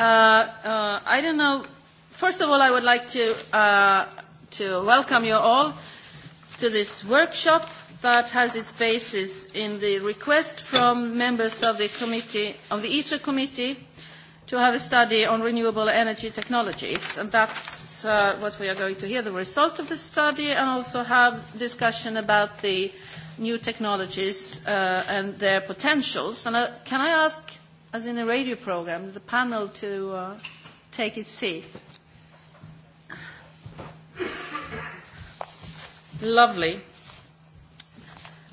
I don't know. First of all, I would like to to welcome you all to this workshop that has its basis in the request from members of the committee of the ITRE committee to have a study on renewable energy technologies, and that's what we are going to hear, the result of the study, and also have discussion about the new technologies and their potentials. And can I ask as in a radio program, the panel to take its seat. Lovely.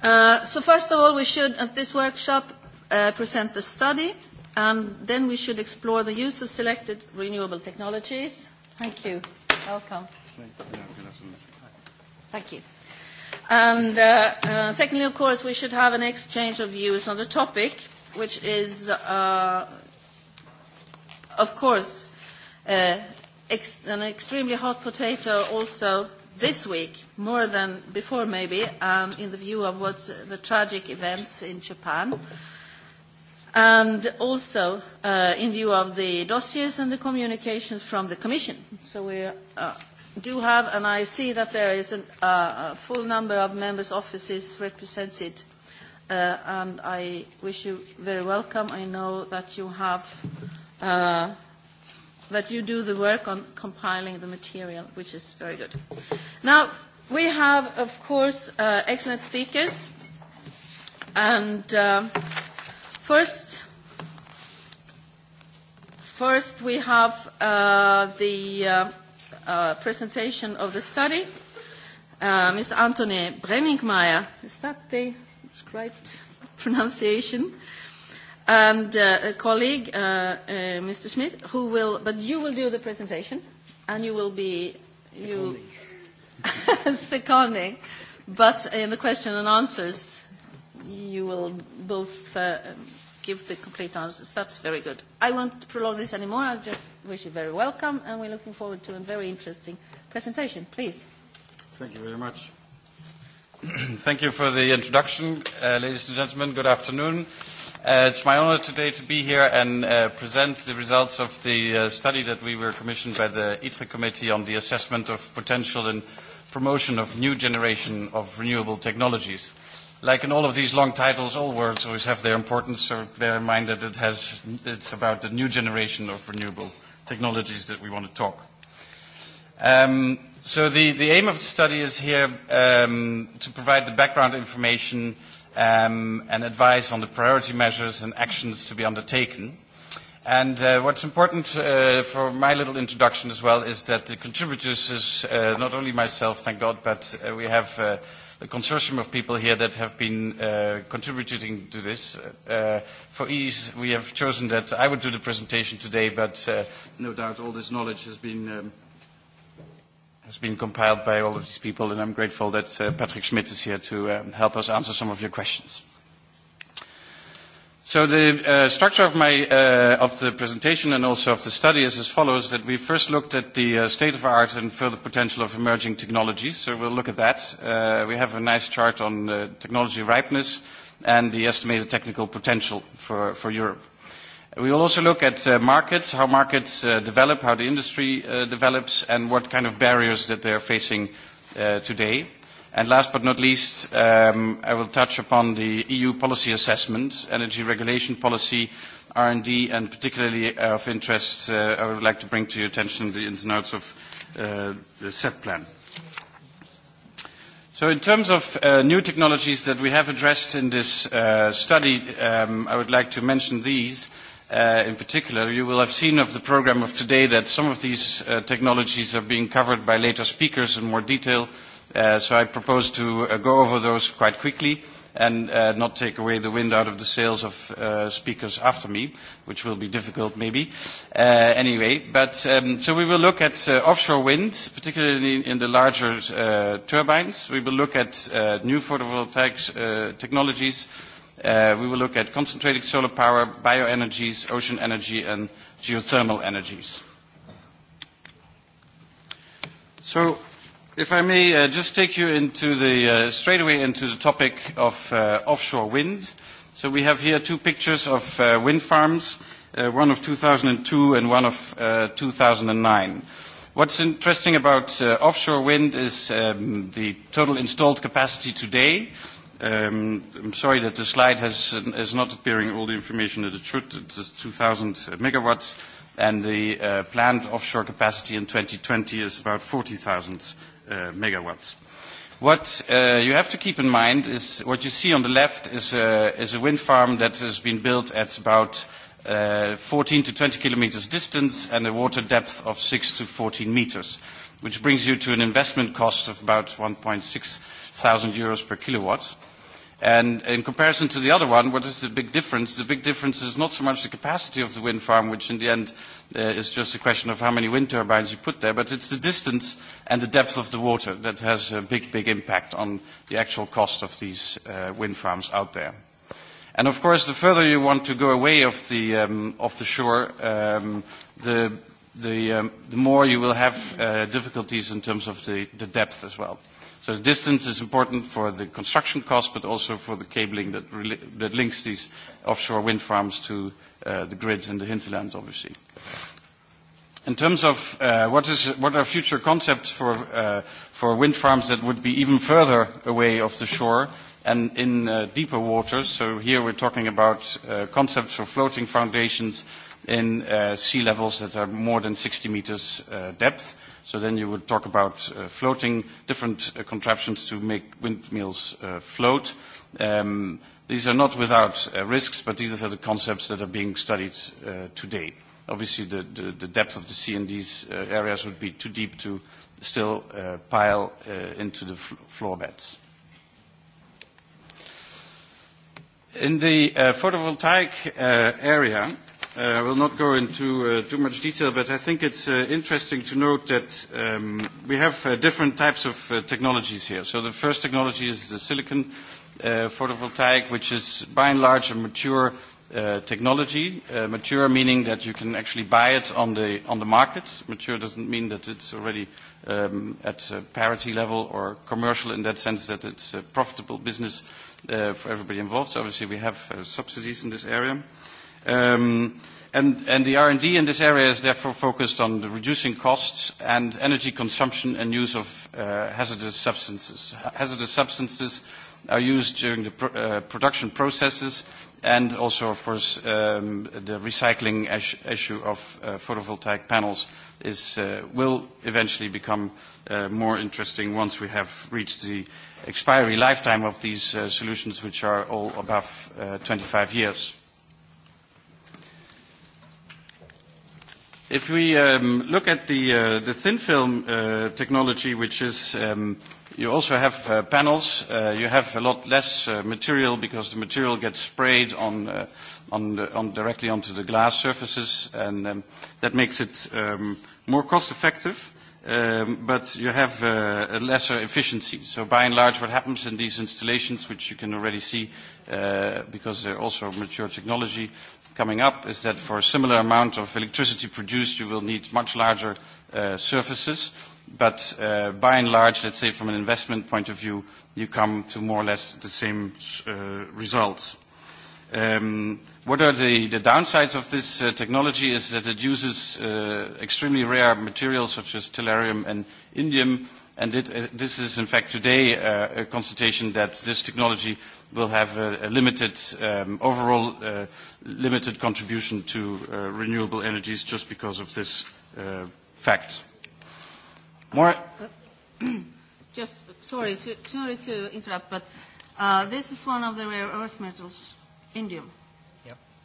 So first of all, we should, at this workshop, present the study, and then we should explore the use of selected renewable technologies. Thank you. Welcome. Thank you. And secondly, of course, we should have an exchange of views on the topic which is, of course, an extremely hot potato also this week, more than before maybe, in the view of what the tragic events in Japan, and also in view of the dossiers and the communications from the Commission. So we do have, and I see that there is a full number of members' offices represented and I wish you very welcome. I know that you have, that you do the work on compiling the material, which is very good. Now, we have, of course, excellent speakers. And first, first we have the presentation of the study. Mr. Anthony Brenningmeier, is that the right pronunciation, and a colleague, Mr. Smith, who will, but you will do the presentation, and you will be you seconding, but in the question and answers, you will both give the complete answers. That's very good. I won't prolong this anymore. I just wish you very welcome, and we're looking forward to a very interesting presentation. Please. Thank you very much. Thank you for the introduction. Ladies and gentlemen, good afternoon. It's my honor today to be here and present the results of the study that we were commissioned by the ITRE Committee on the assessment of potential and promotion of new generation of renewable technologies. Like in all of these long titles, all words always have their importance, so bear in mind that it has it's about the new generation of renewable technologies that we want to talk. Um So the, the aim of the study is here um, to provide the background information um, and advice on the priority measures and actions to be undertaken. And uh, what's important uh, for my little introduction as well is that the contributors is uh, not only myself, thank God, but uh, we have uh, a consortium of people here that have been uh, contributing to this. Uh, for ease, we have chosen that I would do the presentation today, but uh, no doubt all this knowledge has been um, has been compiled by all of these people, and I'm grateful that Patrick Schmidt is here to help us answer some of your questions. So the structure of my of the presentation and also of the study is as follows: that we first looked at the state of art and further potential of emerging technologies. So we'll look at that. We have a nice chart on technology ripeness and the estimated technical potential for for Europe. We will also look at markets, how markets develop, how the industry develops, and what kind of barriers that they are facing today. And last but not least, I will touch upon the EU policy assessment, energy regulation policy, R&D, and particularly of interest, I would like to bring to your attention the ins and outs of the SEP plan. So in terms of new technologies that we have addressed in this study, I would like to mention these in particular, you will have seen of the program of today that some of these technologies are being covered by later speakers in more detail, so I propose to go over those quite quickly and not take away the wind out of the sails of speakers after me, which will be difficult maybe. Anyway, but so we will look at offshore wind, particularly in the larger turbines. We will look at new photovoltaic technologies We will look at concentrated solar power, bioenergies, ocean energy, and geothermal energies. So, if I may just take you into the straight away into the topic of offshore wind. So we have here two pictures of wind farms, one of 2002 and one of 2009. What's interesting about offshore wind is the total installed capacity today I'm sorry that the slide has is not appearing all the information that it should. It's 2,000 megawatts, and the planned offshore capacity in 2020 is about 40,000 megawatts. What you have to keep in mind is what you see on the left is a wind farm that has been built at about 14 to 20 kilometers distance and a water depth of 6 to 14 meters, which brings you to an investment cost of about 1.6 thousand euros per kilowatt. And in comparison to the other one, what is the big difference? The big difference is not so much the capacity of the wind farm, which in the end is just a question of how many wind turbines you put there, but it's the distance and the depth of the water that has a big, big impact on the actual cost of these wind farms out there. And of course, the further you want to go away of the the shore, the the more you will have difficulties in terms of the the depth as well. So the distance is important for the construction cost, but also for the cabling that, that links these offshore wind farms to the grids and the hinterland, obviously. In terms of what is what are future concepts for for wind farms that would be even further away off the shore and in deeper waters, so here we're talking about concepts for floating foundations in sea levels that are more than 60 meters depth So then you would talk about floating different contraptions to make windmills float. These are not without risks, but these are the concepts that are being studied today. Obviously, the depth of the sea in these areas would be too deep to still pile into the floor beds. In the photovoltaic area, I will not go into too much detail, but I think it's interesting to note that we have different types of technologies here. So the first technology is the silicon photovoltaic, which is by and large a mature technology. Mature meaning that you can actually buy it on the on the market. Mature doesn't mean that it's already at parity level or commercial in that sense that it's a profitable business for everybody involved. So obviously we have subsidies in this area. And the R&D in this area is therefore focused on reducing costs and energy consumption and use of hazardous substances. Hazardous substances are used during the production processes and also, of course, the recycling issue of photovoltaic panels will eventually become more interesting once we have reached the expiry lifetime of these solutions, which are all above 25 years. If we look at the thin film technology, which is you also have panels, you have a lot less material because the material gets sprayed on directly onto the glass surfaces, and that makes it more cost-effective, but you have a lesser efficiency. So by and large, what happens in these installations, which you can already see because they're also mature technology, coming up is that for a similar amount of electricity produced, you will need much larger surfaces. But by and large, let's say from an investment point of view, you come to more or less the same results. What are the downsides of this technology is that it uses extremely rare materials such as tellurium and indium, And this is, in fact, today a constatation that this technology will have a limited, overall limited contribution to renewable energies just because of this fact. More? Just, sorry, sorry to interrupt, but this is one of the rare earth metals, indium.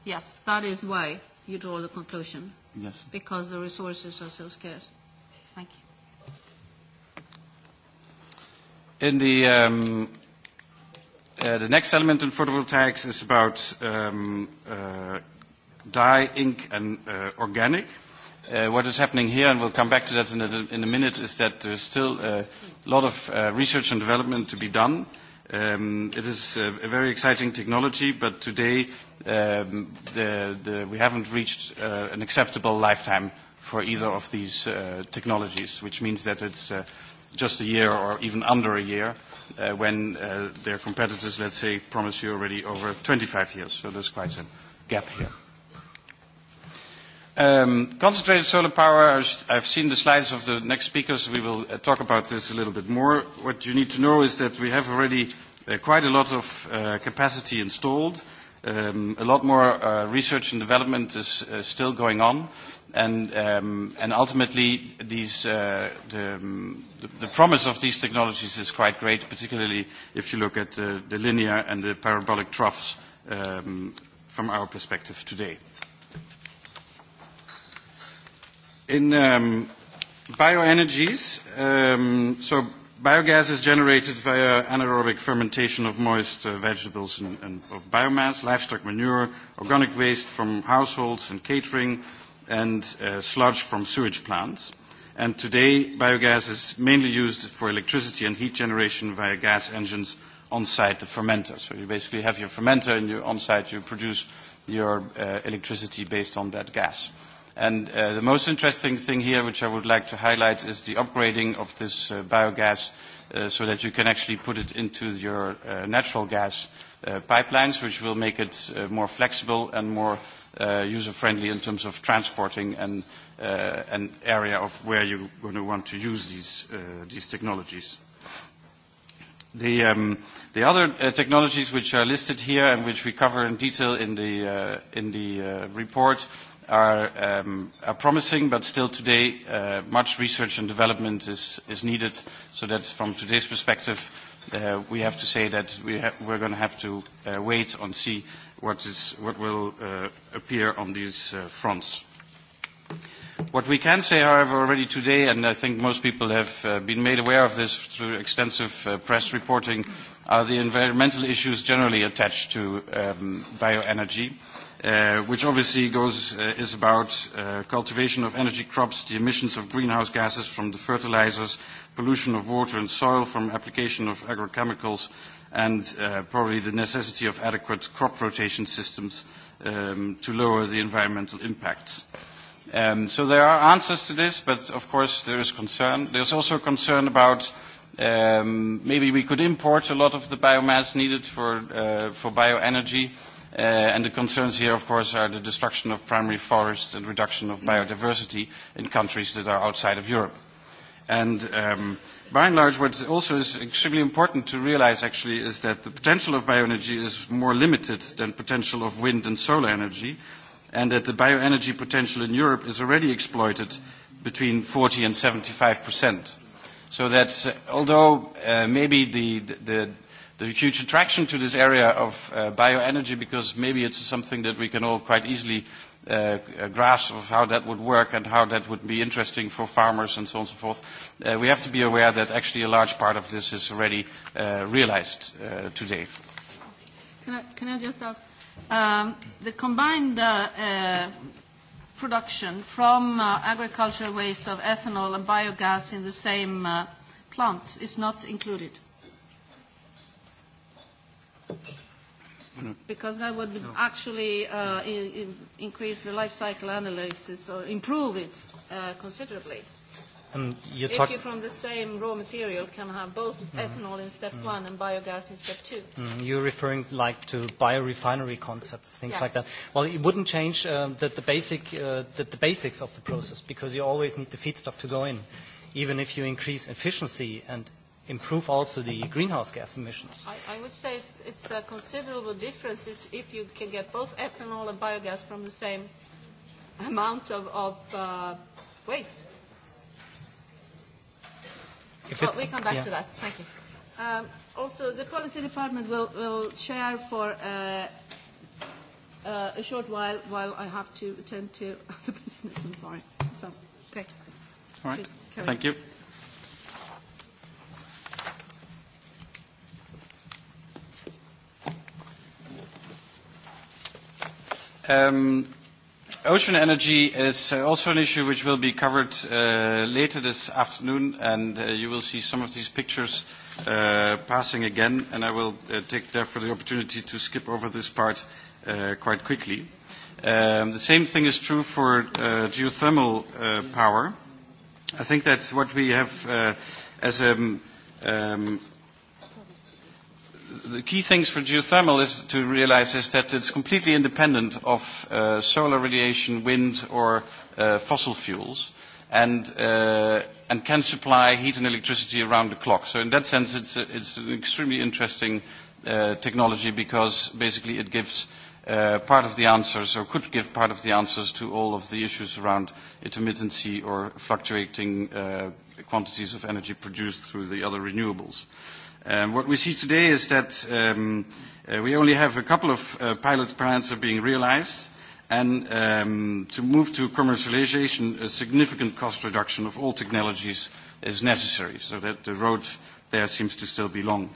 Yes, that is why you draw the conclusion. Yes. Because the resources are so scarce. Thank you. In the the next element in photovoltaics is about dye, ink and organic. What is happening here, and we'll come back to that in a minute, is that there's still a lot of research and development to be done. It is a very exciting technology, but today we haven't reached an acceptable lifetime for either of these technologies, which means that it's just a year or even under a year when their competitors, let's say, promise you already over 25 years. So there's quite a gap here. Concentrated solar power, I've seen the slides of the next speakers. We will talk about this a little bit more. What you need to know is that we have already quite a lot of capacity installed. A lot more research and development is still going on. And ultimately, these the the promise of these technologies is quite great, particularly if you look at the linear and the parabolic troughs from our perspective today. In bioenergies, so biogas is generated via anaerobic fermentation of moist vegetables and of biomass, livestock manure, organic waste from households and catering and sludge from sewage plants. And today, biogas is mainly used for electricity and heat generation via gas engines on-site, the fermenter. So you basically have your fermenter, and on-site you produce your electricity based on that gas. And the most interesting thing here, which I would like to highlight, is the upgrading of this biogas so that you can actually put it into your natural gas pipelines, which will make it more flexible and more user-friendly in terms of transporting and an area of where you're going to want to use these technologies. The other technologies which are listed here and which we cover in detail in the report are promising, but still today much research and development is needed. So that from today's perspective, we have to say that we're going to have to wait and see what will appear on these fronts. What we can say, however, already today, and I think most people have been made aware of this through extensive press reporting, are the environmental issues generally attached to bioenergy which obviously goes is about cultivation of energy crops, the emissions of greenhouse gases from the fertilizers, pollution of water and soil from application of agrochemicals, and probably the necessity of adequate crop rotation systems to lower the environmental impacts. So there are answers to this, but of course there is concern. There's also concern about maybe we could import a lot of the biomass needed for bioenergy, And the concerns here, of course, are the destruction of primary forests and reduction of biodiversity in countries that are outside of Europe. And by and large, what also is extremely important to realize, actually, is that the potential of bioenergy is more limited than potential of wind and solar energy, and that the bioenergy potential in Europe is already exploited between 40 and 75 percent. So that although maybe the the the huge attraction to this area of bioenergy because maybe it's something that we can all quite easily grasp of how that would work and how that would be interesting for farmers and so on and so forth. We have to be aware that actually a large part of this is already realized today. Can I just ask, the combined production from agricultural waste of ethanol and biogas in the same plant is not included? because that would actually increase the life cycle analysis or improve it considerably. If you from the same raw material can have both ethanol in step one and biogas in step two. You're referring like to biorefinery concepts, things like that. Well, it wouldn't change the basic the basics of the process because you always need the feedstock to go in, even if you increase efficiency and improve also the greenhouse gas emissions. I would say it's a considerable difference if you can get both ethanol and biogas from the same amount of waste. we come back to that. Thank you. Also, the policy department will will share for a short while while I have to attend to other business. I'm sorry. So, okay. Thank you. Ocean energy is also an issue which will be covered later this afternoon, and you will see some of these pictures passing again, and I will take therefore the opportunity to skip over this part quite quickly. The same thing is true for geothermal power. I think that what we have as a the key things for geothermal is to realize is that it's completely independent of solar radiation, wind, or fossil fuels, and and can supply heat and electricity around the clock. So in that sense, it's it's an extremely interesting technology because basically it gives part of the answers or could give part of the answers to all of the issues around intermittency or fluctuating quantities of energy produced through the other renewables. What we see today is that we only have a couple of pilot plants are being realized, and to move to commercialization, a significant cost reduction of all technologies is necessary, so that the road there seems to still be long.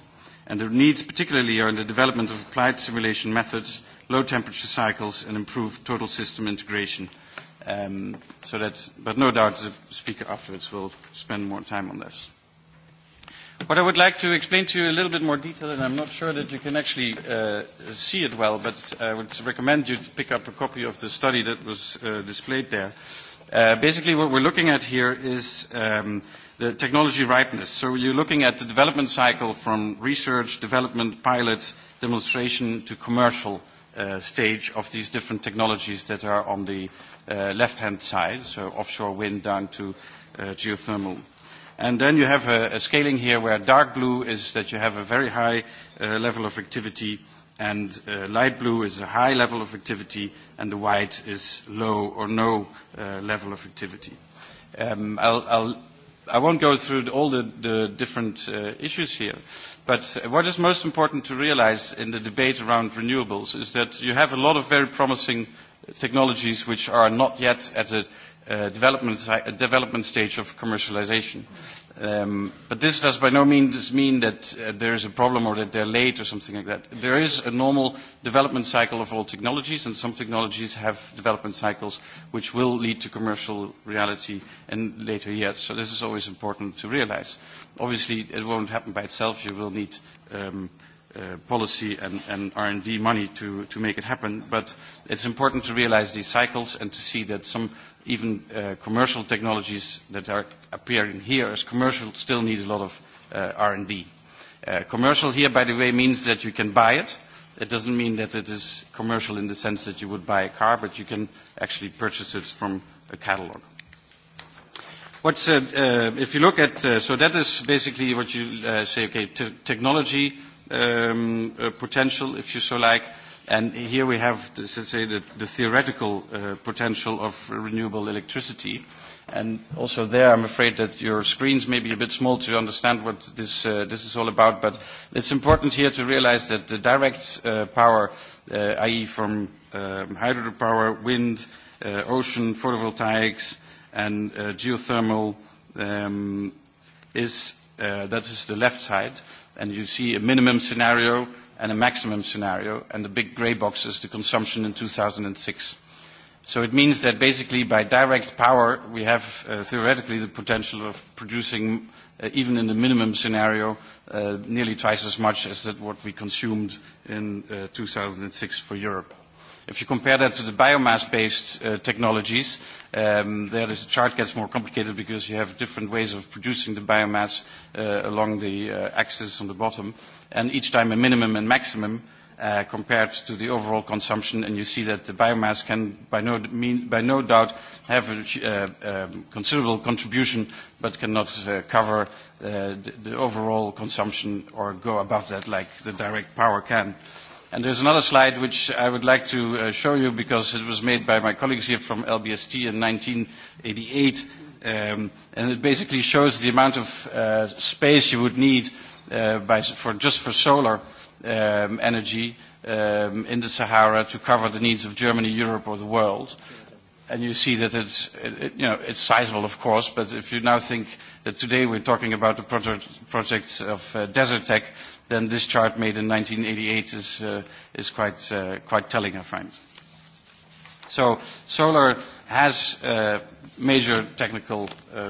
And the needs particularly are in the development of applied simulation methods, low-temperature cycles, and improved total system integration. but no doubt the speaker afterwards will spend more time on this. What I would like to explain to you a little bit more detail, and I'm not sure that you can actually see it well, but I would recommend you to pick up a copy of the study that was displayed there. Basically, what we're looking at here is the technology ripeness. So you're looking at the development cycle from research, development, pilot, demonstration to commercial stage of these different technologies that are on the left-hand side, so offshore wind down to geothermal And then you have a scaling here where dark blue is that you have a very high level of activity and light blue is a high level of activity and the white is low or no level of activity. I won't go through all the different issues here, but what is most important to realize in the debate around renewables is that you have a lot of very promising technologies which are not yet at a development stage of commercialization. But this does by no means mean that there is a problem or that they're late or something like that. There is a normal development cycle of all technologies, and some technologies have development cycles which will lead to commercial reality in later years. So this is always important to realize. Obviously, it won't happen by itself. You will need policy and R&D money to make it happen. But it's important to realize these cycles and to see that some even commercial technologies that are appearing here as commercial still need a lot of R&D. Commercial here, by the way, means that you can buy it. It doesn't mean that it is commercial in the sense that you would buy a car, but you can actually purchase it from a catalog. if you look at, so that is basically what you say, okay, technology potential, if you so like. And here we have, let's say, the theoretical potential of renewable electricity. And also there, I'm afraid that your screens may be a bit small to understand what this is all about. But it's important here to realize that the direct power, i.e. from hydropower, wind, ocean, photovoltaics, and geothermal, is that is the left side and you see a minimum scenario and a maximum scenario, and the big grey box is the consumption in 2006. So it means that basically by direct power we have theoretically the potential of producing, even in the minimum scenario, nearly twice as much as what we consumed in 2006 for Europe. If you compare that to the biomass-based technologies, there the chart gets more complicated because you have different ways of producing the biomass along the axis on the bottom, and each time a minimum and maximum compared to the overall consumption, and you see that the biomass can by no doubt have a considerable contribution, but cannot cover the overall consumption or go above that like the direct power can. And there's another slide which I would like to show you because it was made by my colleagues here from LBST in 1988. And it basically shows the amount of space you would need for just for solar energy in the Sahara to cover the needs of Germany, Europe, or the world. And you see that it's, you know, it's sizable, of course, but if you now think that today we're talking about the projects of Desert Tech, then this chart made in 1988 is, is quite, quite telling, I find. So solar has major technical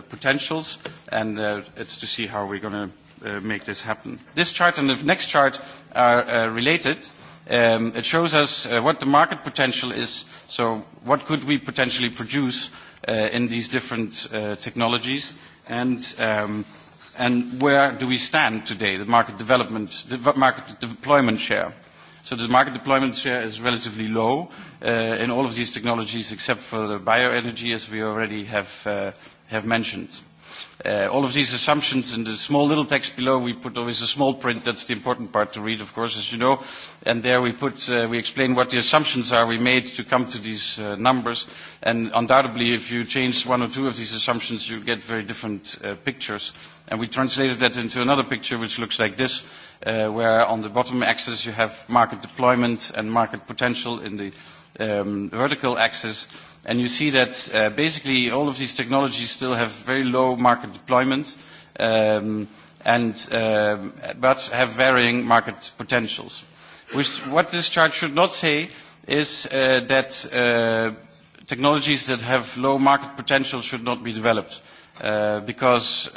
potentials, and it's to see how we're going to make this happen. This chart and the next chart are related. It shows us what the market potential is, so what could we potentially produce in these different technologies. And and where do we stand today, the market development, the market deployment share. So the market deployment share is relatively low in all of these technologies except for the bioenergy, as we already have mentioned. All of these assumptions in the small little text below, we put always a small print. That's the important part to read, of course, as you know. And there we put, we explain what the assumptions are we made to come to these numbers. And undoubtedly, if you change one or two of these assumptions, you get very different pictures. And we translated that into another picture, which looks like this, where on the bottom axis you have market deployment and market potential in the vertical axis. And you see that basically all of these technologies still have very low market deployment, and but have varying market potentials. What this chart should not say is that technologies that have low market potential should not be developed, because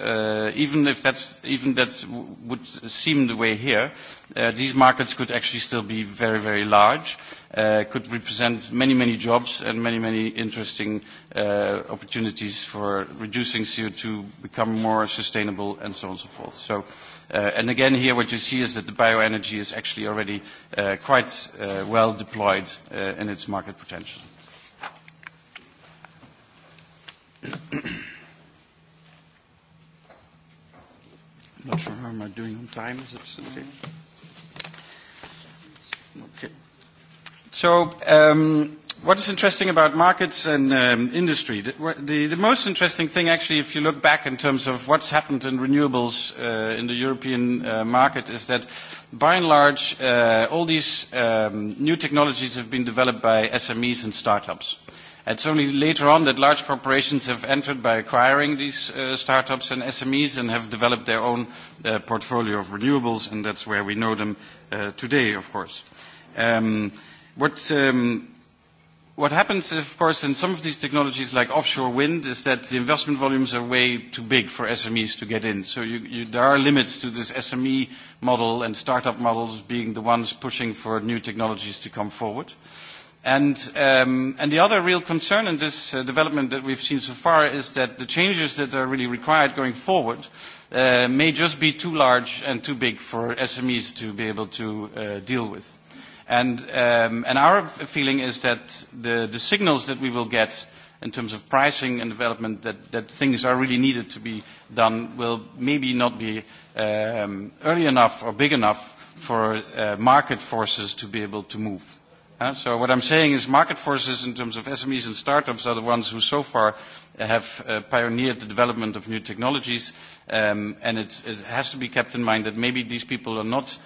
even if that's even that would seem the way here these markets could actually still be very, very large, could represent many, many jobs and many, many interesting opportunities for reducing CO2, become more sustainable, and so on and so forth. So, and again, here what you see is that the bioenergy is actually already quite well deployed in its market potential. Not sure how am I doing on time. Is it So what is interesting about markets and industry? The most interesting thing, actually, if you look back in terms of what's happened in renewables in the European market, is that by and large, all these new technologies have been developed by SMEs and startups. It's only later on that large corporations have entered by acquiring these startups and SMEs and have developed their own portfolio of renewables, and that's where we know them today, of course. What happens, of course, in some of these technologies like offshore wind is that the investment volumes are way too big for SMEs to get in. So there are limits to this SME model and startup models being the ones pushing for new technologies to come forward. And the other real concern in this development that we've seen so far is that the changes that are really required going forward may just be too large and too big for SMEs to be able to deal with. And our feeling is that the signals that we will get in terms of pricing and development, that things are really needed to be done, will maybe not be early enough or big enough for market forces to be able to move. So what I'm saying is market forces in terms of SMEs and startups are the ones who so far have pioneered the development of new technologies, and it has to be kept in mind that maybe these people are not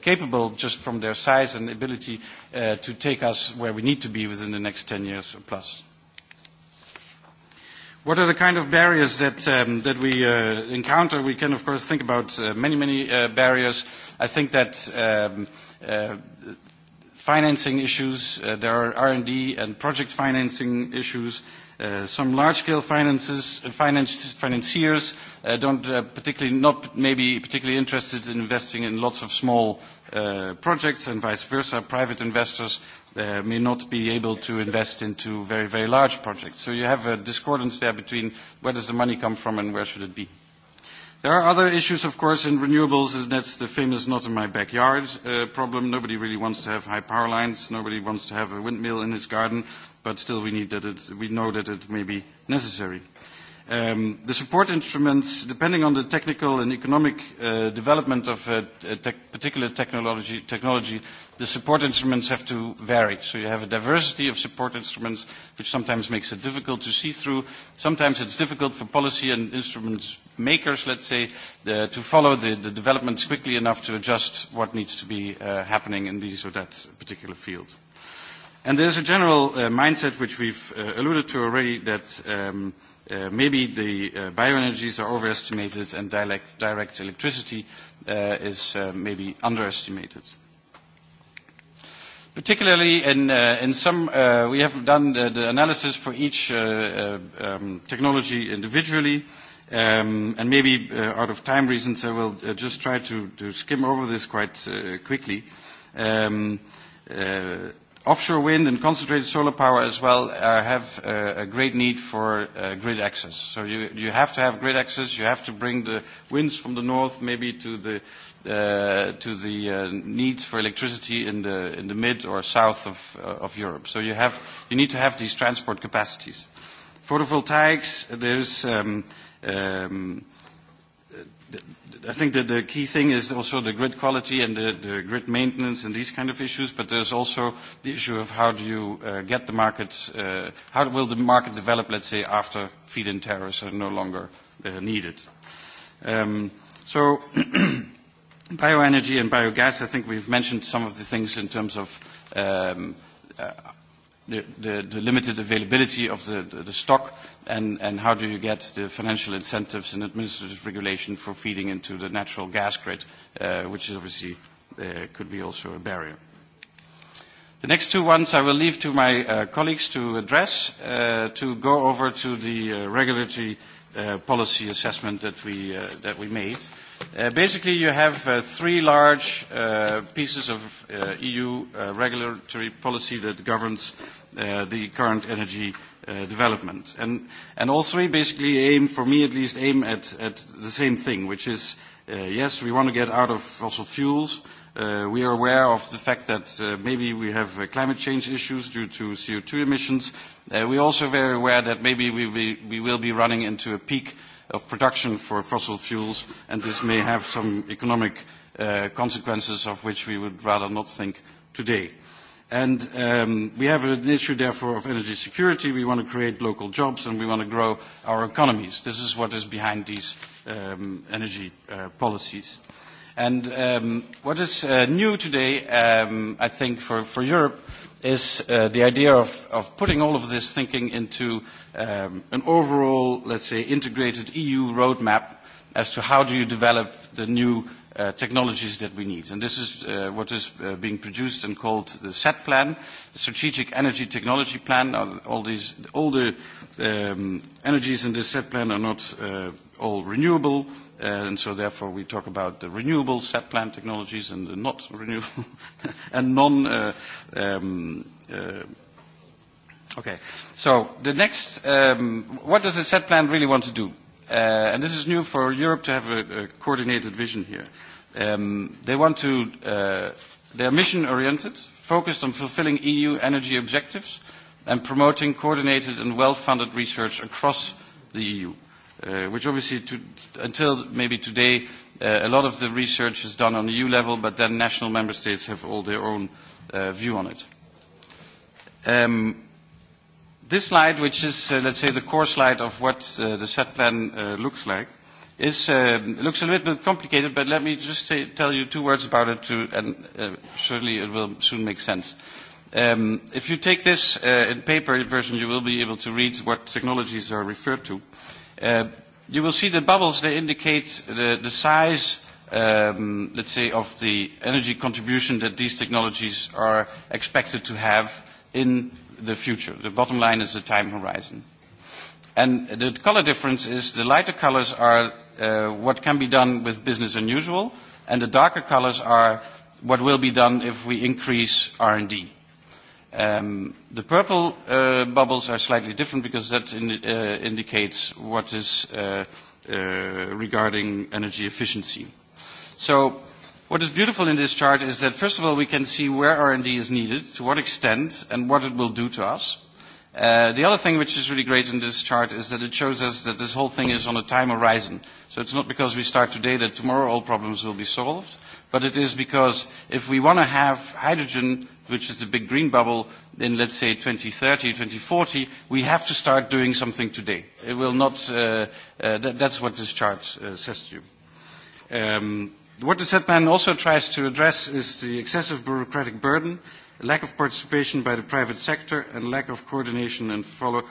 capable just from their size and ability to take us where we need to be within the next 10 years or plus. What are the kind of barriers that that we encounter? We can, of course, think about many, many barriers. I think that financing issues, there are R&D and project financing issues. Some large-scale financiers don't particularly, not maybe particularly interested in investing in lots of small projects, and vice versa. Private investors may not be able to invest into very, very large projects. So you have a discordance there between where does the money come from and where should it be. There are other issues, of course, in renewables, and that's the famous not in my backyard problem. Nobody really wants to have high power lines. Nobody wants to have a windmill in his garden but still we need that we know that it may be necessary. The support instruments, depending on the technical and economic development of a particular technology, the support instruments have to vary. So you have a diversity of support instruments, which sometimes makes it difficult to see through. Sometimes it's difficult for policy and instruments makers, let's say, to follow the developments quickly enough to adjust what needs to be happening in these or that particular field. And there's a general mindset which we've alluded to already that maybe the bioenergies are overestimated and direct electricity is maybe underestimated. Particularly in some, we have done the analysis for each technology individually, and maybe out of time reasons I will just try to skim over this quite quickly. Offshore wind and concentrated solar power as well have a great need for grid access. So you you have to have grid access. You have to bring the winds from the north maybe to the to the needs for electricity in the in the mid or south of of Europe. So you have you need to have these transport capacities. Photovoltaics, there's I think that the key thing is also the grid quality and the, the grid maintenance and these kind of issues, but there's also the issue of how do you uh, get the market, uh, how will the market develop, let's say, after feed-in tariffs are no longer uh, needed. Um, so bioenergy and biogas, I think we've mentioned some of the things in terms of um, the limited availability of the stock and how do you get the financial incentives and administrative regulation for feeding into the natural gas grid, which obviously could be also a barrier. The next two ones I will leave to my colleagues to address, to go over to the regulatory policy assessment that we made. Basically, you have three large pieces of EU regulatory policy that governs the current energy development. And all three basically aim, for me at least, aim at the same thing, which is, yes, we want to get out of fossil fuels. We are aware of the fact that maybe we have climate change issues due to CO2 emissions. We are also very aware that maybe we will be running into a peak of production for fossil fuels, and this may have some economic consequences of which we would rather not think today. And we have an issue, therefore, of energy security. We want to create local jobs, and we want to grow our economies. This is what is behind these energy policies. And what is new today, I think, for for Europe is the idea of putting all of this thinking into an overall, let's say, integrated EU roadmap as to how do you develop the new technologies that we need. And this is what is being produced and called the SET plan, the Strategic Energy Technology Plan. All all the energies in this SET plan are not all renewable, and so therefore we talk about the renewable SET plan technologies and the not renewable and non Okay. So the next, what does the set plan really want to do? And this is new for Europe to have a coordinated vision here. They want to, they are mission-oriented, focused on fulfilling EU energy objectives and promoting coordinated and well-funded research across the EU, which obviously until maybe today, a lot of the research is done on EU level, but then national member states have all their own view on it. This slide, which is, let's say, the core slide of what the set plan looks like, is looks a little bit complicated, but let me just say, tell you two words about it, to, and surely it will soon make sense. If you take this in paper version, you will be able to read what technologies are referred to. You will see the bubbles, they indicate the size, let's say, of the energy contribution that these technologies are expected to have in the future. The bottom line is the time horizon. And the color difference is the lighter colors are what can be done with business unusual, and the darker colors are what will be done if we increase R&D. The purple bubbles are slightly different because that indicates what is regarding energy efficiency. So What is beautiful in this chart is that, first of all, we can see where R&D is needed, to what extent, and what it will do to us. The other thing which is really great in this chart is that it shows us that this whole thing is on a time horizon. So it's not because we start today that tomorrow all problems will be solved, but it is because if we want to have hydrogen, which is the big green bubble, in let's say 2030, 2040, we have to start doing something today. It will not. That's what this chart says to you. What the set plan also tries to address is the excessive bureaucratic burden, lack of participation by the private sector, and lack of coordination and follow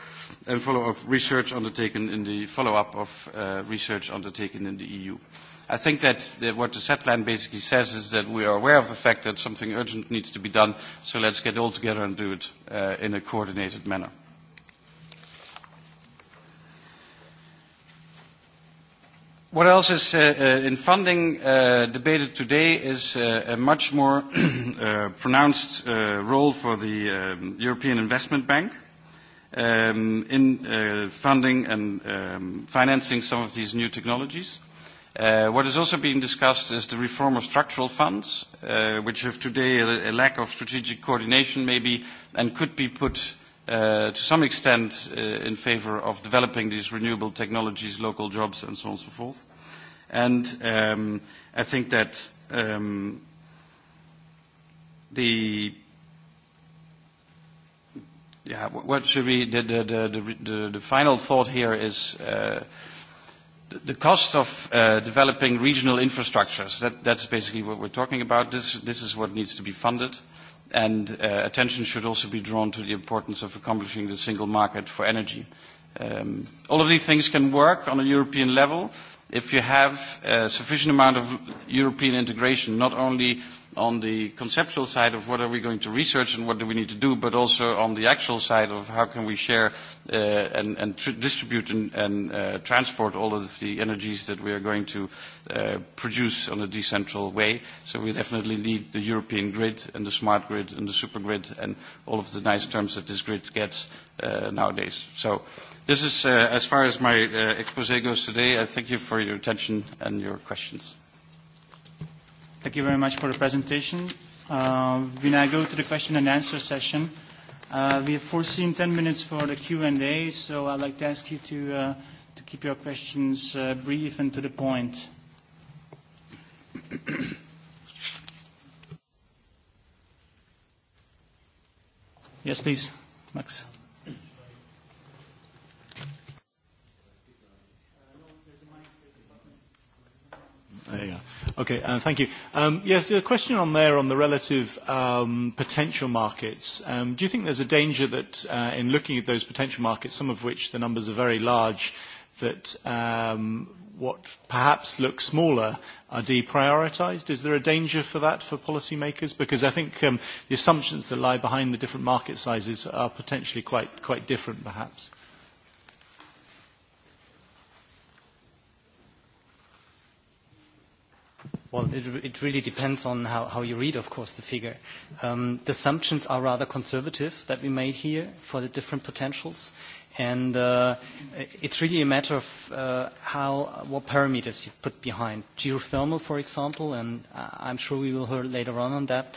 and follow of research undertaken in the follow-up of research undertaken in the EU. I think that what the set plan basically says is that we are aware of the fact that something urgent needs to be done, so let's get all together and do it in a coordinated manner. What else is in funding debated today is a much more pronounced role for the European Investment Bank in funding and financing some of these new technologies. What is also being discussed is the reform of structural funds, which have today a lack of strategic coordination maybe and could be put to some extent in favor of developing these renewable technologies, local jobs, and so on and so forth. And I think that the yeah what should be the the the the final thought here is the cost of developing regional infrastructures that that's basically what we're talking about this this is what needs to be funded and attention should also be drawn to the importance of accomplishing the single market for energy. All of these things can work on a European level if you have a sufficient amount of European integration, not only on the conceptual side of what are we going to research and what do we need to do, but also on the actual side of how can we share and distribute and transport all of the energies that we are going to produce on a decentral way. So we definitely need the European grid and the smart grid and the super grid and all of the nice terms that this grid gets nowadays. So this is as far as my expose goes today. I thank you for your attention and your questions. Thank you very much for the presentation. We now go to the question and answer session. We have foreseen 10 minutes for the Q&A, so I'd like to ask you to keep your questions brief and to the point. Yes, please. Max. There you go. Okay, thank you. Yes, a question on there on the relative potential markets. Do you think there's a danger that in looking at those potential markets, some of which the numbers are very large, that what perhaps look smaller are deprioritized? Is there a danger for that for policymakers? Because I think the assumptions that lie behind the different market sizes are potentially quite quite different, perhaps. Well, it really depends on how you read, of course, the figure. The assumptions are rather conservative that we made here for the different potentials, and it's really a matter of what parameters you put behind geothermal, for example, and I'm sure we will hear later on on that.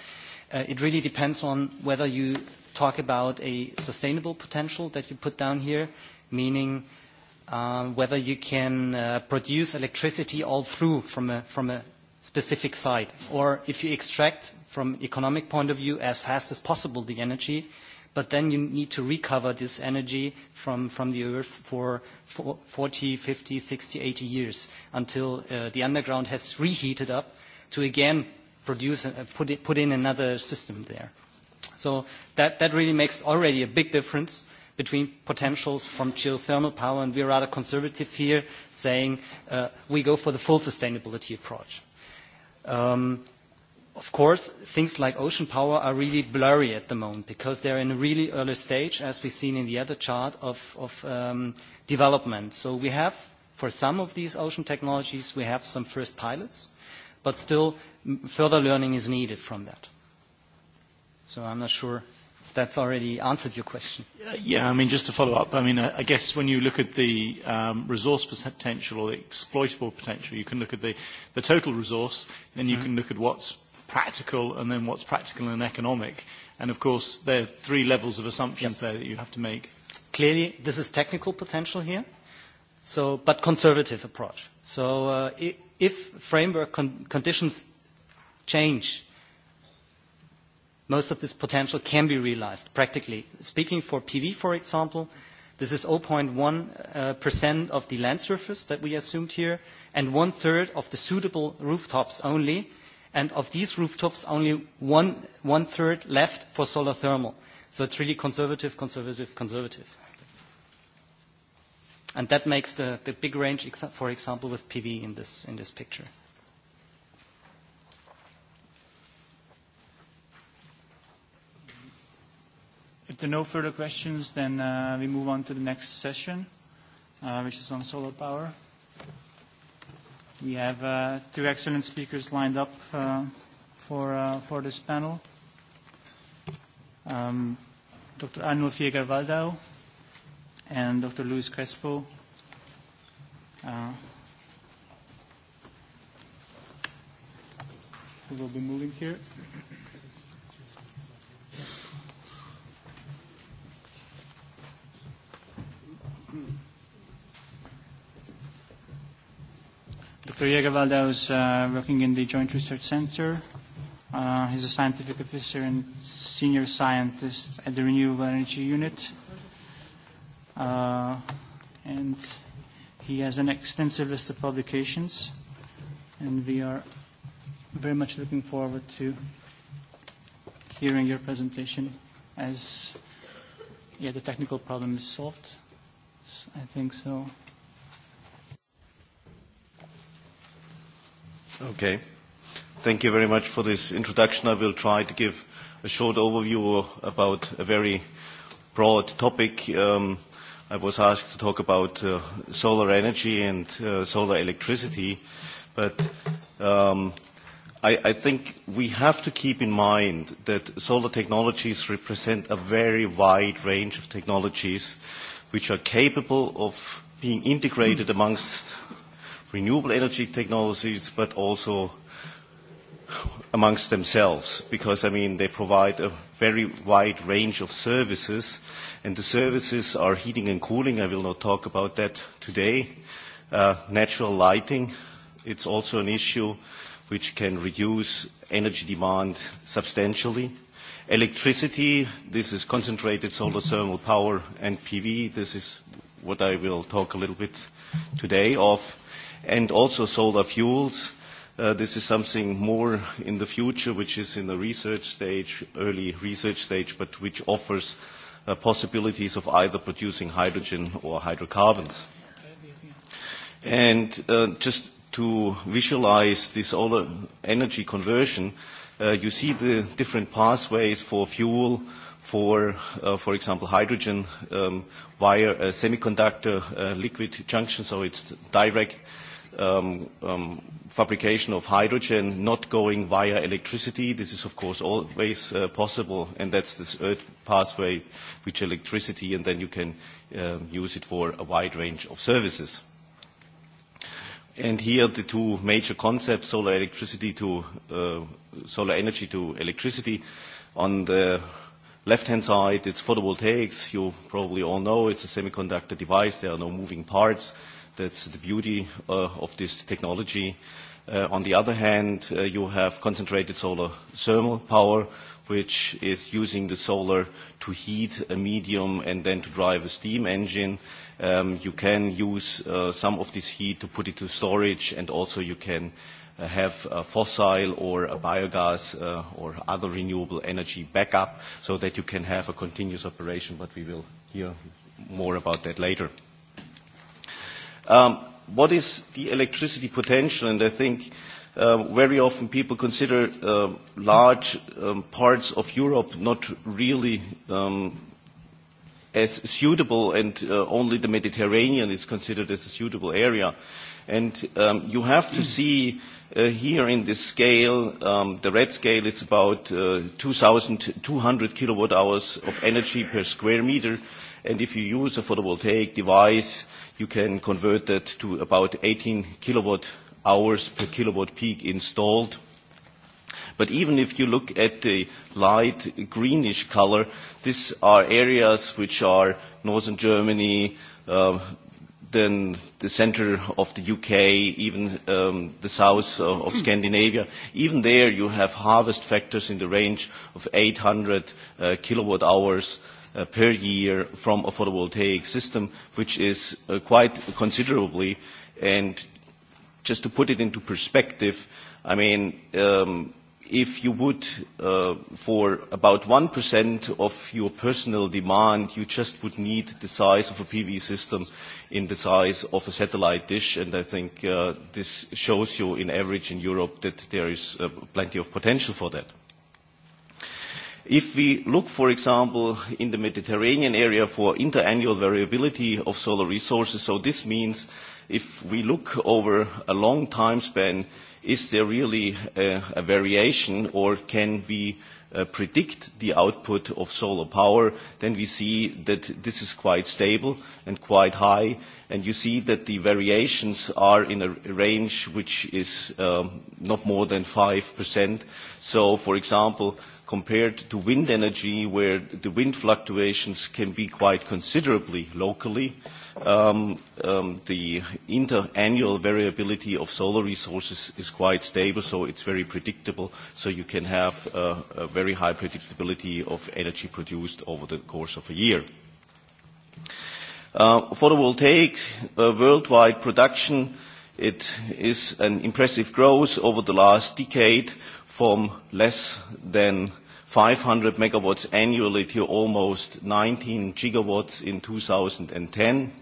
It really depends on whether you talk about a sustainable potential that you put down here, meaning whether you can produce electricity all through from a specific site. Or if you extract from economic point of view as fast as possible the energy, but then you need to recover this energy from the earth for 40, 50, 60, 80 years until the underground has reheated up to again produce put in another system there. So that really makes already a big difference between potentials from geothermal power, and we are rather conservative here, saying we go for the full sustainability approach. Of course, things like ocean power are really blurry at the moment because they're in a really early stage, as we've seen in the other chart, of development. So we have, for some of these ocean technologies, we have some first pilots, but still further learning is needed from that. So I'm not sure that's already answered your question. Yeah, I mean, just to follow up, I mean, I guess when you look at the resource potential or the exploitable potential, you can look at the total resource, then you can look at what's practical and then what's practical and economic. And, of course, there are three levels of assumptions there that you have to make. Clearly, this is technical potential here, but conservative approach. So if framework conditions change, most of this potential can be realized practically. Speaking for PV, for example, this is 0.1% of the land surface that we assumed here, and one-third of the suitable rooftops only, and of these rooftops, only one-third left for solar thermal. So it's really conservative, conservative, conservative. And that makes the big range, for example, with PV in this in this picture. If there are no further questions, then we move on to the next session, which is on solar power. We have two excellent speakers lined up for this panel. Dr. Arnulf Jäger-Waldau and Dr. Luis Crespo. Who will be moving here. Dr. Jägerwalda is working in the Joint Research Center. Uh He's a scientific officer and senior scientist at the Renewable Energy Unit. Uh And he has an extensive list of publications. And we are very much looking forward to hearing your presentation as yeah, the technical problem is solved. I think so. Okay. Thank you very much for this introduction. I will try to give a short overview about a very broad topic. I was asked to talk about solar energy and solar electricity, but I think we have to keep in mind that solar technologies represent a very wide range of technologies which are capable of being integrated amongst renewable energy technologies, but also amongst themselves, because, I mean, they provide a very wide range of services, and the services are heating and cooling. I will not talk about that today. Natural lighting, it's also an issue which can reduce energy demand substantially. Electricity, this is concentrated solar thermal power and PV. This is what I will talk a little bit today of and also solar fuels. This is something more in the future, which is in the research stage, early research stage, but which offers possibilities of either producing hydrogen or hydrocarbons. And just to visualize this solar energy conversion, you see the different pathways for fuel, for, for example, hydrogen via a semiconductor liquid junction, so it's direct fabrication of hydrogen not going via electricity. This is, of course, always possible, and that's this earth pathway which electricity, and then you can use it for a wide range of services. And here the two major concepts, solar electricity to solar energy to electricity. On the left-hand side, it's photovoltaics. You probably all know it's a semiconductor device. There are no moving parts That's the beauty of this technology. On the other hand, you have concentrated solar thermal power, which is using the solar to heat a medium and then to drive a steam engine. You can use some of this heat to put it to storage, and also you can have a fossil or biogas or other renewable energy backup so that you can have a continuous operation, but we will hear more about that later. What is the electricity potential? And I think very often people consider large parts of Europe not really as suitable and only the Mediterranean is considered as a suitable area. And you have to see here in this scale, the red scale is about 2,200 kilowatt hours of energy per square meter. And if you use a photovoltaic device, you can convert that to about 18 kilowatt hours per kilowatt peak installed. But even if you look at the light greenish color, these are areas which are northern Germany, then the center of the UK, even the south of Scandinavia. Even there you have harvest factors in the range of 800 kilowatt hours per year from a photovoltaic system, which is quite considerably. And just to put it into perspective, I mean, if you would, for about 1% of your personal demand, you just would need the size of a PV system in the size of a satellite dish. And I think this shows you, in average, in Europe, that there is plenty of potential for that. If we look, for example, in the Mediterranean area for interannual variability of solar resources, so this means if we look over a long time span, is there really a variation or can we predict the output of solar power, then we see that this is quite stable and quite high, and you see that the variations are in a range which is not more than 5%. So, for example, compared to wind energy, where the wind fluctuations can be quite considerably locally. The interannual variability of solar resources is quite stable, so it's very predictable, so you can have a very high predictability of energy produced over the course of a year. Photovoltaic worldwide production, it is an impressive growth over the last decade from less than 500 megawatts annually to almost 19 gigawatts in 2010.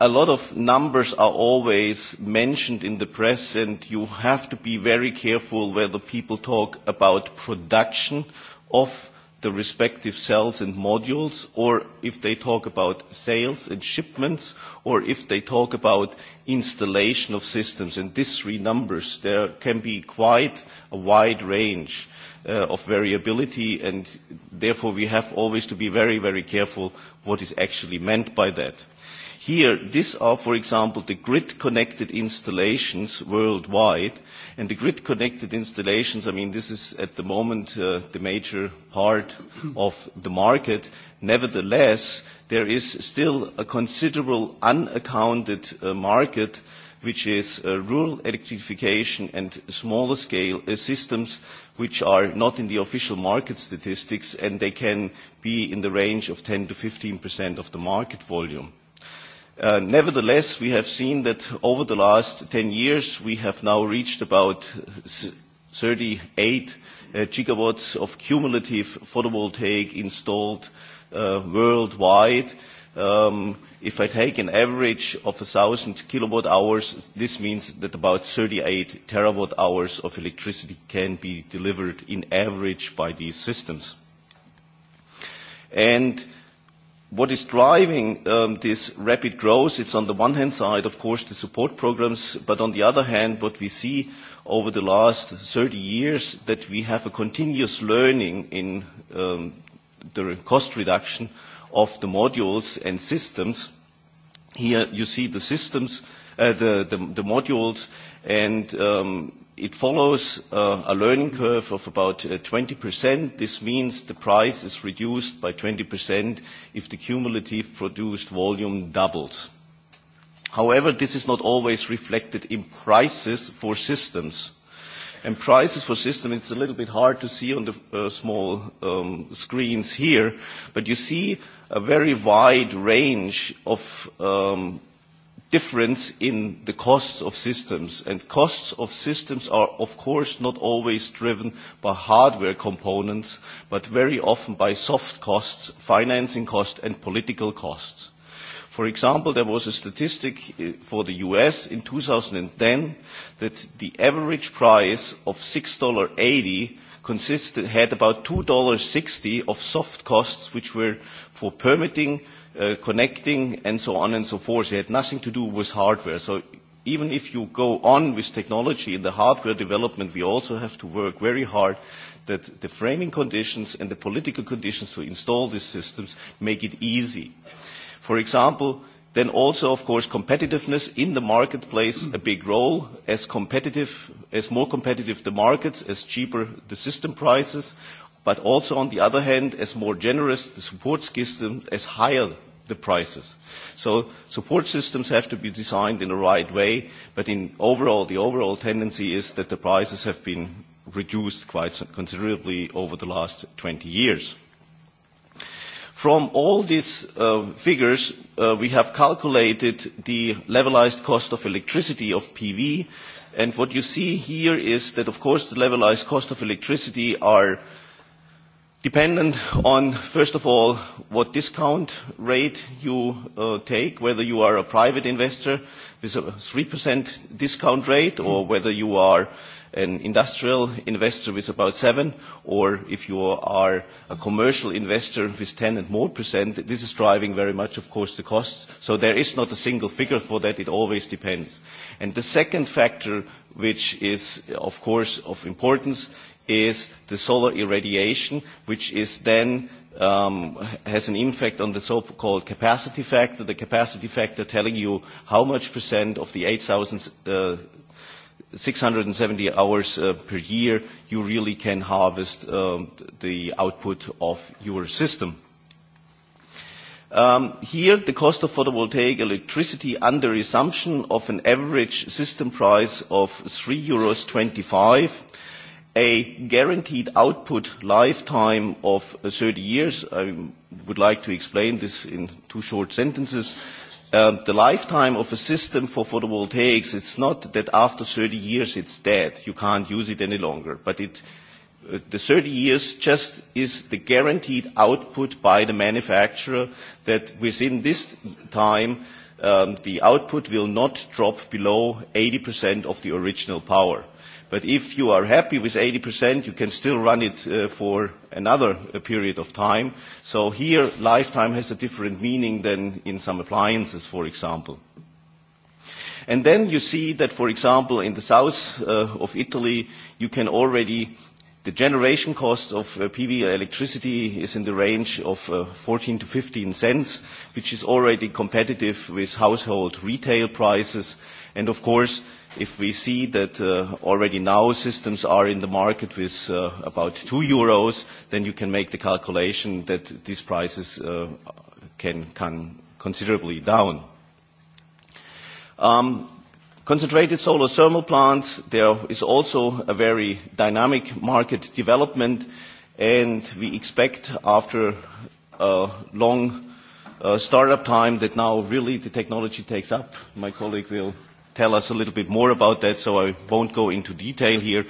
A lot of numbers are always mentioned in the press, and you have to be very careful whether people talk about production of the respective cells and modules, or if they talk about sales and shipments, or if they talk about installation of systems. And these three numbers, there can be quite a wide range of variability, and therefore we have always to be very, very careful what is actually meant by that. Here, these are, for example, the grid-connected installations worldwide. And the grid-connected installations, I mean, this is at the moment the major part of the market. Nevertheless, there is still a considerable unaccounted market, which is rural electrification and smaller-scale systems, which are not in the official market statistics, and they can be in the range of 10 to 15% of the market volume. Nevertheless, we have seen that over the last 10 years, we have now reached about 38 gigawatts of cumulative photovoltaic installed worldwide. If I take an average of 1,000 kilowatt hours, this means that about 38 terawatt hours of electricity can be delivered in average by these systems. And What is driving this rapid growth? It's on the one hand side, of course, the support programs, but on the other hand, what we see over the last 30 years, that we have a continuous learning in the cost reduction of the modules and systems. Here you see the systems, the modules, and It follows a learning curve of about 20%. This means the price is reduced by 20% if the cumulative produced volume doubles. However, this is not always reflected in prices for systems. And prices for systems, it's a little bit hard to see on the small screens here, but you see a very wide range of difference in the costs of systems. And costs of systems are, of course, not always driven by hardware components, but very often by soft costs, financing costs, and political costs. For example, there was a statistic for the U.S. in 2010 that the average price of $6.80 consisted had about $2.60 of soft costs, which were for permitting connecting, and so on and so forth. It had nothing to do with hardware. So even if you go on with technology in the hardware development, we also have to work very hard that the framing conditions and the political conditions to install these systems make it easy. For example, then also, of course, competitiveness in the market plays a big role. As competitive, as more competitive the markets, as cheaper the system prices, but also, on the other hand, as more generous the support system, as higher the prices. So support systems have to be designed in the right way, but in overall, the overall tendency is that the prices have been reduced quite considerably over the last 20 years. From all these figures, we have calculated the levelized cost of electricity of PV, and what you see here is that, of course, the levelized cost of electricity are dependent on, first of all, what discount rate you take, whether you are a private investor with a 3% discount rate or whether you are an industrial investor with about 7 or if you are a commercial investor with 10 and more percent. This is driving very much, of course, the costs. So there is not a single figure for that. It always depends. And the second factor, which is, of course, of importance, is the solar irradiation, which is then has an impact on the so-called capacity factor, the capacity factor telling you how much percent of the 8,670 hours per year you really can harvest the output of your system. Here, the cost of photovoltaic electricity under assumption of an average system price of 3.25 euros a guaranteed output lifetime of 30 years. I would like to explain this in two short sentences. The lifetime of a system for photovoltaics, is not that after 30 years it's dead, you can't use it any longer, but it the 30 years just is the guaranteed output by the manufacturer that within this time the output will not drop below 80% of the original power. But if you are happy with 80%, you can still run it for another period of time. So here, lifetime has a different meaning than in some appliances, for example. And then you see that, for example, in the south of Italy, you can already the generation cost of PV electricity is in the range of 14 to 15 cents, which is already competitive with household retail prices. And, of course, If we see that already now systems are in the market with about 2 euros, then you can make the calculation that these prices can come considerably down. Concentrated solar thermal plants, there is also a very dynamic market development, and we expect after a long startup time that now really the technology takes up. My colleague will tell us a little bit more about that, so I won't go into detail here.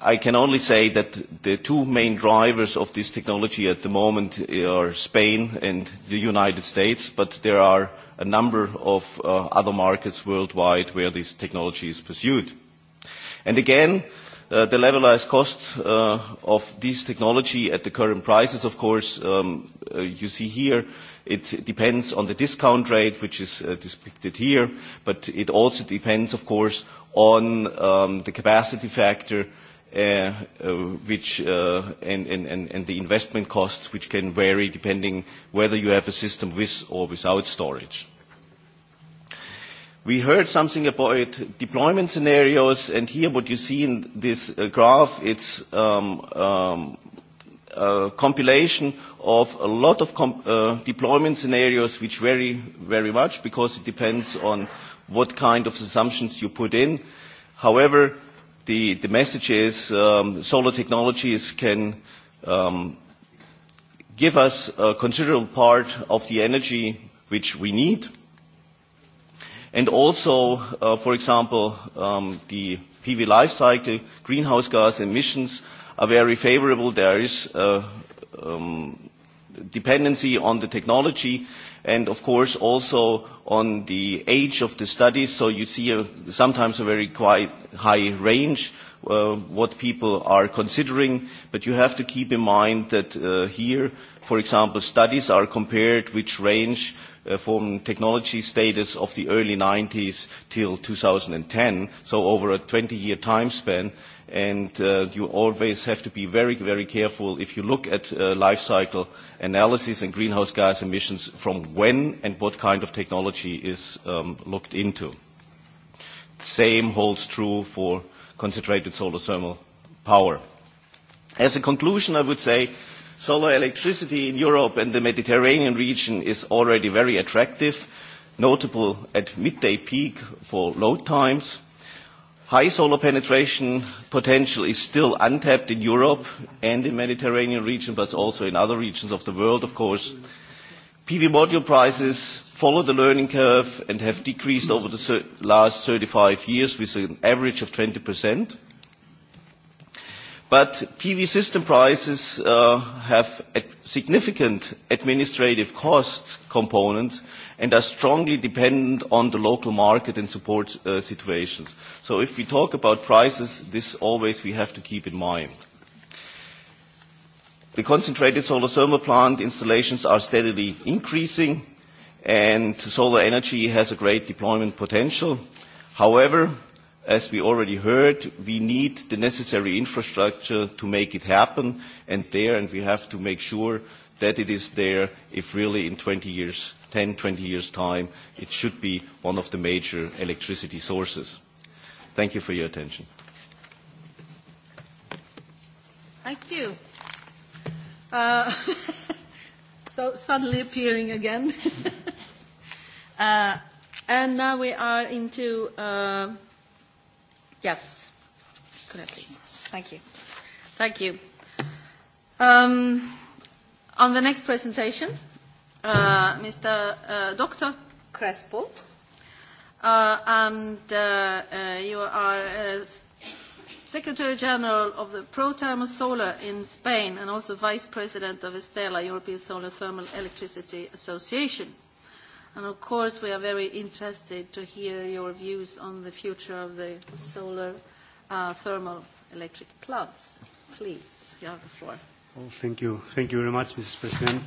I can only say that the two main drivers of this technology at the moment are Spain and the United States, but there are a number of other markets worldwide where this technology is pursued. And again, the levelized cost of this technology at the current prices, of course, you see here, It depends on the discount rate, which is depicted here, but it also depends, of course, on the capacity factor which and the investment costs, which can vary depending whether you have a system with or without storage. We heard something about deployment scenarios, and here what you see in this graph, it's compilation of a lot of deployment scenarios which vary very much because it depends on what kind of assumptions you put in. However, the message is solar technologies can give us a considerable part of the energy which we need. And also, for example, the PV life cycle, greenhouse gas emissions are very favorable. There is a dependency on the technology and, of course, also on the age of the studies. So you see sometimes a very quite high range what people are considering. But you have to keep in mind that here, for example, studies are compared which range from technology status of the early 90s till 2010, so over a 20-year time span and you always have to be very, very careful if you look at life cycle analysis and greenhouse gas emissions from when and what kind of technology is looked into. Same holds true for concentrated solar thermal power. As a conclusion, I would say solar electricity in Europe and the Mediterranean region is already very attractive, notable at midday peak for load times High solar penetration potential is still untapped in Europe and the Mediterranean region, but also in other regions of the world, of course. PV module prices follow the learning curve and have decreased over the last 35 years with an average of 20%. But PV system prices have significant administrative cost components and are strongly dependent on the local market and support situations. So if we talk about prices, this always we have to keep in mind. The concentrated solar thermal plant installations are steadily increasing, and solar energy has a great deployment potential. However, as we already heard, we need the necessary infrastructure to make it happen and there, and we have to make sure that it is there if really in 20 years, 10, 20 years' time, it should be one of the major electricity sources. Thank you for your attention. Thank you. So suddenly appearing again. And now we are into Yes. Could please? Thank you. Thank you. Um, on the next presentation, uh, Mr. Uh, Dr. Crespo, and you are Secretary General of the Pro Solar in Spain and also Vice President of Estela, European Solar Thermal Electricity Association. And of course, we are very interested to hear your views on the future of the solar thermal electric plants. Please, you have the floor. Thank you. Thank you very much, Mrs. President.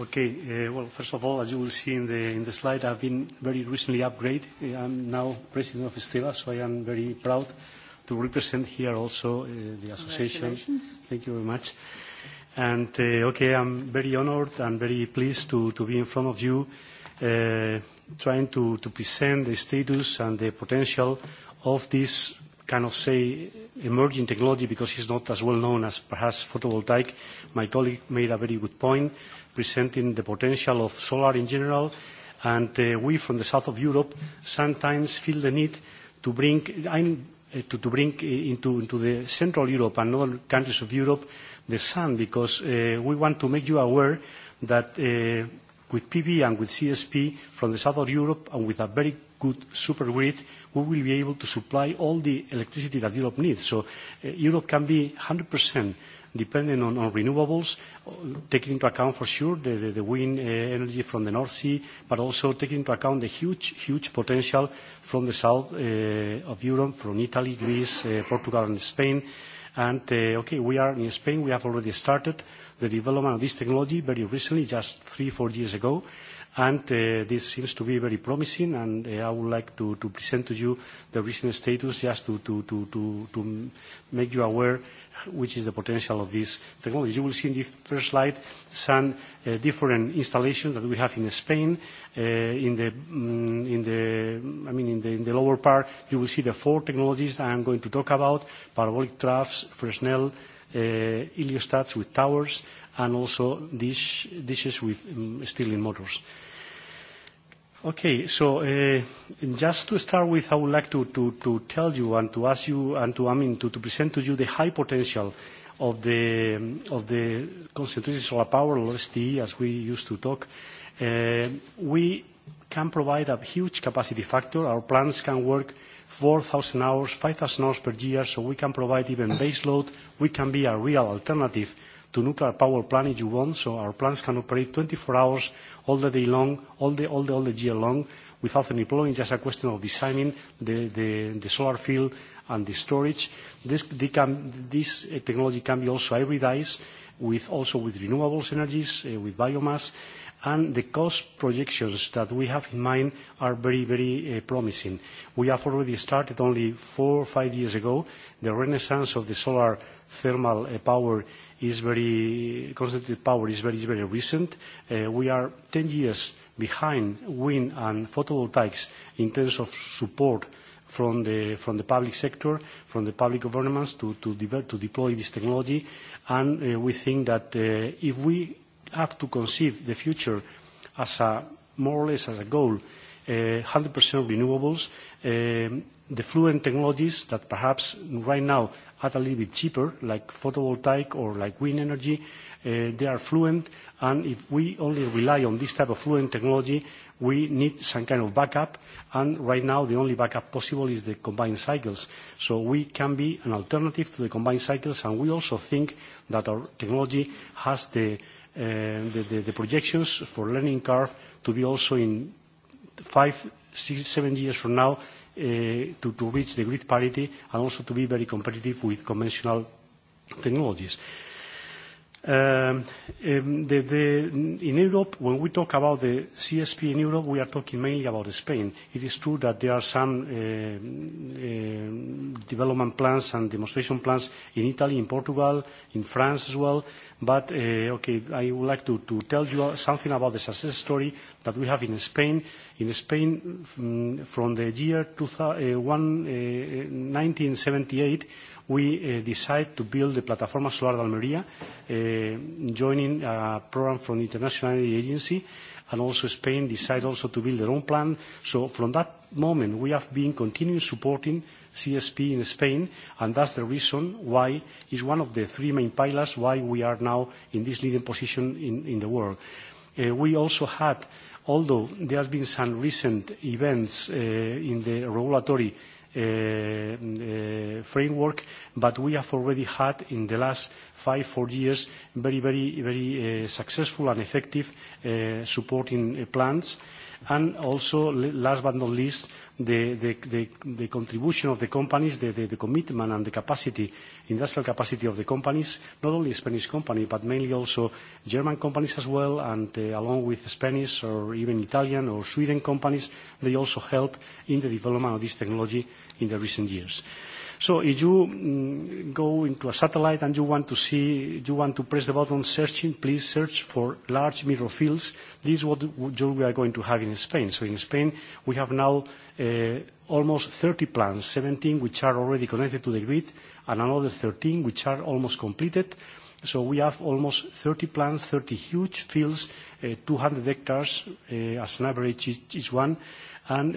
Okay, well, first of all, as you will see in the in the slide, I've been very recently upgraded. I'm now president of Estela, so I am very proud to represent here also the association. Thank you very much. And okay, I'm very honored and very pleased to be in front of you, trying to present the status and the potential of this kind of say emerging technology because it's not as well known as perhaps photovoltaic. My colleague made a very good point presenting the potential of solar in general, and we from the south of Europe sometimes feel the need to bring into the central Europe and other countries of Europe the sun because we want to make you aware that with PV and with CSP from the south of Europe and with a very good super grid, we will be able to supply all the electricity that Europe needs. So Europe can be 100% dependent on renewables, taking into account for sure the wind energy from the North Sea, but also taking into account the huge, huge potential from the south of Europe, from Italy, Greece, Portugal and Spain And, okay, we are in Spain. We have already started the development of this technology very recently, just three, four years ago. And this seems to be very promising, and I would like to present to you the recent status just to make you aware which is the potential of this technology. You will see in the first slide some different installations that we have in Spain. In the in the I mean in the in the lower part you will see the four technologies I am going to talk about parabolic troughs, Fresnel, heliostats with towers and also dishes with steel motors. Okay, so just to start with, I would like to to tell you and to ask you and to I mean to to present to you the high potential of the of the concentrated solar power, or STE, as we used to talk. We can provide a huge capacity factor. Our plants can work 4,000 hours, 5,000 hours per year, so we can provide even base load. We can be a real alternative to nuclear power plant if you want, so our plants can operate 24 hours all the day long, all the all the all the year long, without any problem. just a question of designing the the the solar field and the storage. This this technology can be also hybridized with also with renewable energies, with biomass, and the cost projections that we have in mind are very, very promising. We have already started only four or five years ago the renaissance of the solar thermal power is very concentrated power is very very recent. We are 10 years behind wind and photovoltaics in terms of support from the from the public sector, from the public governments to to deploy this technology. And we think that if we have to conceive the future as a more or less as a goal, 100% renewables, the fluent technologies that perhaps right now at a little bit cheaper, like photovoltaic or like wind energy. They are fluent, and if we only rely on this type of fluent technology, we need some kind of backup, and right now the only backup possible is the combined cycles. So we can be an alternative to the combined cycles, and we also think that our technology has the projections for learning curve to be also in five, six, seven years from now to reach the grid parity and also to be very competitive with conventional technologies. In Europe, when we talk about the CSP in Europe, we are talking mainly about Spain. It is true that there are some development plans and demonstration plans in Italy, in Portugal, in France as well. But, okay, I would like to tell you something about the success story that we have in Spain. In Spain, from the year 1978, we decided to build the Plataforma Solar de Almería, joining a program from the International Energy Agency, and also Spain decided also to build their own plan. So from that moment, we have been continuing supporting CSP in Spain, and that's the reason why it's one of the three main pillars why we are now in this leading position in the world. We also had, although there has been some recent events in the regulatory framework, but we have already had in the last five, four years very, very, very successful and effective supporting plans. And also, last but not least, the contribution of the companies, the commitment and the capacity, industrial capacity of the companies, not only Spanish companies, but mainly also German companies as well, and along with Spanish or even Italian or Sweden companies, they also help in the development of this technology in the recent years. So if you go into a satellite and you want to see, you want to press the button searching, please search for large mirror fields. This is what we are going to have in Spain. So in Spain, we have now almost 30 plants, 17 which are already connected to the grid, and another 13 which are almost completed. So we have almost 30 plants, 30 huge fields, 200 hectares as an average each one and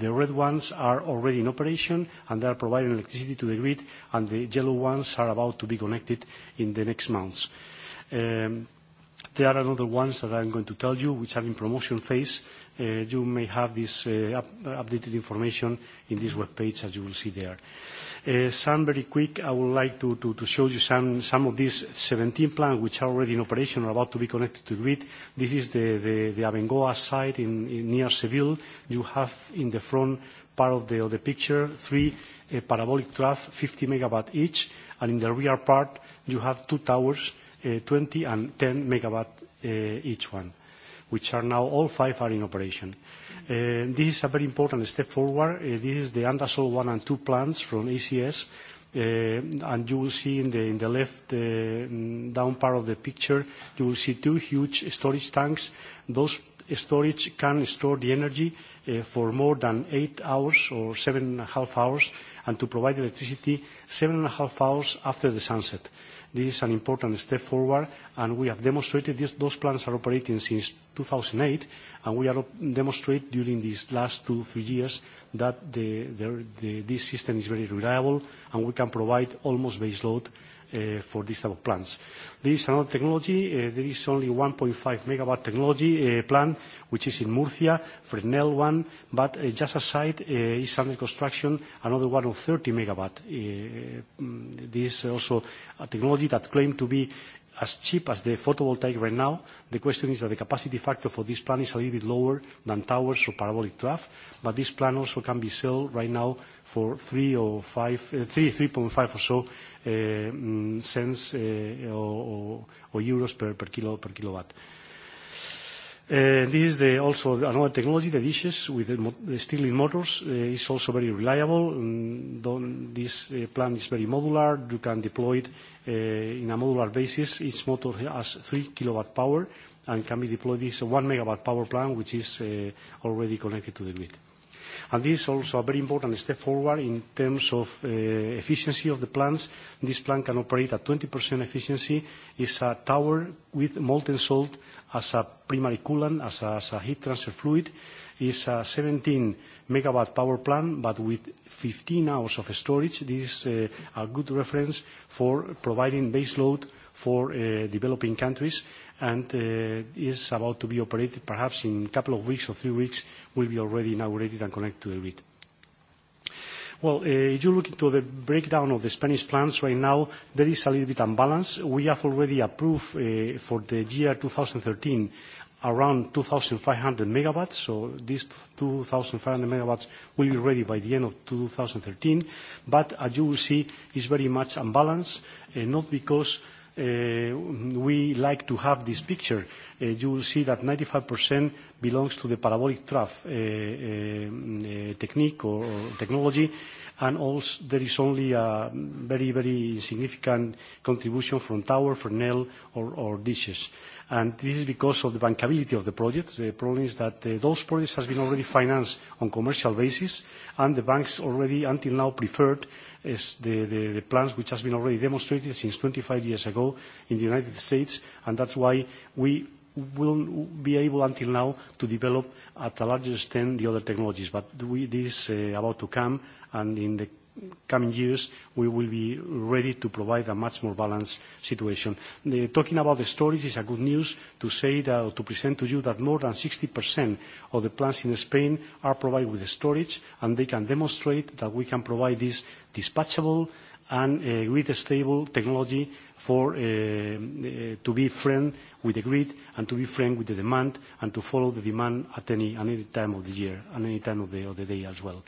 the red ones are already in operation and they are providing electricity to the grid, and the yellow ones are about to be connected in the next months. There are another ones that I am going to tell you, which are in promotion phase. You may have this updated information in this webpage as you will see there. Some very quick. I would like to show you some of these 17 plants which are already in operation or about to be connected to grid. This is the Abengoa site near Seville. You have in the front part of the picture three parabolic troughs, 50 megawatt each, and in the rear part you have two towers, 20 and 10 megawatt each one, which are now all five are in operation. This is a very important step forward. This is the Andasol 1 and 2 plants from ACS, and you will see in the left down part of the picture, you will see two huge storage tanks. Those storage can store the energy for more than eight hours or seven and a half hours, and to provide electricity seven and a half hours after the sunset. This is an important step forward, and we have demonstrated those plants are operating since 2008, and we have demonstrated during these last two, three years that this system is very reliable, and we can provide almost base load for these type of plants. This is another technology. There is only 1.5 megawatt technology plant, which is in Murcia, Fresnel one, but just aside is under construction another one of 30 megawatt. This is also a technology that claim to be as cheap as the photovoltaic right now. The question is that the capacity factor for this plant is a little bit lower than towers or parabolic trough, but this plant also can be sold right now for 3 or 3.5 or so cents or euros per kilo per kilowatt. This is also another technology, the dishes with the steel in motors. is also very reliable. This plant is very modular. You can deploy it in a modular basis. Each motor has 3 kilowatt power and can be deployed. It's a 1 megawatt power plant, which is already connected to the grid this is also a very important step forward in terms of efficiency of the plants. This plant can operate at 20% efficiency. is a tower with molten salt as a primary coolant, as a heat transfer fluid. is a 17 megawatt power plant, but with 15 hours of storage. This is a good reference for providing base load for developing countries and is about to be operated perhaps in a couple of weeks or three weeks, will be already inaugurated and connected to the grid. Well, if you look into the breakdown of the Spanish plans right now, there is a little bit imbalance. We have already approved for the year 2013 around 2,500 megawatts, so these 2,500 megawatts will be ready by the end of 2013. But as you will see, it's very much unbalanced, not because we like to have this picture, you will see that 95% belongs to the parabolic trough technique or technology, and also there is only a very, very significant contribution from tower, Fresnel, or dishes. And this is because of the bankability of the projects. The problem is that those projects have been already financed on commercial basis, and the banks already until now preferred is the plans which has been already demonstrated since 25 years ago in the United States, and that's why we will be able until now to develop at a larger extent the other technologies. But this is about to come, and in the coming years, we will be ready to provide a much more balanced situation. Talking about the storage is a good news to say that, to present to you that more than 60% of the plants in Spain are provided with storage, and they can demonstrate that we can provide this dispatchable and grid-stable technology for to be friend with the grid and to be friend with the demand and to follow the demand at any time of the year, and any time of the day as well.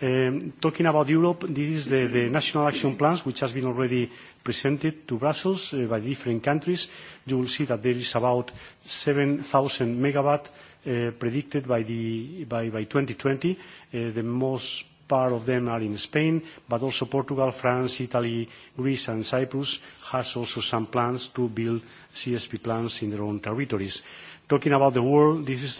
Talking about Europe, this is the national action plans which has been already presented to Brussels by different countries. You will see that there is about 7,000 megawatt predicted by 2020. The most part of them are in Spain, but also Portugal, France, Italy, Greece and Cyprus has also some plans to build CSP plants in their own territories. Talking about the world, this is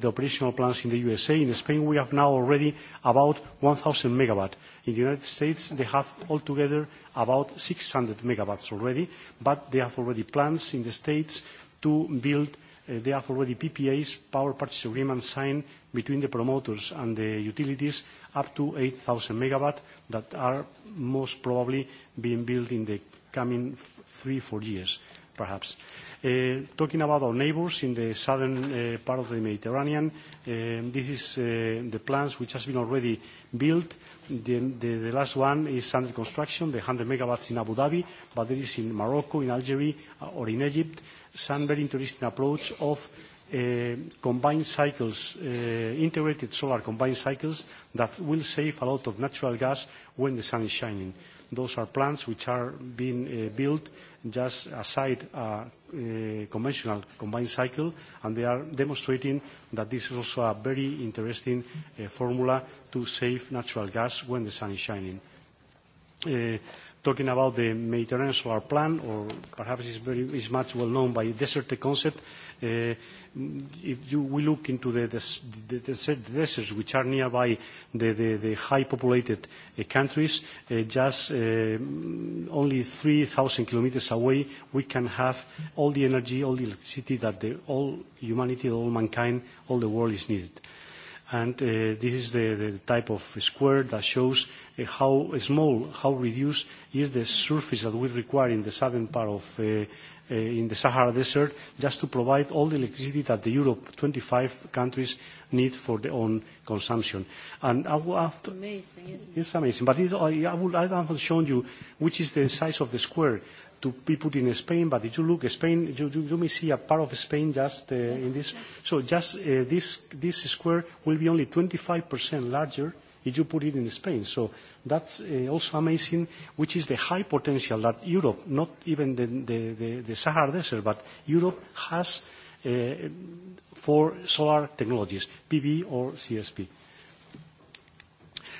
the operational plans in the USA. In Spain, we have now already about 1,000 megawatt. In the United States, they have altogether about 600 megawatts already, but they have already plans in the states to build. They have already PPAs, power purchase agreements signed between the promoters and the utilities up to 8,000 megawatt that are most probably being built in the coming three, four years perhaps. Talking about our neighbors in the southern part of the Mediterranean, this is the plants which has been already built. The last one is under construction, the 100 megawatts in Abu Dhabi, but there is in Morocco, in Algeria, or in Egypt, some very interesting approach of combined cycles, integrated solar combined cycles that will save a lot of natural gas when the sun is shining. Those are plants which are being built just aside a conventional combined cycle, and they are demonstrating that this is also a very interesting formula to save natural gas when the sun is shining. Talking about the Mediterranean Solar Plan, or perhaps it's much well known by desert concept, If we look into the deserts which are nearby the high populated countries, just only 3,000 kilometers away, we can have all the energy, all the electricity that all humanity, all mankind, all the world is needed. And this is the type of square that shows how small, how reduced is the surface that we require in the southern part of in the Sahara Desert, just to provide all the electricity that the Europe 25 countries need for their own consumption. And I will have it's amazing. But I, I have shown you which is the size of the square to be put in Spain. But if you look, Spain, you, you, may see a part of Spain just in this. So just this this square will be only 25% larger if you put it in Spain. So that's also amazing, which is the high potential that Europe, not even the Sahara Desert, but Europe has for solar technologies, PV or CSP.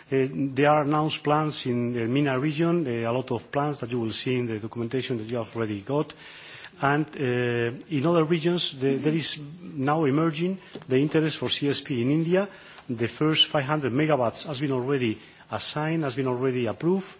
There are announced plans in the MENA region, a lot of plans that you will see in the documentation that you have already got. And in other regions, there is now emerging the interest for CSP in India The first 500 megawatts has been already assigned, has been already approved.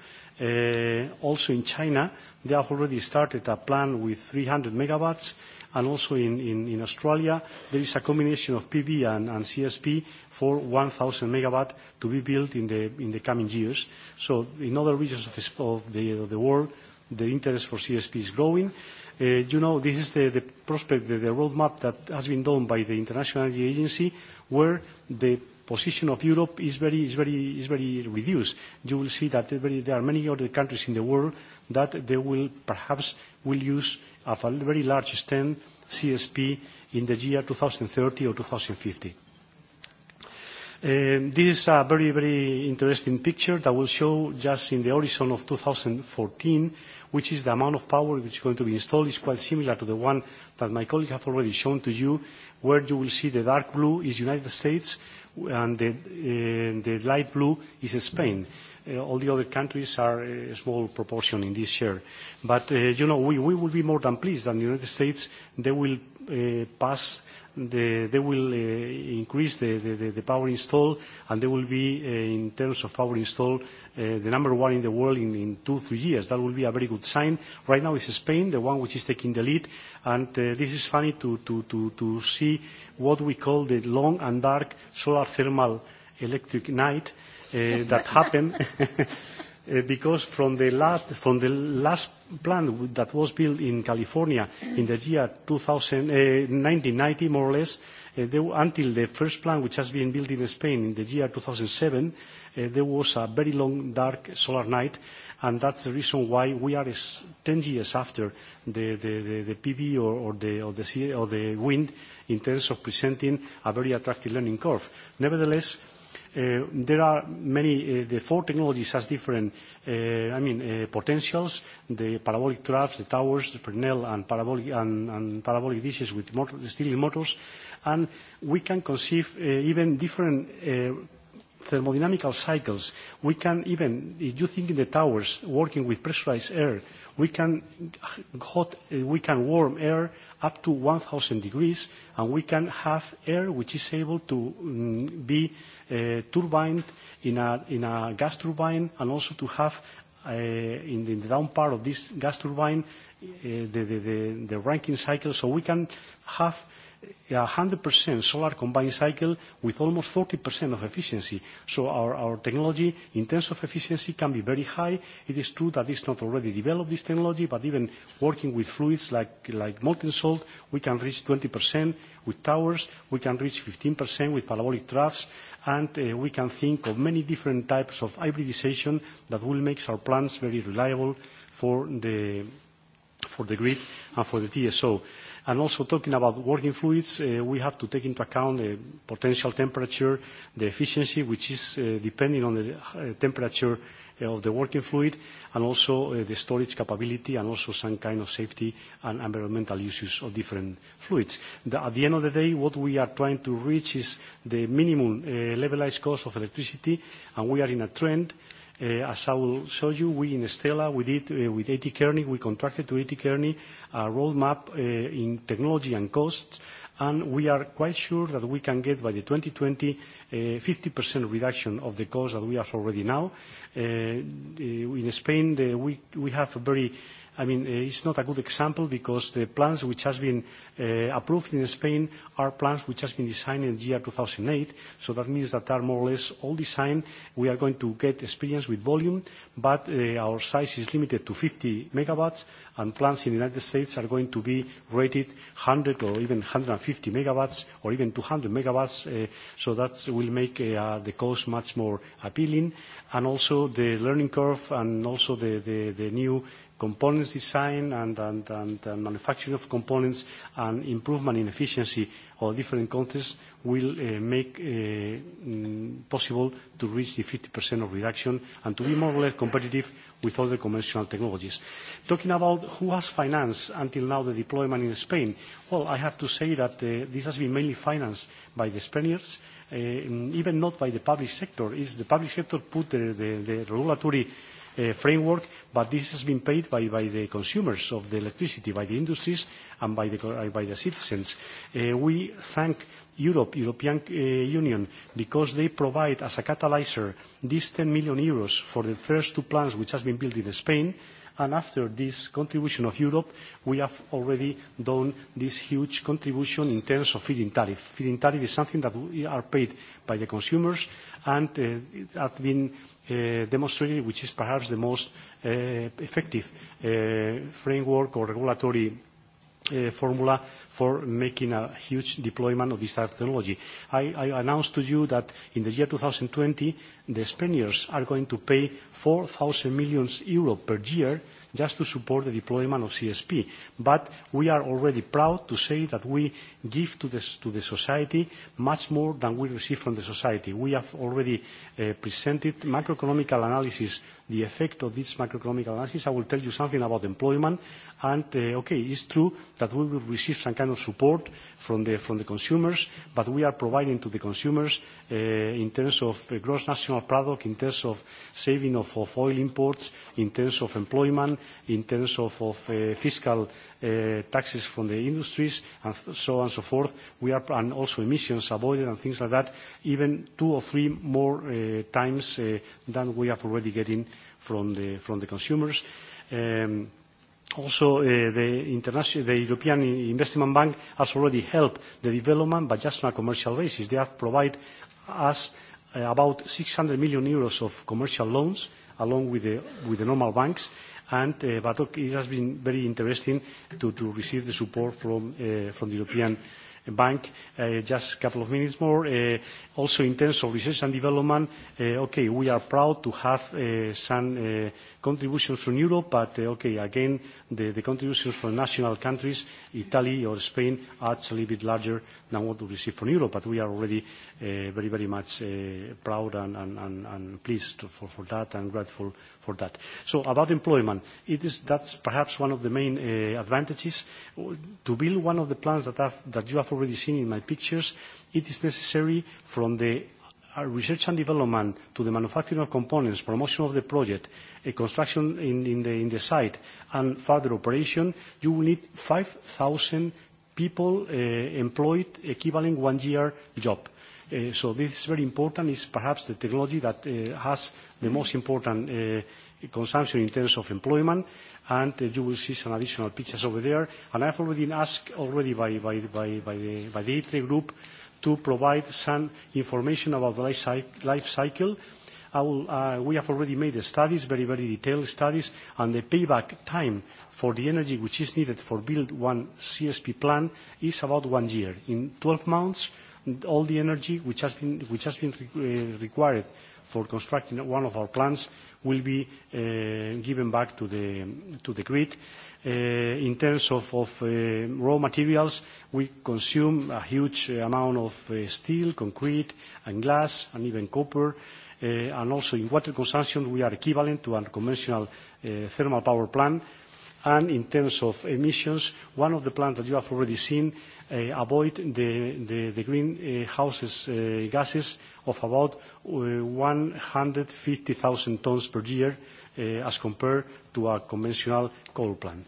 Also in China, they have already started a plan with 300 megawatts. And also in Australia, there is a combination of PV and CSP for 1,000 megawatt to be built in the coming years. So in other regions of the world, the interest for CSP is growing. You know, this is the prospect, the roadmap that has been done by the International Energy Agency, where the position of Europe is very is very is very reduced. You will see that there are many other countries in the world that they will perhaps will use of a very large extent CSP in the year 2030 or 2050. This is a very, very interesting picture that will show just in the horizon of 2014, which is the amount of power which is going to be installed. It's quite similar to the one that my colleague have already shown to you, where you will see the dark blue is United States, and the light blue is Spain. All the other countries are a small proportion in this share. But, you know, we will be more than pleased that the United States, they will pass, they will increase the power install, and they will be, in terms of power install, the number one in the world in two, three years. That will be a very good sign. Right now it's Spain, the one which is taking the lead, and this is funny to see what we call the long and dark solar thermal electric night that happened because from the last from the last plant that was built in California in the year 1990, more or less, until the first plant which has been built in Spain in the year 2007, there was a very long dark solar night, and that's the reason why we are 10 years after the PV or the wind in terms of presenting a very attractive learning curve. Nevertheless, there are many, the four technologies has different, I mean, potentials, the parabolic troughs, the towers, the Fresnel and parabolic dishes with steel motors, and we can conceive even different thermodynamical cycles. We can even, if you think in the towers, working with pressurized air, we can hot, we can warm air up to 1,000 degrees, and we can have air which is able to be turbined in a in a gas turbine, and also to have in the down part of this gas turbine the the the ranking cycle, so we can have 100% solar combined cycle with almost 40% of efficiency. So our technology, in terms of efficiency, can be very high. It is true that it's not already developed, this technology, but even working with fluids like molten salt, we can reach 20%. With towers, we can reach 15% with parabolic troughs, and we can think of many different types of hybridization that will make our plants very reliable for the grid and for the TSO. And also talking about working fluids, we have to take into account the potential temperature, the efficiency, which is depending on the temperature of the working fluid, and also the storage capability, and also some kind of safety and environmental issues of different fluids. At the end of the day, what we are trying to reach is the minimum levelized cost of electricity, and we are in a trend As I will show you, we in Stella, we did with A.T. Kearney, we contracted to A.T. Kearney a roadmap in technology and costs, and we are quite sure that we can get by the 2020 50% reduction of the cost that we have already now. In Spain, we have a very I mean, it's not a good example because the plans which has been approved in Spain are plans which has been designed in the year 2008. So that means that are more or less all designed. We are going to get experience with volume, but our size is limited to 50 megawatts, and plants in the United States are going to be rated 100 or even 150 megawatts or even 200 megawatts. So that will make the cost much more appealing, and also the learning curve and also the new components design and, manufacturing of components and improvement in efficiency of different countries will make possible to reach the 50% of reduction and to be more or less competitive with other conventional technologies. Talking about who has financed until now the deployment in Spain, well, I have to say that this has been mainly financed by the Spaniards, even not by the public sector. It's the public sector put the regulatory framework, but this has been paid by the consumers of the electricity, by the industries and by the citizens. We thank Europe, European Union, because they provide as a catalyzer these 10 million euros for the first two plants which has been built in Spain, and after this contribution of Europe, we have already done this huge contribution in terms of feeding tariff. Feeding tariff is something that we are paid by the consumers and has been demonstrated, which is perhaps the most effective framework or regulatory formula for making a huge deployment of this technology. I announced to you that in the year 2020, the Spaniards are going to pay 4,000 million euros per year just to support the deployment of CSP. But we are already proud to say that we give to the society much more than we receive from the society. We have already presented macroeconomic analysis the effect of this macroeconomic analysis. I will tell you something about employment And, okay, it's true that we will receive some kind of support from the consumers, but we are providing to the consumers in terms of gross national product, in terms of saving of oil imports, in terms of employment, in terms of fiscal taxes from the industries, and so on and so forth. We are and also emissions avoided and things like that, even two or three more times than we are already getting from the consumers. Also, the international, the European Investment Bank has already helped the development, but just on a commercial basis. They have provided us about 600 million euros of commercial loans, along with the with the normal banks. And but it has been very interesting to to receive the support from from the European Bank. Just a couple of minutes more. Also in terms of research and development, okay, we are proud to have some contributions from Europe, but okay, again, the contributions from national countries, Italy or Spain, are actually a bit larger than what we receive from Europe, but we are already very, very much proud and pleased for that and grateful for that. So about employment, it is that's perhaps one of the main advantages. To build one of the plants that you have already seen in my pictures, it is necessary from the research and development to the manufacturing of components, promotion of the project, a construction in the site, and further operation, you will need 5,000 people employed, equivalent one-year job So this is very important. It's perhaps the technology that has the most important consumption in terms of employment, and you will see some additional pictures over there. And I've already asked already by the ITRE group to provide some information about the life cycle. We have already made the studies, very, very detailed studies, and the payback time for the energy which is needed for build one CSP plan is about one year. In 12 months, all the energy which has been which has been required for constructing one of our plants will be given back to the to the grid. In terms of raw materials, we consume a huge amount of steel, concrete, and glass, and even copper. And also in water consumption, we are equivalent to a conventional thermal power plant. And in terms of emissions, one of the plants that you have already seen avoid the greenhouse gases of about 150,000 tons per year as compared to a conventional coal plant.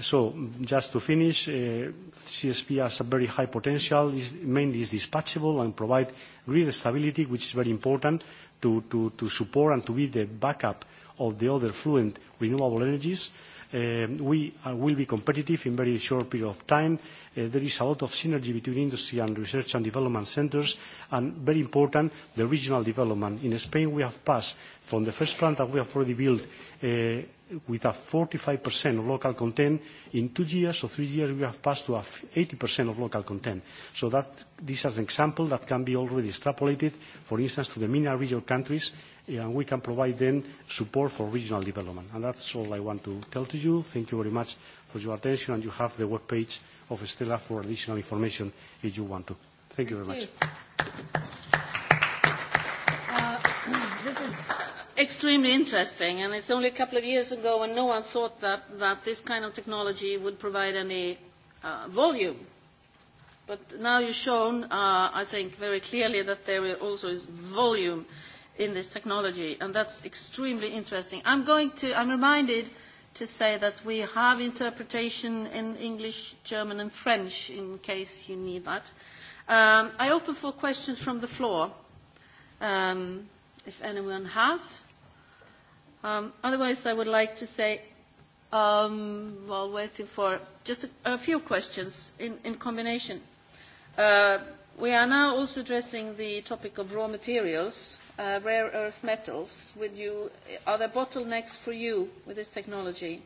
So just to finish, CSP has a very high potential, mainly is dispatchable and provide grid stability, which is very important to support and to be the backup of the other fluent renewable energies. We will be competitive in very short period of time. There is a lot of synergy between industry and research and development centers, and very important, the regional development. In Spain, we have passed from the first plant that we have already built with a 45% of local content. In two years or three years, we have passed to 80% of local content. So that this is an example that can be already extrapolated, for instance, to the MENA region countries, and we can provide then support for regional development. And that's all I want to tell to you. Thank you very much for your attention, and you have the webpage of Stella for additional information if you want to. Thank you very much. extremely interesting, and it's only a couple of years ago when no one thought that, that this kind of technology would provide any volume. But now you've shown, I think, very clearly that there also is volume in this technology, and that's extremely interesting. I'm going to, I'm reminded to say that we have interpretation in English, German, and French in case you need that. I open for questions from the floor, if anyone has. Otherwise, I would like to say, while waiting for just a few questions in combination. We are now also addressing the topic of raw materials, rare earth metals. you, Are there bottlenecks for you with this technology?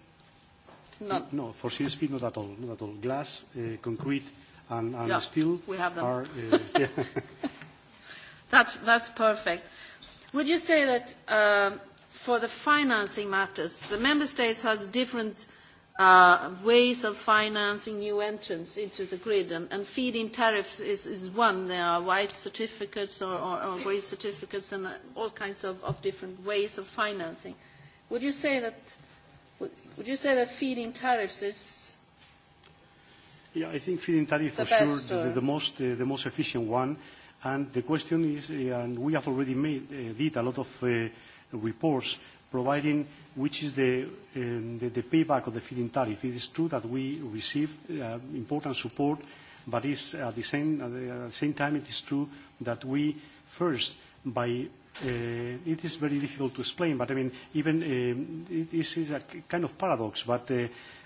No, for CSP not at all, not at all. Glass, concrete and steel are. That's perfect. Would you say that for the financing matters, the member states has different ways of financing new entrants into the grid, and feed-in tariffs is one. There are white certificates or grey certificates and all kinds of different ways of financing. Would you say that would you say that feed-in tariffs is Yeah, I think feed-in tariffs for sure the most the most efficient one, and the question is, and we have already made did a lot of reports providing which is the payback of the feed-in tariff. It is true that we receive important support, but at the same time it is true that we first, by it is very difficult to explain, but I mean, even this is a kind of paradox, but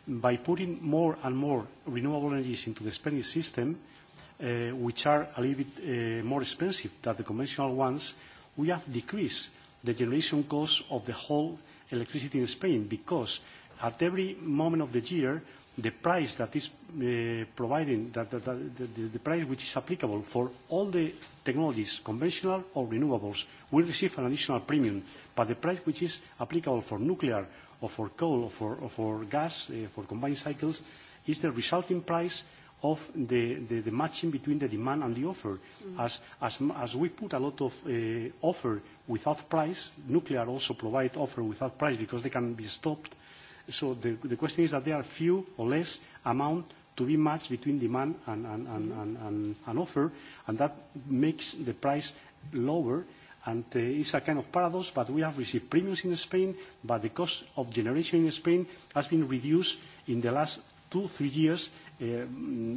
by putting more and more renewable energies into the Spanish system, which are a little bit more expensive than the conventional ones, we have decreased the generation cost of the whole electricity in Spain, because at every moment of the year, the price that is providing, that the price which is applicable for all the technologies, conventional or renewables, will receive an additional premium. But the price which is applicable for nuclear or for coal or for gas, for combined cycles, is the resulting price of the matching between the demand and the offer. As we put a lot of offer without price, nuclear also provide offer without price because they can be stopped. So the question is that there are few or less amount to be matched between demand and offer, and that makes the price lower. And it's a kind of paradox, but we have received premiums in Spain, but the cost of generation in Spain has been reduced in the last two, three years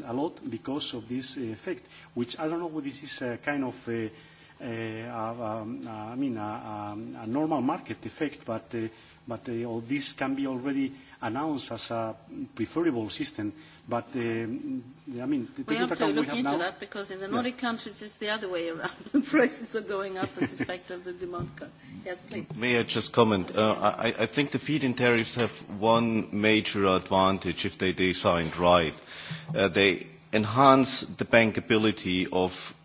a lot because of this effect, which I don't know whether this is a kind of a I mean a normal market effect, but all this can be already announced as a preferable system But, I mean, we have to look into that because in the Nordic countries it's the other way around. Prices are going up as a effect of the demand cut. Yes, please. May I just comment? I think the feed-in tariffs have one major advantage if they designed right. They enhance the bankability of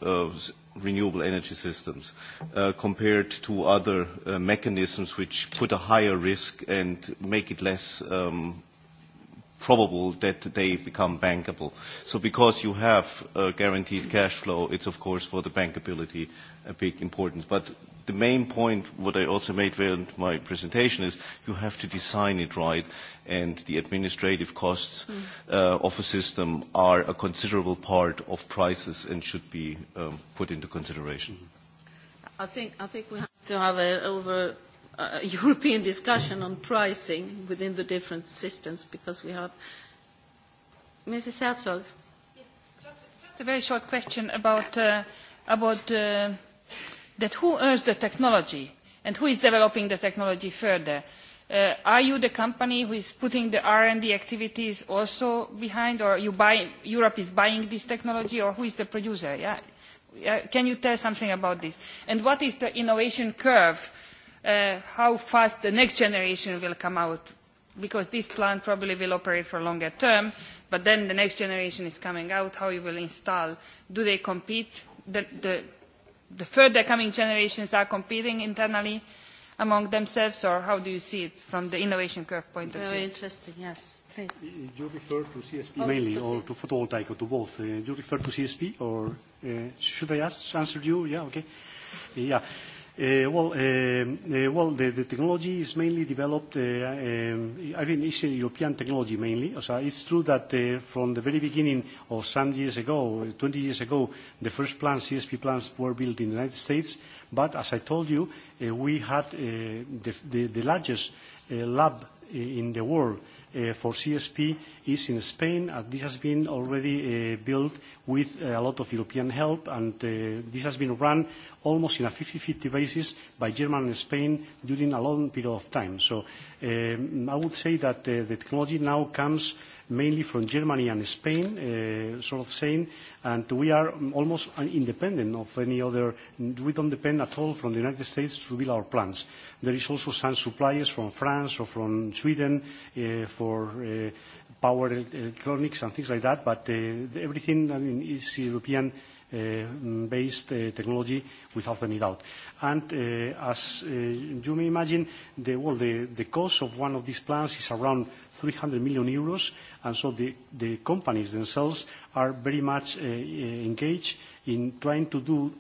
renewable energy systems compared to other mechanisms which put a higher risk and make it less probable that they become bankable. So because you have guaranteed cash flow, it's of course for the bankability a big importance. But the main point, what I also made during my presentation, is you have to design it right, and the administrative costs of a system are a considerable part of prices and should be put into consideration. I think I think we have to have over European discussion on pricing within the different systems because we have. Mrs. Herzog. Just a very short question about that who owns the technology and who is developing the technology further. Are you the company who is putting the R&D activities also behind or you Europe is buying this technology or who is the producer? Can you tell something about this? And what is the innovation curve? how fast the next generation will come out, because this plant probably will operate for longer term, but then the next generation is coming out, how you will install. Do they compete? The further coming generations are competing internally among themselves, or how do you see it from the innovation curve point of view? Very interesting, yes. Please. You refer to CSP mainly, or to photovoltaic, or to both. You refer to CSP, or should I answer you? Yeah, okay. Yeah. Well, the technology is mainly developed, I mean, it's a European technology mainly. So it's true that from the very beginning of some years ago, 20 years ago, the first plants, CSP plants, were built in the United States. But as I told you, we had the largest lab in the world for CSP is in Spain, and this has been already built with a lot of European help, and this has been run almost in a 50-50 basis by Germany and Spain during a long period of time. So I would say that the technology now comes mainly from Germany and Spain, sort of saying, and we are almost independent of any other. We don't depend at all from the United States to build our plants. There is also some suppliers from France or from Sweden for power electronics and things like that, but everything I mean, is European-based technology without any doubt. And as you may imagine, the the cost of one of these plants is around 300 million euros, and so the companies themselves are very much engaged in trying to do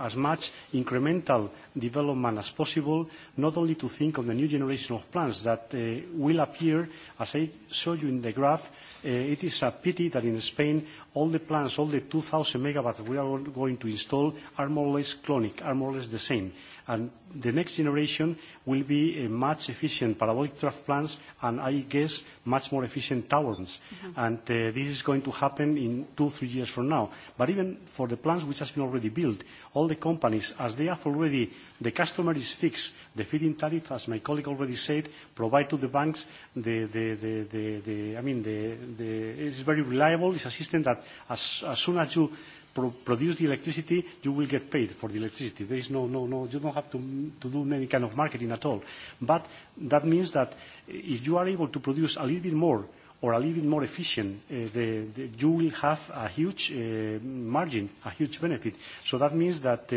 as much incremental development as possible, not only to think of the new generation of plants that will appear, as I showed you in the graph, it is a pity that in Spain all the plants, all the 2,000 megawatts we are going to install are more or less clonic, are more or less the same. And the next generation will be much efficient parabolic trough plants and, I guess, much more efficient towers. And this is going to happen in two, three years from now. But even for the plants which has been already built, all the companies, as they have already, the customer is fixed. The feeding tariff, as my colleague already said, provide to the banks the, the, the, the, I mean, the, the, it's very reliable. It's a system that as, as soon as you produce the electricity, you will get paid for the electricity. There is no, no, no, you don't have to, to do any kind of marketing at all. But that means that if you are able to produce a little bit more or a little bit more efficient, the, the, you will have a huge margin, a huge benefit. So that means that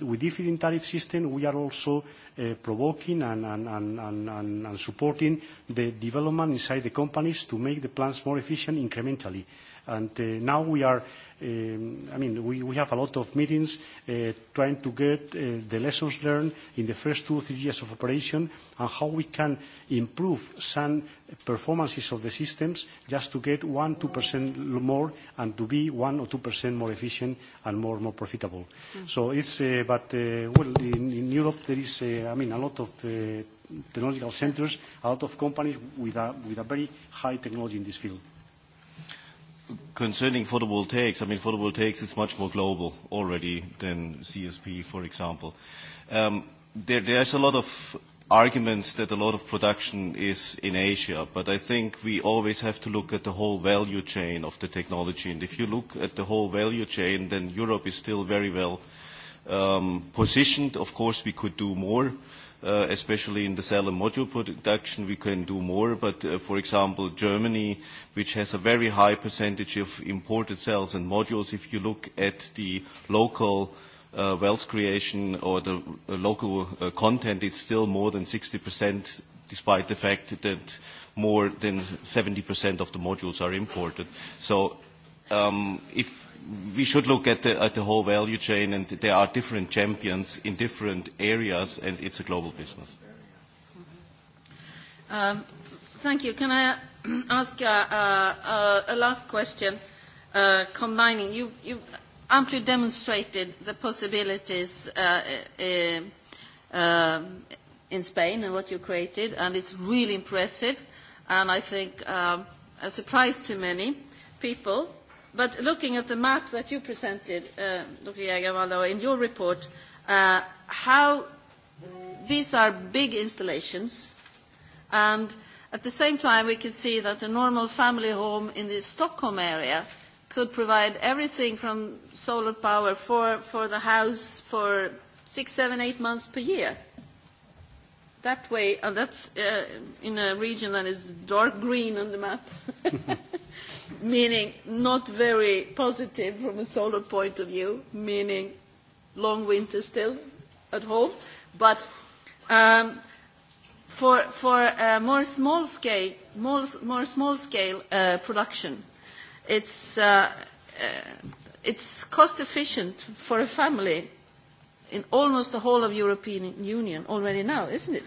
with different tariff system, we are also provoking and, and, and, and, and supporting the development inside the companies to make the plants more efficient incrementally. And now we are I mean, we have a lot of meetings trying to get the lessons learned in the first two, or three years of operation and how we can improve some performances of the systems just to get one, two percent more and to be one or two percent more efficient and more more profitable. So it's, but, well, in Europe there is, I mean, a lot of technological centers, a lot of companies with with a very high technology in this field. Concerning photovoltaics, I mean, photovoltaics is much more global already than CSP, for example. There There's a lot of arguments that a lot of production is in Asia, but I think we always have to look at the whole value chain of the technology. And if you look at the whole value chain, then Europe is still very well positioned. Of course, we could do more especially in the cell and module production, we can do more. But, for example, Germany, which has a very high percentage of imported cells and modules, if you look at the local wealth creation or the local content, it's still more than 60%, despite the fact that more than 70% of the modules are imported. So if we should look at the whole value chain, and there are different champions in different areas, and it's a global business. Thank you. Can I ask a last question, combining? You amply demonstrated the possibilities in Spain and what you created, and it's really impressive, and I think a surprise to many people But looking at the map that you presented, Dr. Jagavallo, in your report, how these are big installations, and at the same time we can see that a normal family home in the Stockholm area could provide everything from solar power for for the house for six, seven, eight months per year. That way, and that's in a region that is dark green on the map meaning not very positive from a solar point of view, meaning long winter still at home, but for for more small scale more small scale production, it's it's cost efficient for a family in almost the whole of European Union already now, isn't it?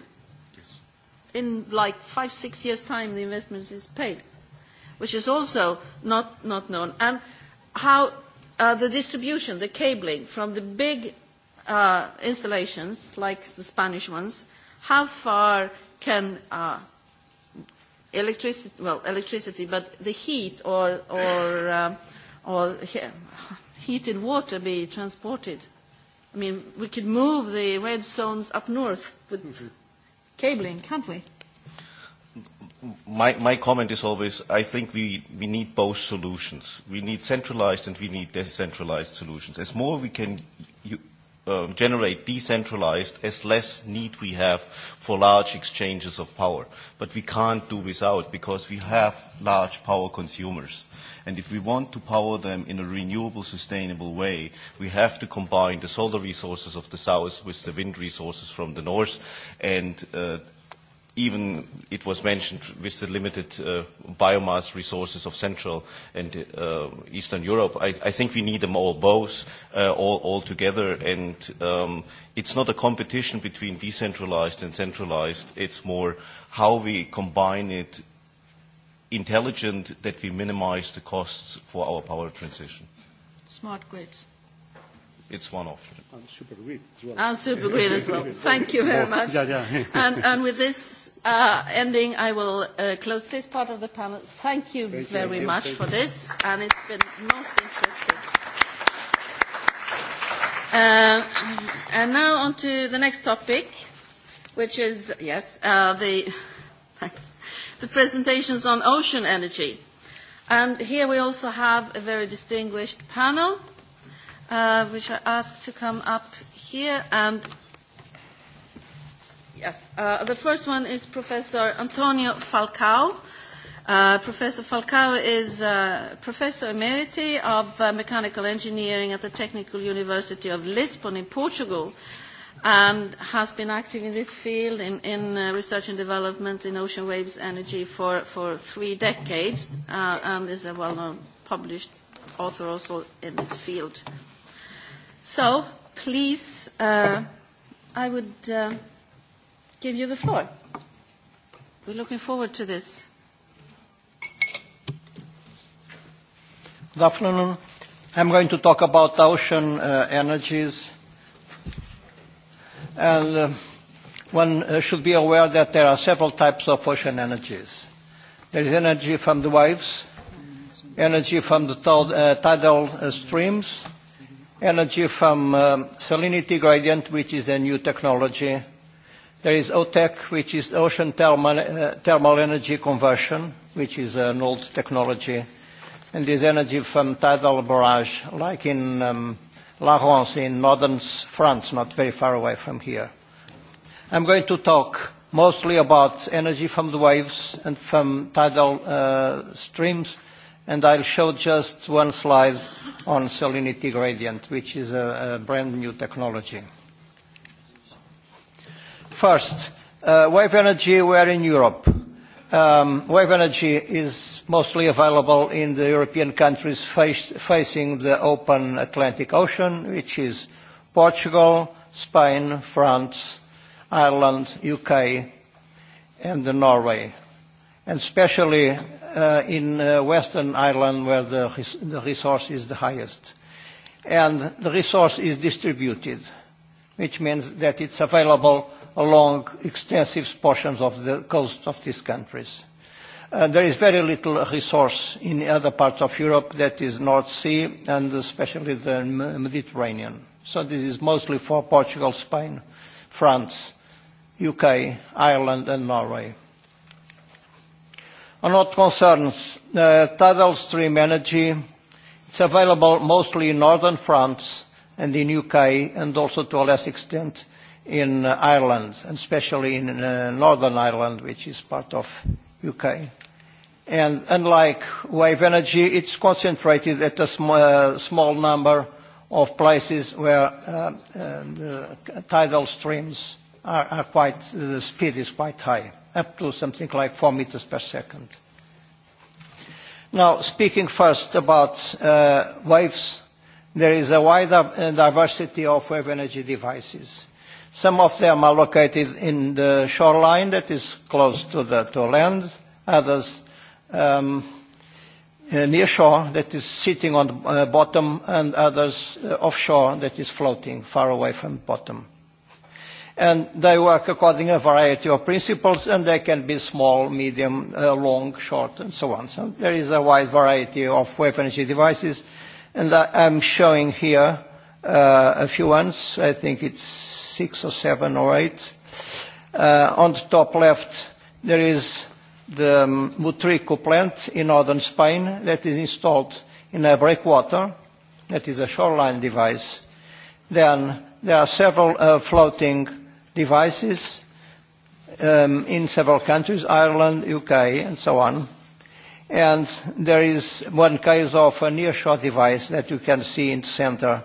In like five six years time the investment is paid which is also not not known, and how the distribution, the cabling from the big installations like the Spanish ones, how far can electricity, well, electricity, but the heat or or or heated water be transported? I mean, we could move the red zones up north with cabling, can't we? my, my comment is always, I think we, we need both solutions. We need centralized and we need decentralized solutions. As more we can generate decentralized, as less need we have for large exchanges of power. But we can't do without because we have large power consumers. And if we want to power them in a renewable, sustainable way, we have to combine the solar resources of the south with the wind resources from the north and even it was mentioned with the limited biomass resources of Central and Eastern Europe. I think we need them all both, all together. And it's not a competition between decentralized and centralized. It's more how we combine it intelligent that we minimize the costs for our power transition. Smart grids it's one off And super green as well. And super green as well. Thank you very much. And with this ending, I will close this part of the panel. Thank you very much for this, and it's been most interesting. And now on to the next topic, which is, yes, the presentations on ocean energy. And here we also have a very distinguished panel which I asked to come up here. And yes, the first one is Professor Antonio Falcao. Professor Falcao is Professor Emeriti of Mechanical Engineering at the Technical University of Lisbon in Portugal and has been active in this field in research and development in ocean waves energy for three decades and is a well-known published author also in this field. So, please, I would give you the floor. We're looking forward to this. Good afternoon. I'm going to talk about ocean energies. And one should be aware that there are several types of ocean energies. There is energy from the waves, energy from the tidal streams, energy from salinity gradient, which is a new technology. There is OTEC, which is ocean thermal energy conversion, which is an old technology. And is energy from tidal barrage, like in La Rance in northern France, not very far away from here. I'm going to talk mostly about energy from the waves and from tidal streams and I'll show just one slide on salinity gradient, which is a brand new technology. First, wave energy are in Europe. Wave energy is mostly available in the European countries facing the open Atlantic Ocean, which is Portugal, Spain, France, Ireland, UK, and Norway. And especially in Western Ireland where the resource is the highest. And the resource is distributed, which means that it's available along extensive portions of the coast of these countries. There is very little resource in other parts of Europe that is North Sea and especially the Mediterranean. So this is mostly for Portugal, Spain, France, UK, Ireland and Norway. On what concerns tidal stream energy, it's available mostly in northern France and in UK and also to a less extent in Ireland, and especially in Northern Ireland, which is part of UK. And unlike wave energy, it's concentrated at a small number of places where tidal streams are quite, the speed is quite high up to something like 4 meters per second. Now, speaking first about waves, there is a wider diversity of wave energy devices. Some of them are located in the shoreline that is close to the to land, others near shore that is sitting on the bottom, and others offshore that is floating far away from the bottom and they work according to a variety of principles and they can be small, medium, long, short and so on. So there is a wide variety of wave energy devices and I'm showing here a few ones. I think it's six or seven or eight. On the top left there is the Mutrico plant in northern Spain that is installed in a breakwater. That is a shoreline device. Then there are several floating devices in several countries, Ireland, UK, and so on. And there is one case of a near-shot device that you can see in the center,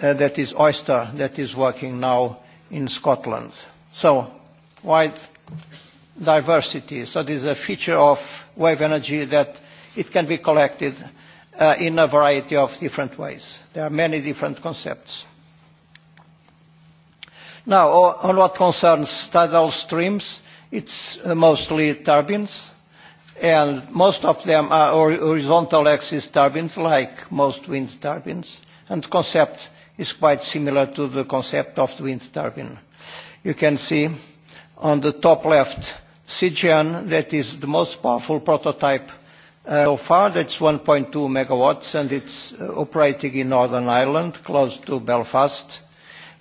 that is Oyster, that is working now in Scotland. So, wide diversity. So this is a feature of wave energy that it can be collected in a variety of different ways. There are many different concepts. Now, on what concerns tidal streams, it's mostly turbines, and most of them are horizontal axis turbines, like most wind turbines, and the concept is quite similar to the concept of the wind turbine. You can see on the top left CGN, that is the most powerful prototype so far. That's 1.2 megawatts, and it's operating in Northern Ireland, close to Belfast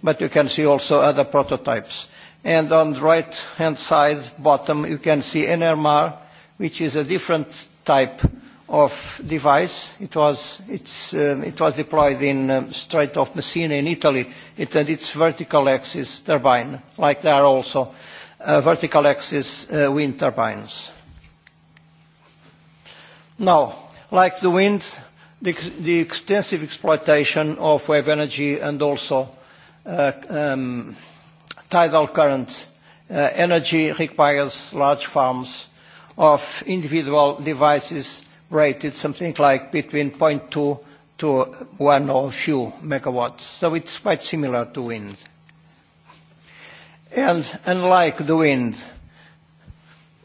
but you can see also other prototypes. And on the right-hand side, bottom, you can see NMR, which is a different type of device. It was deployed in Strait of Messina in Italy. It had its vertical axis turbine, like there are also vertical axis wind turbines. Now, like the wind, the extensive exploitation of wave energy and also tidal current energy requires large farms of individual devices rated something like between 0.2 to one or few megawatts. So it's quite similar to wind. And unlike the wind,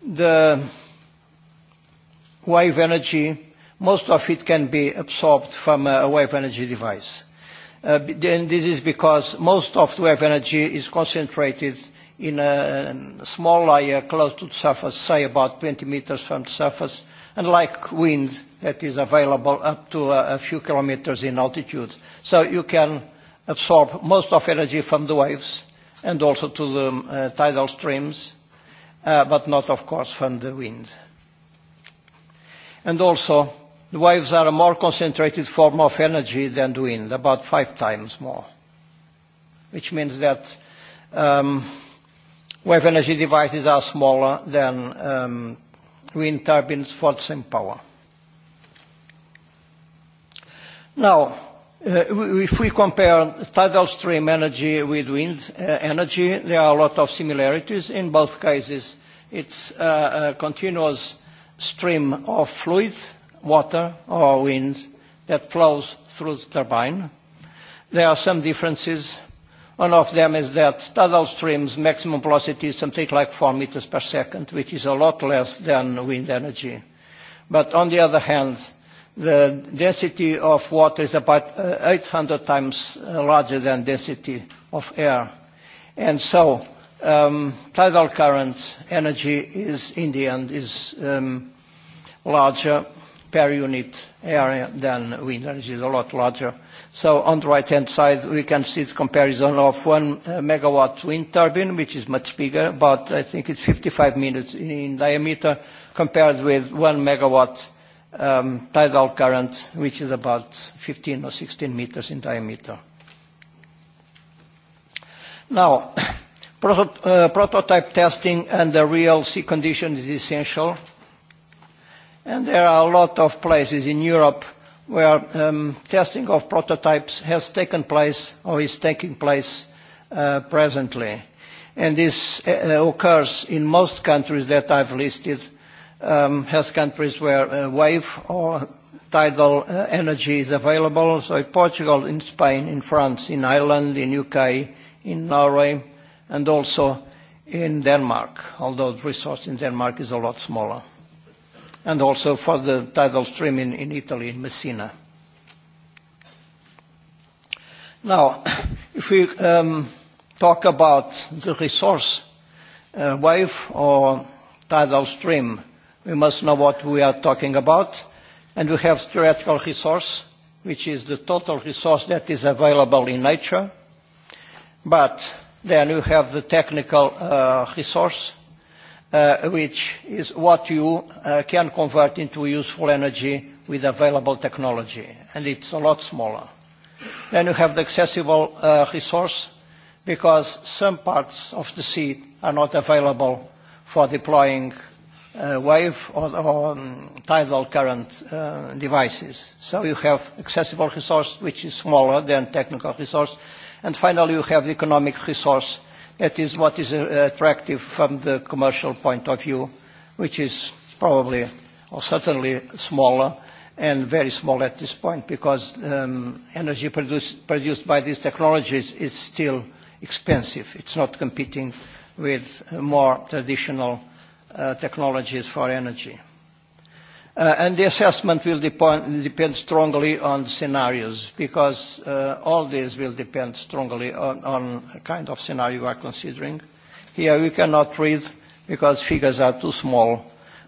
the wave energy, most of it can be absorbed from a wave energy device and this is because most of the wave energy is concentrated in a small layer close to the surface, say about 20 meters from the surface, unlike wind that is available up to a few kilometers in altitude. So you can absorb most of energy from the waves and also to the tidal streams, but not, of course, from the wind. And also, The waves are a more concentrated form of energy than the wind, about five times more, which means that wave energy devices are smaller than wind turbines for the same power. Now, if we compare tidal stream energy with wind energy, there are a lot of similarities. In both cases, it's a continuous stream of fluid water or wind that flows through the turbine. There are some differences. One of them is that tidal streams' maximum velocity is something like 4 meters per second, which is a lot less than wind energy. But on the other hand, the density of water is about 800 times larger than density of air. And so tidal current energy is, in the end, is larger per unit area than wind energy is a lot larger. So on the right-hand side, we can see the comparison of one megawatt wind turbine, which is much bigger, but I think it's 55 meters in diameter, compared with one megawatt tidal current, which is about 15 or 16 meters in diameter. Now, prototype testing and the real sea conditions is essential and there are a lot of places in Europe where testing of prototypes has taken place or is taking place presently. And this occurs in most countries that I've listed has countries where wave or tidal energy is available. So in Portugal, in Spain, in France, in Ireland, in UK, in Norway, and also in Denmark, although the resource in Denmark is a lot smaller and also for the tidal stream in Italy, in Messina. Now, if we talk about the resource wave or tidal stream, we must know what we are talking about. And we have theoretical resource, which is the total resource that is available in nature. But then we have the technical resource, which is what you can convert into useful energy with available technology, and it's a lot smaller. Then you have the accessible resource, because some parts of the sea are not available for deploying wave or tidal current devices. So you have accessible resource, which is smaller than technical resource, and finally you have the economic resource That is what is attractive from the commercial point of view, which is probably or certainly smaller and very small at this point because energy produced by these technologies is still expensive. It's not competing with more traditional technologies for energy. And the assessment will depend strongly on scenarios, because all these will depend strongly on the kind of scenario we are considering. Here we cannot read because figures are too small,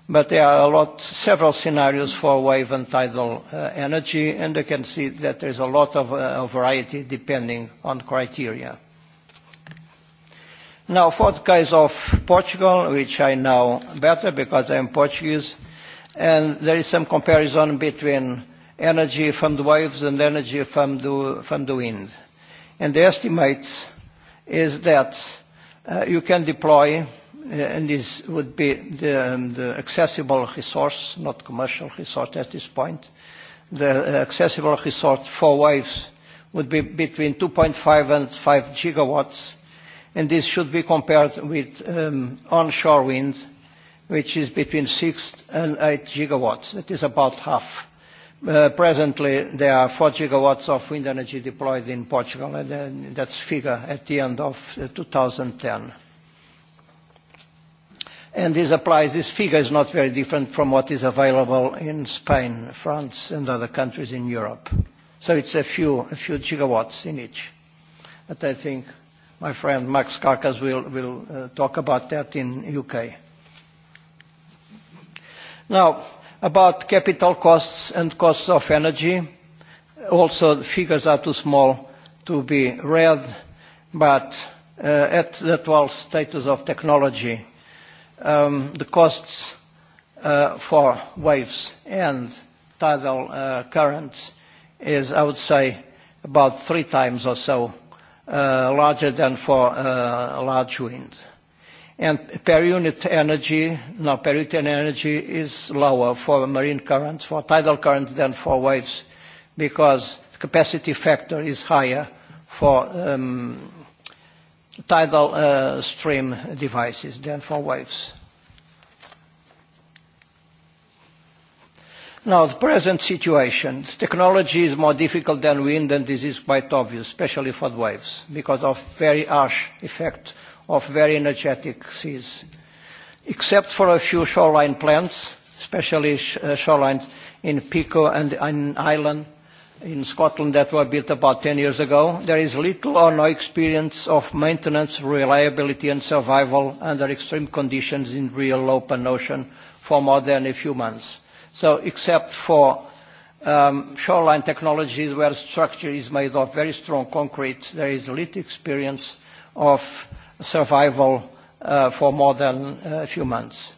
but there are a lot, several scenarios for wave and tidal energy, and you can see that there is a lot of variety depending on criteria. Now, for the case of Portugal, which I know better because I am Portuguese, and there is some comparison between energy from the waves and energy from the from the wind. And the estimate is that you can deploy, and this would be the accessible resource, not commercial resource at this point, the accessible resource for waves would be between 2.5 and 5 gigawatts, and this should be compared with onshore wind which is between 6 and 8 gigawatts. That is about half. Presently, there are four gigawatts of wind energy deployed in Portugal, and that's figure at the end of 2010. And this applies, this figure is not very different from what is available in Spain, France, and other countries in Europe. So it's a few, a few gigawatts in each. But I think my friend Max Karkas will, will talk about that in UK. Now, about capital costs and costs of energy, also the figures are too small to be read, but at the twelfth status of technology, the costs for waves and tidal currents is, I would say, about three times or so larger than for large winds and per unit energy, now per unit energy is lower for marine currents, for tidal currents than for waves, because the capacity factor is higher for tidal stream devices than for waves. Now, the present situation, technology is more difficult than wind, and this is quite obvious, especially for waves, because of very harsh effect of very energetic seas. Except for a few shoreline plants, especially shorelines in Pico and in Ireland, in Scotland that were built about 10 years ago, there is little or no experience of maintenance, reliability and survival under extreme conditions in real open ocean for more than a few months. So except for shoreline technologies where structure is made of very strong concrete, there is little experience of survival for more than a few months.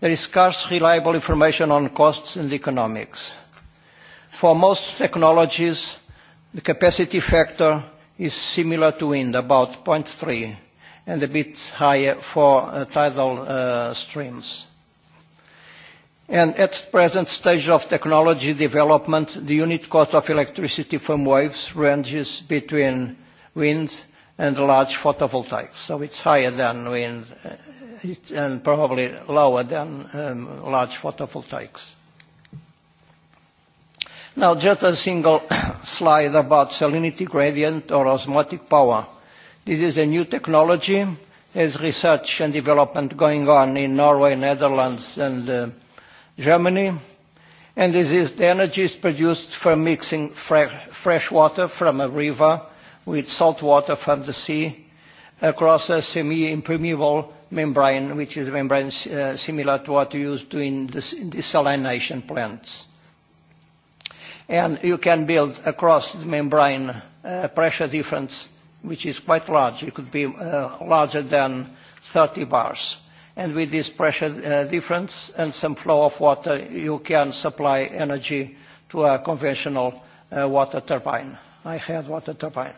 There is scarce reliable information on costs and economics. For most technologies, the capacity factor is similar to wind, about 0.3, and a bit higher for tidal streams. And at the present stage of technology development, the unit cost of electricity from waves ranges between wind and large photovoltaics. So it's higher than wind and probably lower than large photovoltaics. Now just a single slide about salinity gradient or osmotic power. This is a new technology. There's research and development going on in Norway, Netherlands and Germany. And this is the energy is produced from mixing fresh water from a river with salt water from the sea across a semi-impermeable membrane, which is a membrane similar to what you used in desalination plants. And you can build across the membrane a pressure difference, which is quite large. It could be larger than 30 bars. And with this pressure difference and some flow of water, you can supply energy to a conventional water turbine. I had water turbine.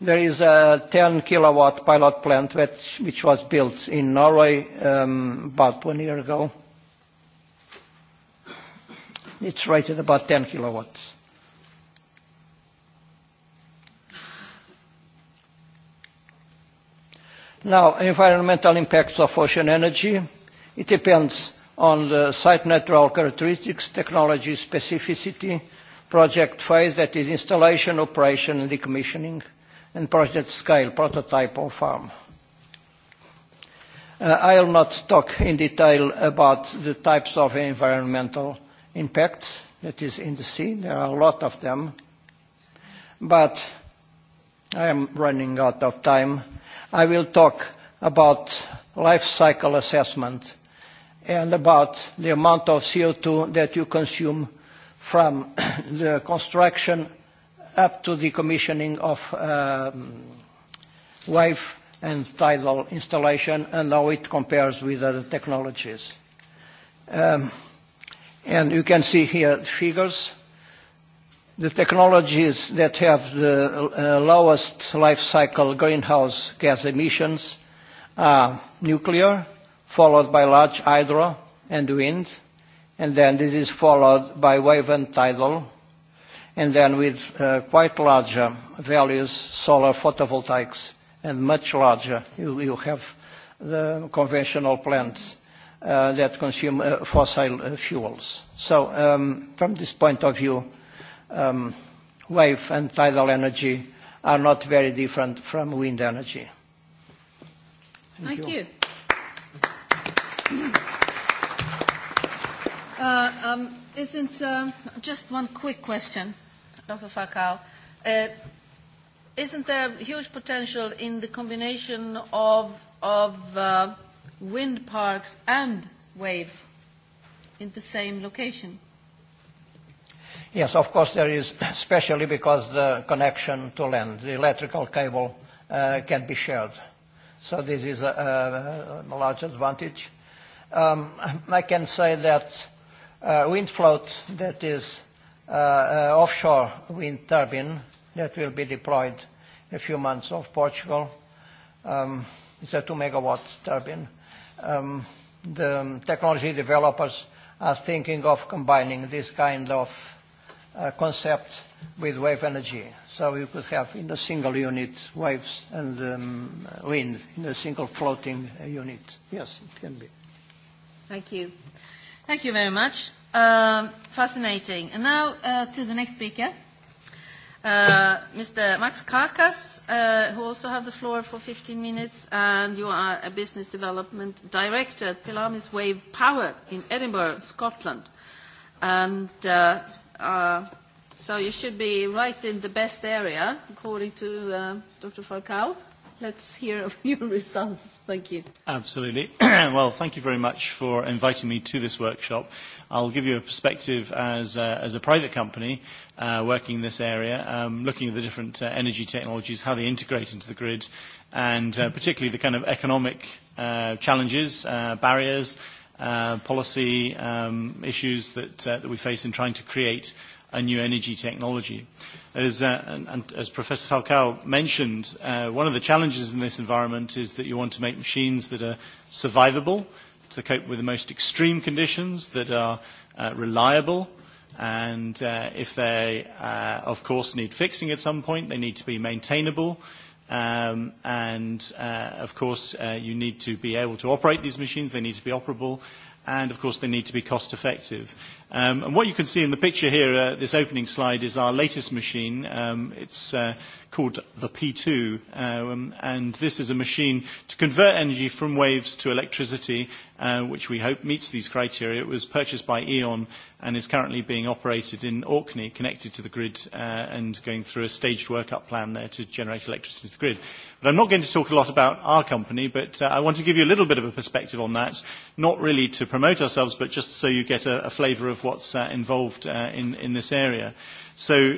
There is a 10 kilowatt pilot plant which was built in Norway about one year ago. It's rated about 10 kilowatts. Now, environmental impacts of ocean energy. It depends on the site natural characteristics, technology specificity, project phase, that is installation, operation, and decommissioning and project scale prototype or farm. will not talk in detail about the types of environmental impacts that is in the sea. There are a lot of them. But I am running out of time. I will talk about life cycle assessment and about the amount of CO2 that you consume from the construction up to the commissioning of wave and tidal installation and how it compares with other technologies. And you can see here the figures. The technologies that have the lowest life cycle greenhouse gas emissions are nuclear, followed by large hydro and wind, and then this is followed by wave and tidal, and then with quite larger values, solar photovoltaics, and much larger, you have the conventional plants that consume fossil fuels. So from this point of view, wave and tidal energy are not very different from wind energy. Thank you. Isn't just one quick question Dr. Uh, isn't there huge potential in the combination of of wind parks and wave in the same location? Yes, of course there is, especially because the connection to land, the electrical cable can be shared. So this is a large advantage. I can say that wind float that is offshore wind turbine that will be deployed in a few months off Portugal. It's a 2-megawatt turbine. The technology developers are thinking of combining this kind of concept with wave energy. So you could have in a single unit waves and wind in a single floating unit. Yes, it can be. Thank you. Thank you very much. Fascinating. And now to the next speaker, Mr. Max Karkas, who also have the floor for 15 minutes, and you are a business development director at Pilamis Wave Power in Edinburgh, Scotland. And so you should be right in the best area, according to Dr. Falcao let's hear of your results. Thank you. Absolutely. Well, thank you very much for inviting me to this workshop. I'll give you a perspective as a private company working in this area, looking at the different energy technologies, how they integrate into the grid, and particularly the kind of economic challenges, barriers, policy issues that that we face in trying to create a new energy technology. As Professor Falcao mentioned, one of the challenges in this environment is that you want to make machines that are survivable, to cope with the most extreme conditions, that are reliable, and if they, of course, need fixing at some point, they need to be maintainable. And, of course, you need to be able to operate these machines. They need to be operable. And, of course, they need to be cost-effective. And what you can see in the picture here, this opening slide, is our latest machine. It's called the P2, and this is a machine to convert energy from waves to electricity, which we hope meets these criteria. It was purchased by E.ON and is currently being operated in Orkney, connected to the grid and going through a staged work up plan there to generate electricity to the grid. But I'm not going to talk a lot about our company, but I want to give you a little bit of a perspective on that, not really to promote ourselves, but just so you get a flavour of of what's involved in this area. So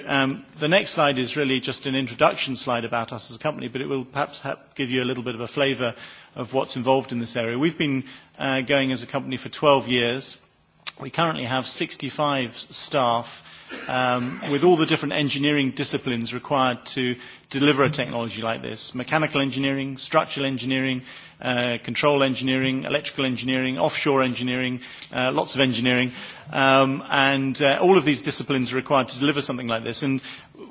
the next slide is really just an introduction slide about us as a company, but it will perhaps give you a little bit of a flavor of what's involved in this area. We've been going as a company for 12 years. We currently have 65 staff with all the different engineering disciplines required to deliver a technology like this. Mechanical engineering, structural engineering, control engineering, electrical engineering, offshore engineering, lots of engineering. And all of these disciplines are required to deliver something like this. And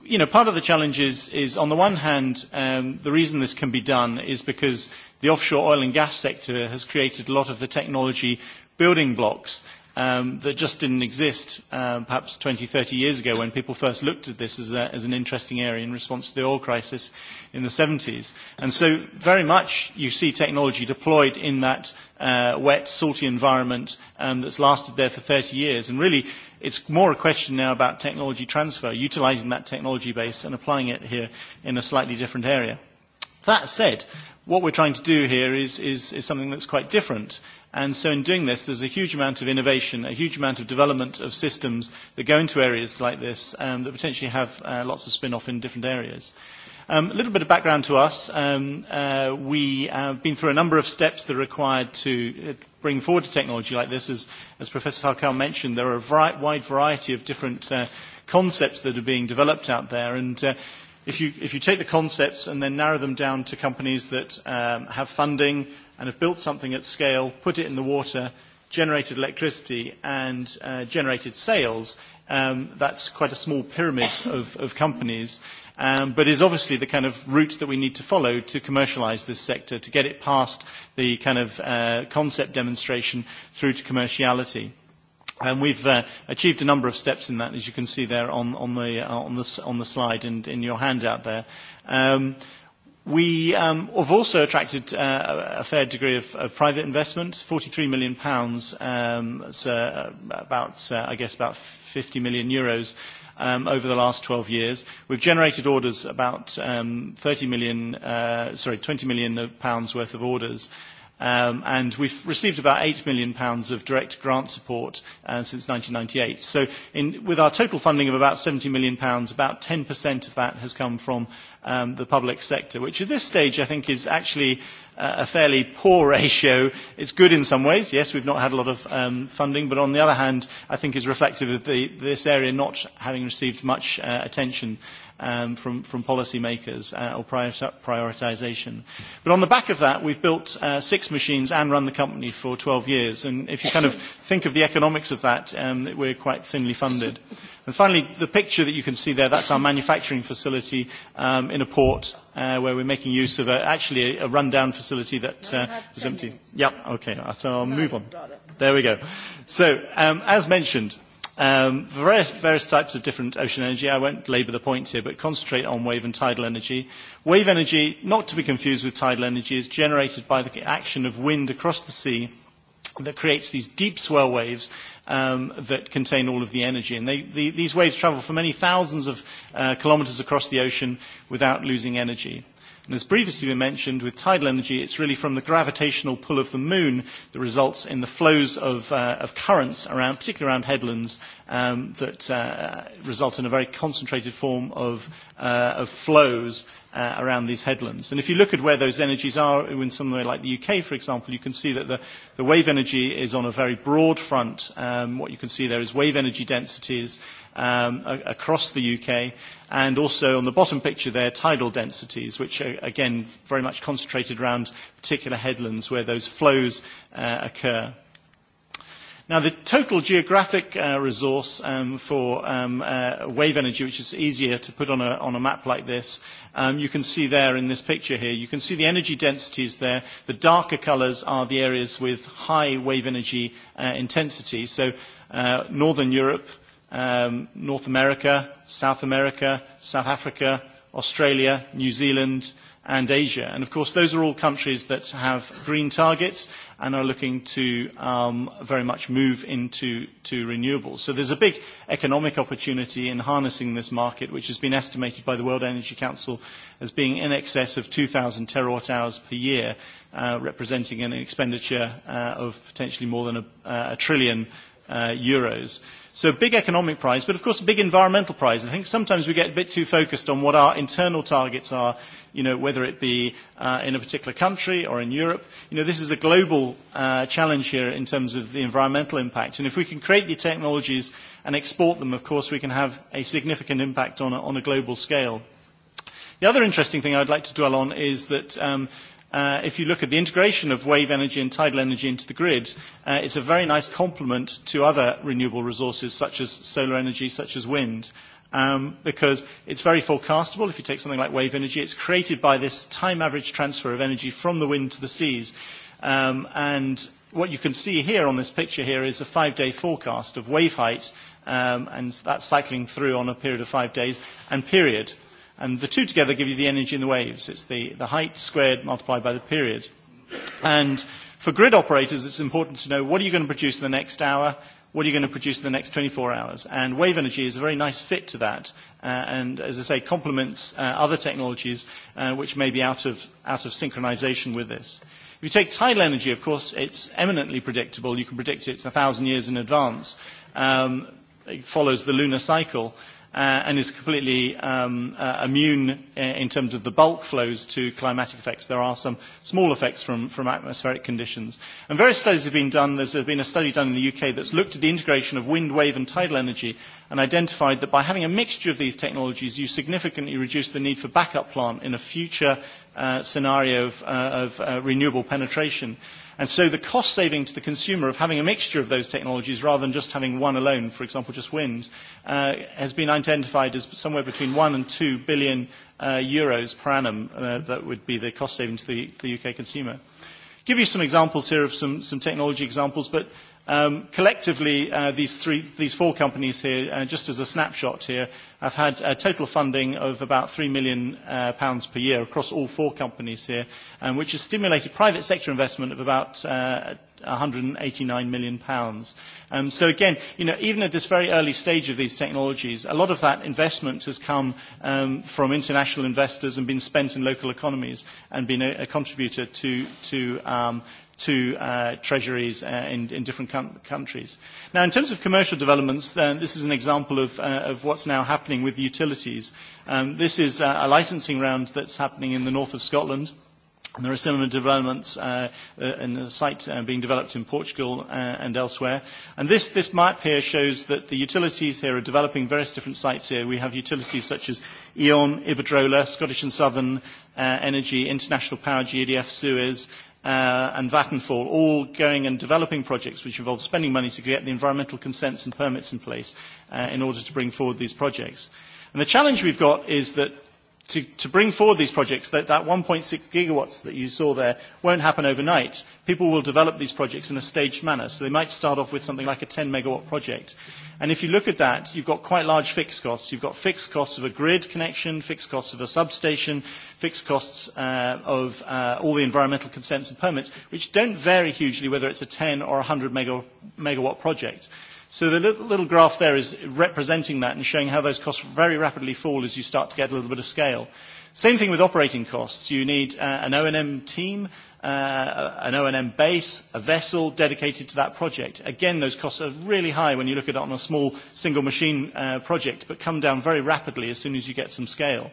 you know, part of the challenge is, is on the one hand, the reason this can be done is because the offshore oil and gas sector has created a lot of the technology building blocks that just didn't exist perhaps 20, 30 years ago when people first looked at this as an interesting area in response to the oil crisis in the 70s. And so very much you see technology deployed in that wet, salty environment that's lasted there for 30 years. And really it's more a question now about technology transfer, utilizing that technology base and applying it here in a slightly different area. That said, what we're trying to do here is something that's quite different. And so in doing this, there's a huge amount of innovation, a huge amount of development of systems that go into areas like this that potentially have lots of spin-off in different areas. A little bit of background to us. We have been through a number of steps that are required to bring forward a technology like this. As Professor Falcao mentioned, there are a wide variety of different concepts that are being developed out there. And if you take the concepts and then narrow them down to companies that have funding, and have built something at scale, put it in the water, generated electricity and generated sales, that's quite a small pyramid of companies, but is obviously the kind of route that we need to follow to commercialise this sector, to get it past the kind of concept demonstration through to commerciality. And we've achieved a number of steps in that, as you can see there on the slide and in your handout there. We have also attracted a fair degree of private investment, 43 million pounds, about I guess about 50 million euros over the last 12 years. We've generated orders about 30 million, sorry, 20 million pounds worth of orders and we've received about 8 million of direct grant support since 1998 so with our total funding of about 70 million pounds about 10% of that has come from the public sector which at this stage i think is actually a fairly poor ratio it's good in some ways yes we've not had a lot of funding but on the other hand i think is reflective of this area not having received much attention from policymakers or prioritisation. But on the back of that, we've built six machines and run the company for 12 years. And if you kind of think of the economics of that, we're quite thinly funded. And finally, the picture that you can see there, that's our manufacturing facility in a port where we're making use of actually a rundown facility that is empty. Yeah, okay. So I'll move on. There we go. So, as mentioned, Various types of different ocean energy. I won't labour the point here, but concentrate on wave and tidal energy. Wave energy, not to be confused with tidal energy, is generated by the action of wind across the sea that creates these deep swell waves that contain all of the energy. And these waves travel for many thousands of kilometres across the ocean without losing energy as previously been mentioned, with tidal energy, it's really from the gravitational pull of the moon that results in the flows of currents, around, particularly around headlands, that result in a very concentrated form of flows around these headlands. And if you look at where those energies are in somewhere like the UK, for example, you can see that the wave energy is on a very broad front. What you can see there is wave energy densities across the UK and also on the bottom picture there tidal densities which are again very much concentrated around particular headlands where those flows occur. Now, the total geographic resource for wave energy, which is easier to put on a map like this, you can see there in this picture here. You can see the energy densities there. The darker colours are the areas with high wave energy intensity. So Northern Europe, North America, South America, South Africa, Australia, New Zealand and Asia. And, of course, those are all countries that have green targets and are looking to very much move into renewables. So there's a big economic opportunity in harnessing this market, which has been estimated by the World Energy Council as being in excess of 2,000 terawatt-hours per year, representing an expenditure of potentially more than a trillion euros. So a big economic prize, but of course a big environmental prize. I think sometimes we get a bit too focused on what our internal targets are you know, whether it be in a particular country or in Europe. You know, this is a global challenge here in terms of the environmental impact. And if we can create the technologies and export them, of course, we can have a significant impact on a global scale. The other interesting thing I'd like to dwell on is that if you look at the integration of wave energy and tidal energy into the grid, it's a very nice complement to other renewable resources such as solar energy, such as wind because it's very forecastable. If you take something like wave energy, it's created by this time average transfer of energy from the wind to the seas. And what you can see here on this picture here is a five-day forecast of wave height, and that's cycling through on a period of five days, and period. And the two together give you the energy in the waves. It's the height squared multiplied by the period. And for grid operators, it's important to know what are you going to produce in the next hour, what are you going to produce in the next 24 hours? And wave energy is a very nice fit to that, and as I say, complements other technologies which may be out of out of synchronization with this. If you take tidal energy, of course, it's eminently predictable. You can predict it 1,000 years in advance. It follows the lunar cycle and is completely immune in terms of the bulk flows to climatic effects. There are some small effects from atmospheric conditions. And various studies have been done. There's been a study done in the UK that's looked at the integration of wind, wave and tidal energy and identified that by having a mixture of these technologies, you significantly reduce the need for backup plant in a future scenario of renewable penetration. And so the cost saving to the consumer of having a mixture of those technologies rather than just having one alone, for example, just wind, has been identified as somewhere between 1 and 2 billion euros per annum. That would be the cost saving to the UK consumer. Give you some examples here of some technology examples, but Collectively, these four companies here, just as a snapshot here, have had a total funding of about 3 million pounds per year across all four companies here, and which has stimulated private sector investment of about 189 million pounds. So again, even at this very early stage of these technologies, a lot of that investment has come from international investors and been spent in local economies and been a contributor to to treasuries in in different countries. Now, in terms of commercial developments, then this is an example of of what's now happening with utilities. This is a licensing round that's happening in the north of Scotland. And There are similar developments in a site being developed in Portugal and elsewhere. And this this map here shows that the utilities here are developing various different sites here. We have utilities such as E.ON, Iberdrola, Scottish and Southern Energy, International Power, GDF, Suez, and Vattenfall, all going and developing projects which involve spending money to get the environmental consents and permits in place in order to bring forward these projects. And the challenge we've got is that to bring forward these projects, that 1.6 gigawatts that you saw there won't happen overnight. People will develop these projects in a staged manner. So they might start off with something like a 10-megawatt project. And if you look at that, you've got quite large fixed costs. You've got fixed costs of a grid connection, fixed costs of a substation, fixed costs of all the environmental consents and permits, which don't vary hugely whether it's a 10 or 100-megawatt project. So the little graph there is representing that and showing how those costs very rapidly fall as you start to get a little bit of scale. Same thing with operating costs. You need an O&M team, an O&M base, a vessel dedicated to that project. Again, those costs are really high when you look at it on a small single machine project, but come down very rapidly as soon as you get some scale.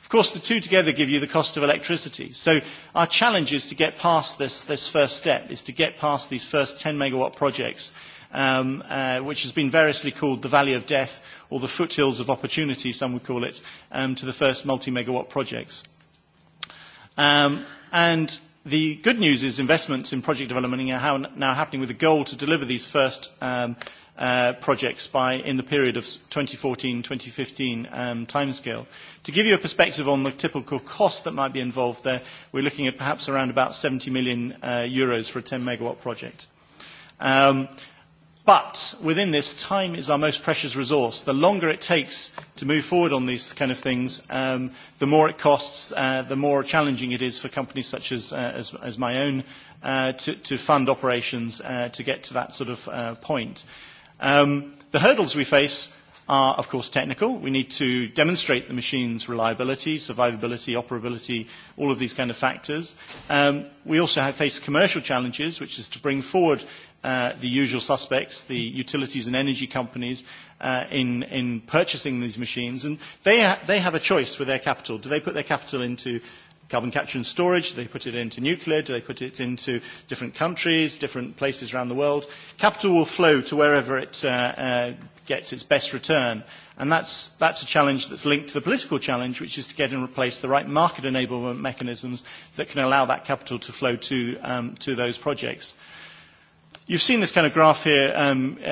Of course, the two together give you the cost of electricity. So our challenge is to get past this first step, is to get past these first 10 megawatt projects um which has been variously called the Valley of Death or the Foothills of Opportunity, some would call it, um, to the first multi-megawatt projects. Um And the good news is investments in project development are now happening with a goal to deliver these first um projects by in the period of 2014-2015 timescale. To give you a perspective on the typical cost that might be involved there, we're looking at perhaps around about 70 million euros for a 10-megawatt project. Um But within this, time is our most precious resource. The longer it takes to move forward on these kind of things, the more it costs, the more challenging it is for companies such as my own to fund operations to get to that sort of point. The hurdles we face are, of course, technical. We need to demonstrate the machine's reliability, survivability, operability, all of these kind of factors. We also have faced commercial challenges, which is to bring forward the usual suspects, the utilities and energy companies, in purchasing these machines. And they have a choice with their capital. Do they put their capital into carbon capture and storage? Do they put it into nuclear? Do they put it into different countries, different places around the world? Capital will flow to wherever it gets its best return. And that's a challenge that's linked to the political challenge, which is to get and replace the right market enablement mechanisms that can allow that capital to flow to those projects. You've seen this kind of graph here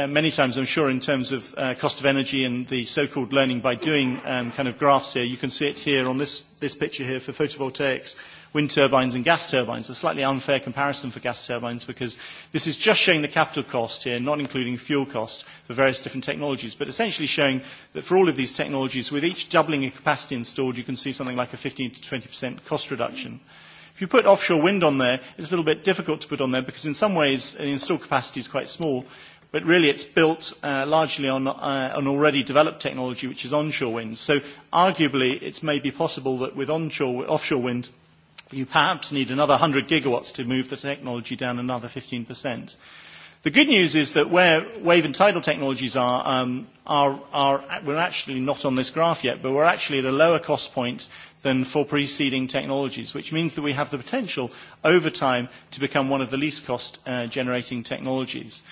many times, I'm sure, in terms of cost of energy and the so-called learning by doing kind of graphs here. You can see it here on this this picture here for photovoltaics, wind turbines and gas turbines. A slightly unfair comparison for gas turbines because this is just showing the capital cost here, not including fuel cost for various different technologies, but essentially showing that for all of these technologies, with each doubling of capacity installed, you can see something like a 15 to 20% cost reduction. If you put offshore wind on there, it's a little bit difficult to put on there because in some ways the installed capacity is quite small, but really it's built largely on an already developed technology, which is onshore wind. So arguably it's be possible that with offshore wind, you perhaps need another 100 gigawatts to move the technology down another 15%. The good news is that where wave and tidal technologies are, are, are, we're actually not on this graph yet, but we're actually at a lower cost point than for preceding technologies, which means that we have the potential over time to become one of the least cost generating technologies.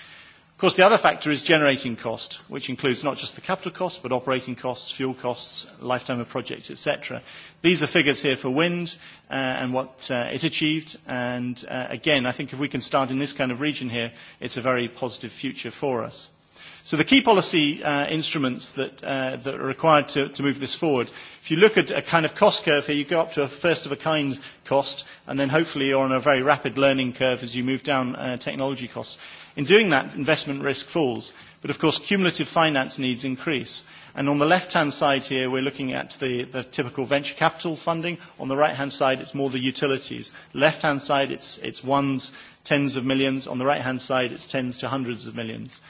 Of course, the other factor is generating cost, which includes not just the capital cost, but operating costs, fuel costs, lifetime of projects, etc. These are figures here for wind and what it achieved. And again, I think if we can start in this kind of region here, it's a very positive future for us. So the key policy instruments that are required to move this forward, if you look at a kind of cost curve here, you go up to a first-of-a-kind cost, and then hopefully you're on a very rapid learning curve as you move down technology costs. In doing that, investment risk falls. But, of course, cumulative finance needs increase. And on the left-hand side here, we're looking at the typical venture capital funding. On the right-hand side, it's more the utilities. Left-hand side, it's ones, tens of millions. On the right-hand side, it's tens to hundreds of millions.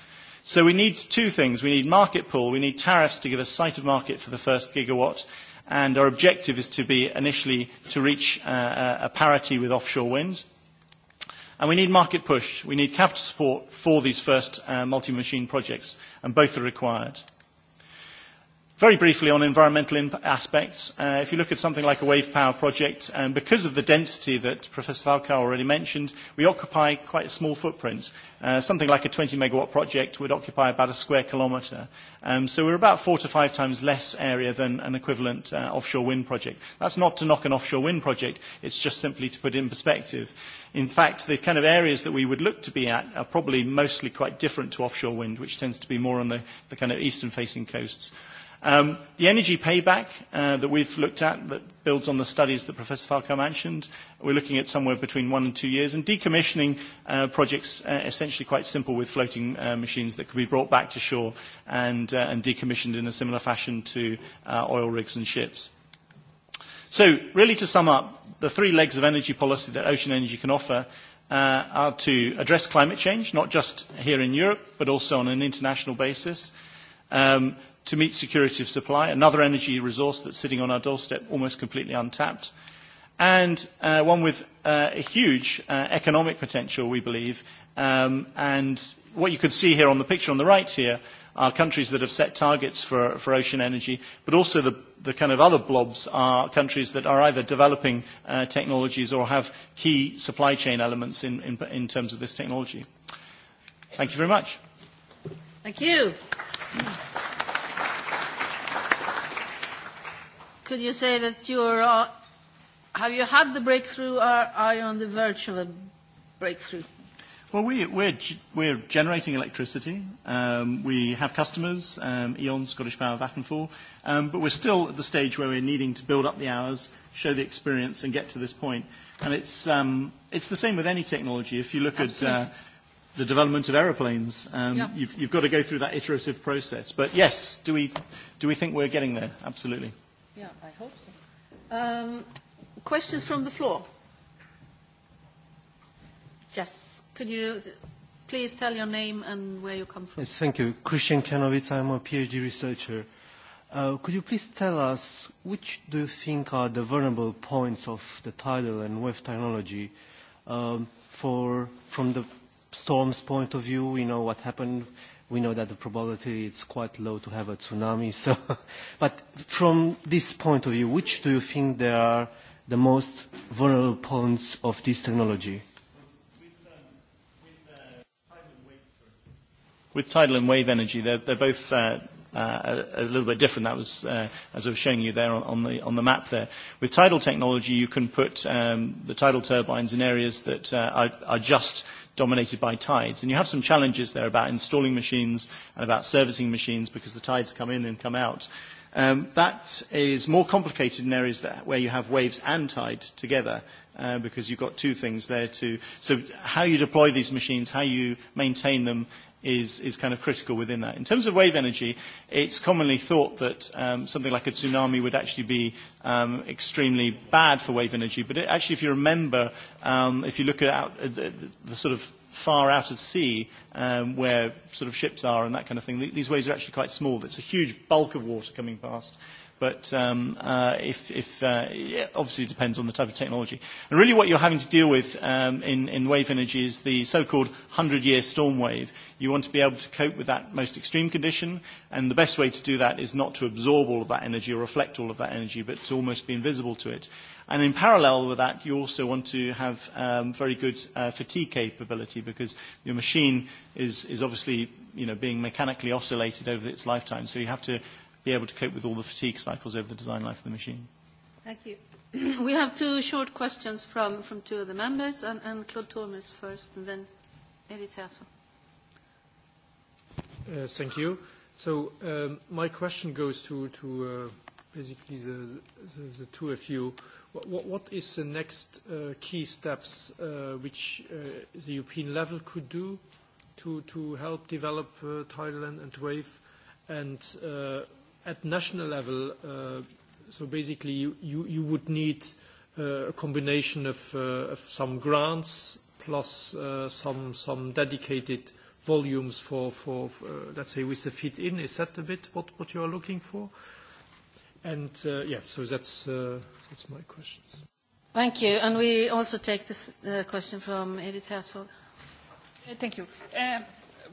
So we need two things. We need market pull. We need tariffs to give a sight of market for the first gigawatt. And our objective is to be initially to reach a parity with offshore wind. And we need market push. We need capital support for these first multi-machine projects. And both are required. Very briefly on environmental aspects, if you look at something like a wave power project, because of the density that Professor Falcao already mentioned, we occupy quite a small footprint. Something like a 20 megawatt project would occupy about a square kilometre. So we're about four to five times less area than an equivalent offshore wind project. That's not to knock an offshore wind project, it's just simply to put it in perspective. In fact, the kind of areas that we would look to be at are probably mostly quite different to offshore wind, which tends to be more on the kind of eastern-facing coasts. The energy payback that we've looked at that builds on the studies that Professor Falco mentioned, we're looking at somewhere between one and two years, and decommissioning projects essentially quite simple with floating machines that could be brought back to shore and decommissioned in a similar fashion to oil rigs and ships. So really to sum up, the three legs of energy policy that ocean energy can offer are to address climate change, not just here in Europe, but also on an international basis to meet security of supply, another energy resource that's sitting on our doorstep almost completely untapped, and one with a huge economic potential, we believe. And what you can see here on the picture on the right here are countries that have set targets for ocean energy, but also the kind of other blobs are countries that are either developing technologies or have key supply chain elements in terms of this technology. Thank you very much. Thank you. could you say that you are, have you had the breakthrough or are you on the verge of a breakthrough? Well, we, we're, we're generating electricity. Um, we have customers, um, E.ON, Scottish Power, Vattenfall, um, but we're still at the stage where we're needing to build up the hours, show the experience, and get to this point. And it's, um, it's the same with any technology. If you look at uh, the development of aeroplanes, um, you've, you've got to go through that iterative process. But yes, do we, do we think we're getting there? Absolutely. Yeah, I hope so. Um, questions from the floor? Yes. Could you please tell your name and where you come from? Yes, thank you. Christian Kanovitz, I'm a PhD researcher. Uh Could you please tell us which do you think are the vulnerable points of the tidal and wave technology Um for from the storm's point of view? We know what happened we know that the probability is quite low to have a tsunami. So, but from this point of view, which do you think there are the most vulnerable points of this technology? With tidal and wave energy, they're, they're both a little bit different. That was, as I was showing you there on the on the map there. With tidal technology, you can put the tidal turbines in areas that are just dominated by tides. And you have some challenges there about installing machines and about servicing machines because the tides come in and come out. That is more complicated in areas where you have waves and tide together because you've got two things there too. So how you deploy these machines, how you maintain them, is is kind of critical within that. In terms of wave energy, it's commonly thought that something like a tsunami would actually be extremely bad for wave energy, but actually, if you remember, if you look at the sort of far out at sea where sort of ships are and that kind of thing, these waves are actually quite small. It's a huge bulk of water coming past but if if obviously depends on the type of technology. And really what you're having to deal with in in wave energy is the so-called 100-year storm wave. You want to be able to cope with that most extreme condition, and the best way to do that is not to absorb all of that energy or reflect all of that energy, but to almost be invisible to it. And in parallel with that, you also want to have very good fatigue capability because your machine is obviously you know, being mechanically oscillated over its lifetime. So you have to be able to cope with all the fatigue cycles over the design life of the machine. Thank you. We have two short questions from from two of the members, and and Claude Thomas first, and then Edith Uh, Thank you. So my question goes to to basically the the two of you. What is the next key steps which the European level could do to to help develop Thailand and WAVE, and at national level, so basically you would need a combination of some grants plus some dedicated volumes for, let's say, with the fit-in. Is that a bit what you are looking for? And, yeah, so that's my questions. Thank you. And we also take this question from Edith Thank you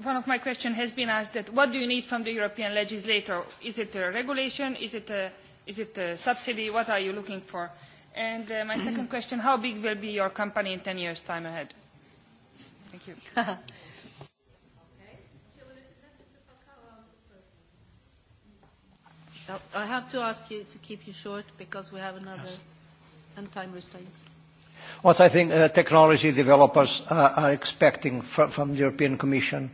one of my questions has been asked that what do you need from the European legislator? Is it a regulation? Is it a, is it a subsidy? What are you looking for? And my second question, how big will be your company in 10 years' time ahead? Thank you. I have to ask you to keep you short because we have another and time restraints. What I think technology developers are expecting from the European Commission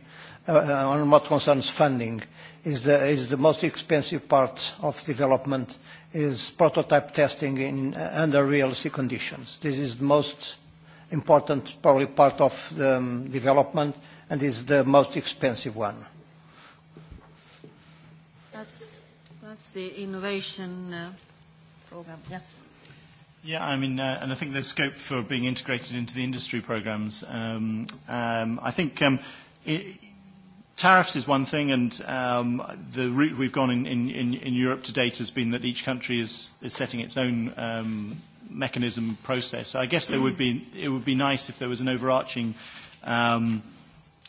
on what concerns funding, is the most expensive part of development is prototype testing in under real conditions. This is the most important probably part of the development and is the most expensive one. That's that's the innovation program. Yes. Yeah, I mean, and I think there's scope for being integrated into the industry programs. I think. Tariffs is one thing, and the route we've gone in in in Europe to date has been that each country is setting its own um mechanism process. So I guess there would be it would be nice if there was an overarching um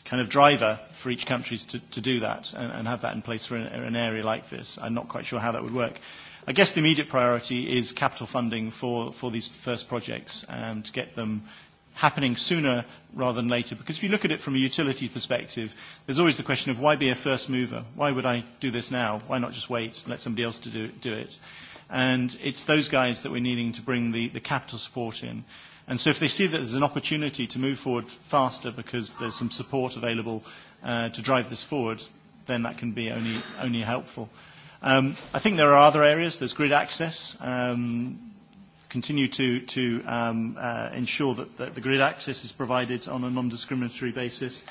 kind of driver for each country to to do that and have that in place for an area like this. I'm not quite sure how that would work. I guess the immediate priority is capital funding for for these first projects and to get them happening sooner rather than later. Because if you look at it from a utility perspective, there's always the question of why be a first mover? Why would I do this now? Why not just wait and let somebody else to do it? And it's those guys that we're needing to bring the capital support in. And so if they see that there's an opportunity to move forward faster because there's some support available to drive this forward, then that can be only helpful. I think there are other areas. There's grid access continue to, to ensure that, the grid access is provided on a non-discriminatory basis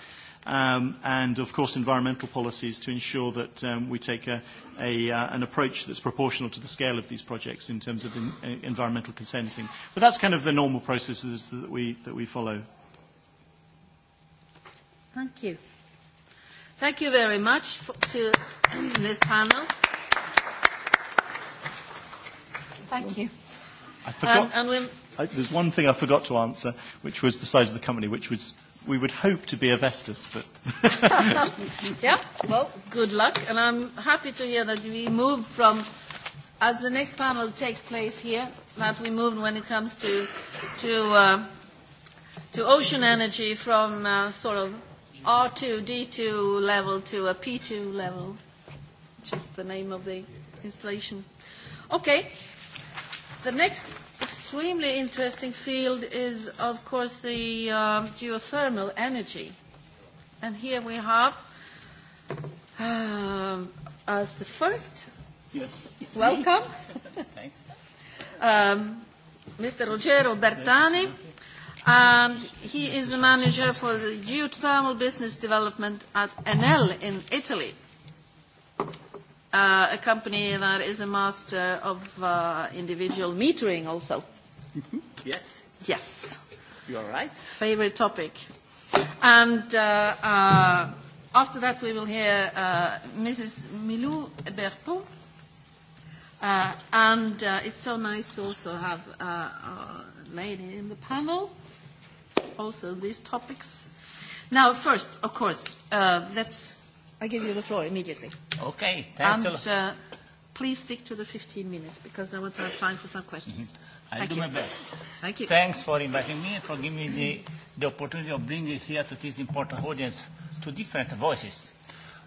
and of course environmental policies to ensure that we take a, an approach that's proportional to the scale of these projects in terms of environmental consenting. But that's kind of the normal processes that we, that we follow. Thank you. Thank you very much to this panel. Thank you. I forgot. There's one thing I forgot to answer, which was the size of the company, which was we would hope to be a Vestas, but. Yeah, well, good luck, and I'm happy to hear that we move from, as the next panel takes place here, that we move when it comes to to to ocean energy from sort of R2, D2 level to a P2 level, which is the name of the installation. Okay. The next extremely interesting field is, of course, the geothermal energy. And here we have, as the first, yes, welcome, thanks, Mr. Rogero Bertani. And he is the manager for the geothermal business development at Enel in Italy a company that is a master of individual metering also. Yes. Yes. You are right. Favorite topic. And after that we will hear Mrs. Milou Berpo. And it's so nice to also have a lady in the panel, also these topics. Now, first, of course, let's I give you the floor immediately. Okay, thanks and, a lot. please stick to the 15 minutes because I want to have time for some questions. I'll do my best. Thank you. Thanks for inviting me and for giving me the, the opportunity of bringing here to this important audience two different voices.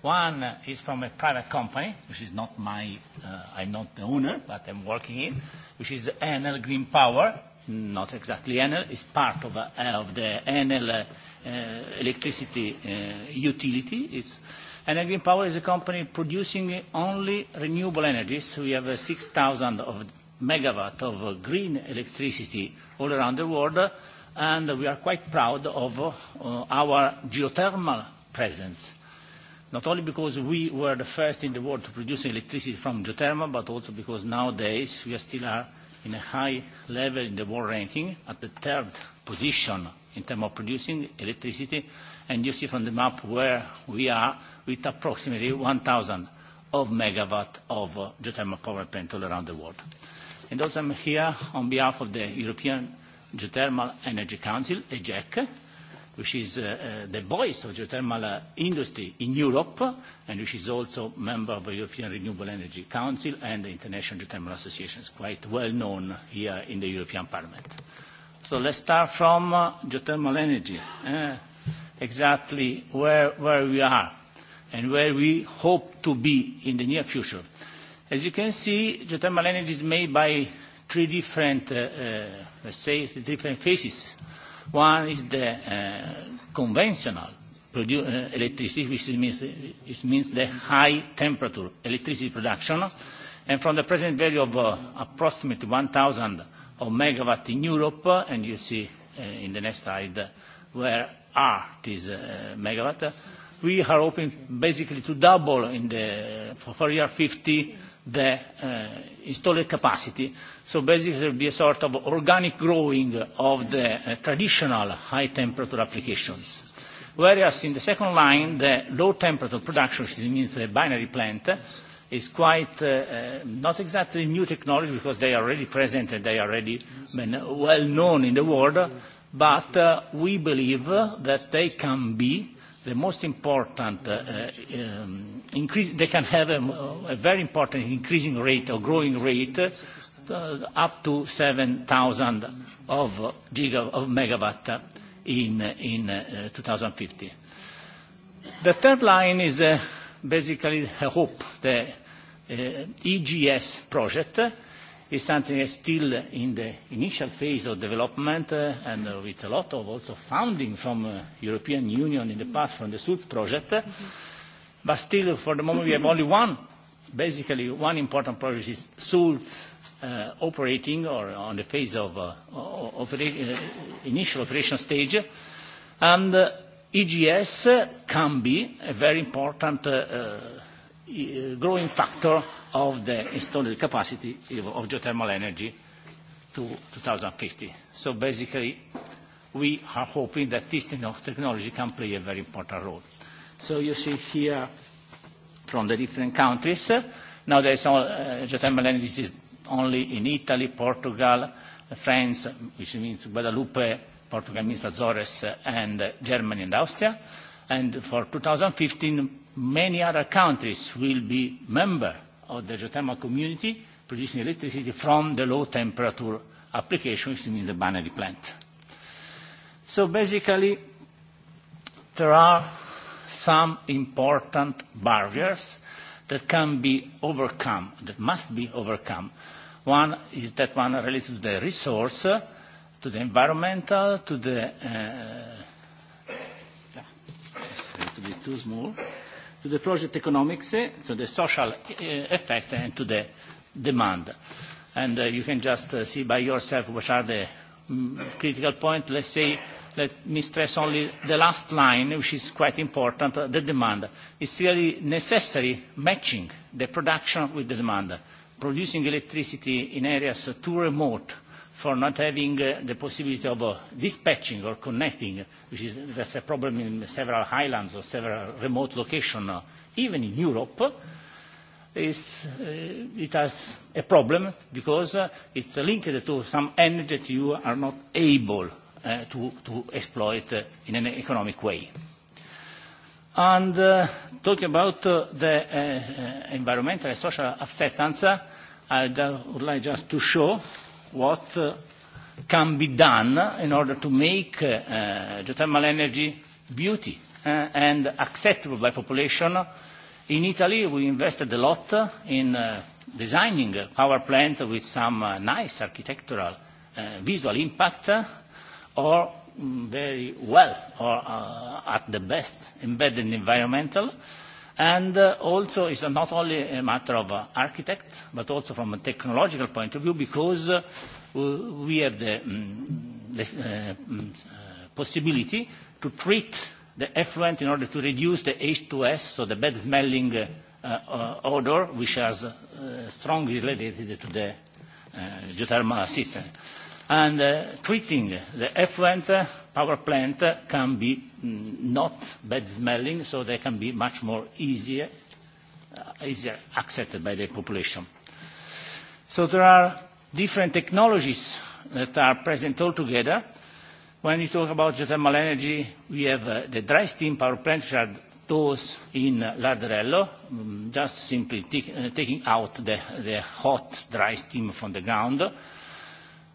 One is from a private company, which is not my, uh, I'm not the owner, but I'm working in, which is Enel Green Power. Not exactly Enel, it's part of, uh, of the Enel uh, electricity uh, utility. It's And Green Power is a company producing only renewable energies. We have 6,000 megawatt of green electricity all around the world, and we are quite proud of our geothermal presence. Not only because we were the first in the world to produce electricity from geothermal, but also because nowadays we still are in a high level in the world ranking, at the third position in terms of producing electricity and you see from the map where we are with approximately 1,000 of megawatt of geothermal power plant all around the world. And also I'm here on behalf of the European Geothermal Energy Council, EGEC, which is the voice of geothermal industry in Europe and which is also member of the European Renewable Energy Council and the International Geothermal Association, quite well known here in the European Parliament. So let's start from geothermal energy exactly where where we are and where we hope to be in the near future. As you can see, geothermal energy is made by three different, let's say, different phases. One is the conventional electricity, which means it means the high temperature electricity production, and from the present value of approximately 1,000 megawatts megawatt in Europe, and you see in the next slide where are these megawatt. We are hoping basically to double in the for year 50 the installed capacity. So basically there will be a sort of organic growing of the traditional high temperature applications. Whereas in the second line, the low temperature production, which means the binary plant, is quite not exactly new technology because they are already present and they are already well known in the world, but we believe that they can be the most important increase, they can have a very important increasing rate or growing rate up to 7,000 of megawatt in 2050. The third line is basically HOPE, the EGS project is something that is still in the initial phase of development and with a lot of also funding from the European Union in the past from the SULF project. But still, for the moment, we have only one, basically one important project is SULS operating or on the phase of initial operation stage. And EGS can be a very important growing factor of the installed capacity of geothermal energy to 2050. So basically, we are hoping that this technology can play a very important role. So you see here from the different countries. Now there is geothermal energy is only in Italy, Portugal, France, which means Guadalupe, Portugal means Azores, and Germany and Austria. And for 2015, many other countries will be member of the geothermal community producing electricity from the low temperature applications in the binary plant. So basically, there are some important barriers that can be overcome, that must be overcome. One is that one related to the resource, to the environmental, to the. It's a too small to the project economics, to the social effect, and to the demand. And you can just see by yourself what are the critical points. Let's say, let me stress only the last line, which is quite important, the demand. It's really necessary matching the production with the demand. Producing electricity in areas too remote for not having the possibility of dispatching or connecting, which is that's a problem in several highlands or several remote locations, even in Europe, is it has a problem because it's linked to some energy that you are not able to exploit in an economic way. And talking about the environmental and social acceptance, I would like just to show what can be done in order to make geothermal energy beauty and acceptable by population. In Italy, we invested a lot in designing a power plant with some nice architectural visual impact or very well or at the best embedded environmental And also it's not only a matter of architect, but also from a technological point of view, because we have the possibility to treat the effluent in order to reduce the H2S, so the bad-smelling odor, which is strongly related to the geothermal system. And treating the effluent power plant can be not bad smelling, so they can be much more easier accepted by the population. So there are different technologies that are present all together. When you talk about geothermal energy, we have the dry steam power plants, which are those in Larderello, just simply taking out the hot dry steam from the ground.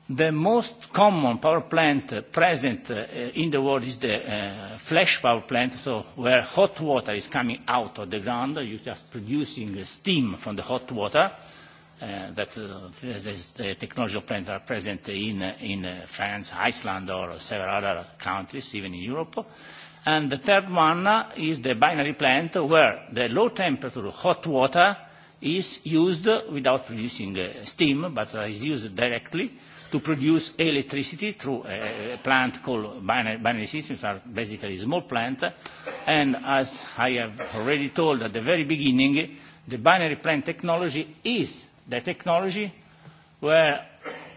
The most common power plant present in the world is the flash power plant, so where hot water is coming out of the ground, you're just producing steam from the hot water. That the technology plants are present in in France, Iceland or several other countries, even in Europe. And the third one is the binary plant, where the low temperature hot water is used without producing steam, but is used directly to produce electricity through a plant called binary systems, are basically small plant. And as I have already told at the very beginning, the binary plant technology is the technology where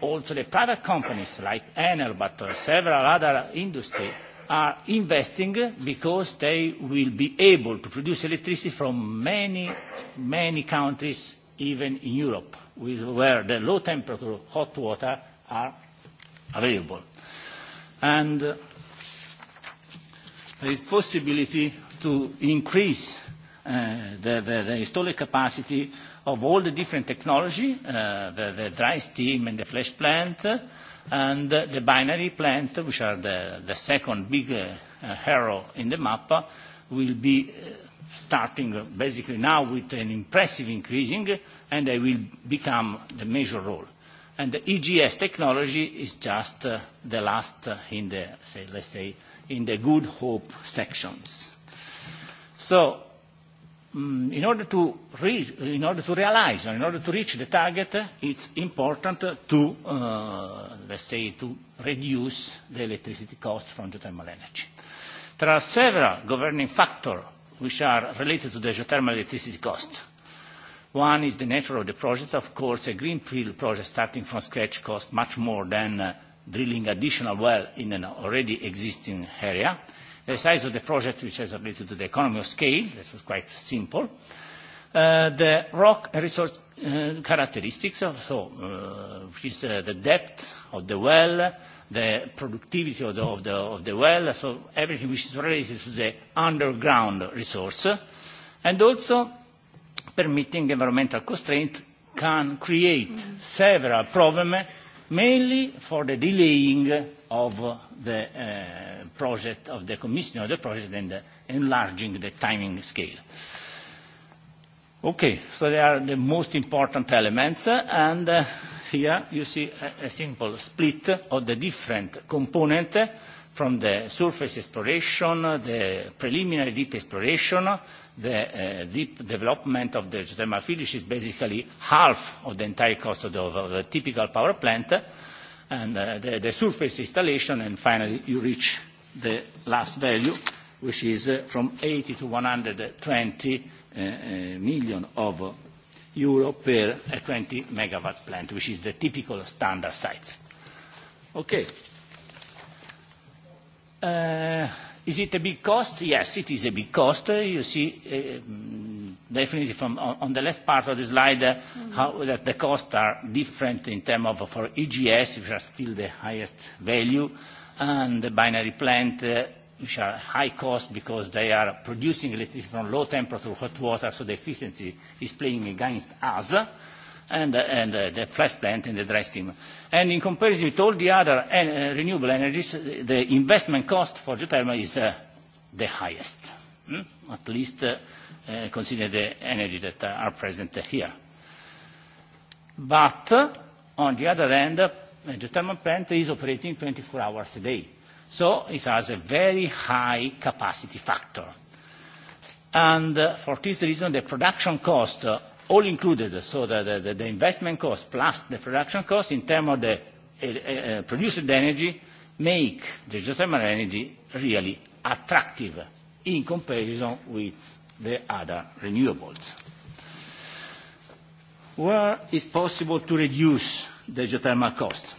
also the private companies like Enel, but several other industries, are investing because they will be able to produce electricity from many, many countries, even in Europe, where the low temperature hot water are available. And there is possibility to increase the installed capacity of all the different technology, the dry steam and the flash plant, and the binary plant, which are the the second big arrow in the map, will be starting basically now with an impressive increasing, and they will become the major role. And the EGS technology is just the last in the, let's say, in the good hope sections. So, in order to reach, in order to realize, in order to reach the target, it's important to, let's say, to reduce the electricity cost from geothermal energy. There are several governing factors which are related to the geothermal electricity cost. One is the nature of the project. Of course, a greenfield project starting from scratch costs much more than drilling additional well in an already existing area. The size of the project, which is related to the economy of scale, this was quite simple. The rock resource characteristics, so which is the depth of the well, the productivity of the well, so everything which is related to the underground resource, and also permitting environmental constraints can create several problems, mainly for the delaying of the project of the commission of the project and enlarging the timing scale. Okay, so they are the most important elements, and here you see a simple split of the different components from the surface exploration, the preliminary deep exploration, the deep development of the geothermal field, is basically half of the entire cost of the typical power plant, and the surface installation, and finally you reach the last value, which is from 80 to 120 million of euro per 20 megawatt plant, which is the typical standard size. Okay. Is it a big cost? Yes, it is a big cost. You see, definitely from on the left part of the slide, how that the costs are different in terms of for EGS, which are still the highest value, and the binary plant, which are high cost because they are producing electricity from low temperature hot water, so the efficiency is playing against us and the flash plant and the dry steam. And in comparison with all the other renewable energies, the investment cost for geothermal is the highest, at least considering the energy that are present here. But on the other hand, the geothermal plant is operating 24 hours a day, so it has a very high capacity factor. And for this reason, the production cost all included, so that the investment cost plus the production cost in terms of the produced energy make the geothermal energy really attractive in comparison with the other renewables. Where is possible to reduce the geothermal cost?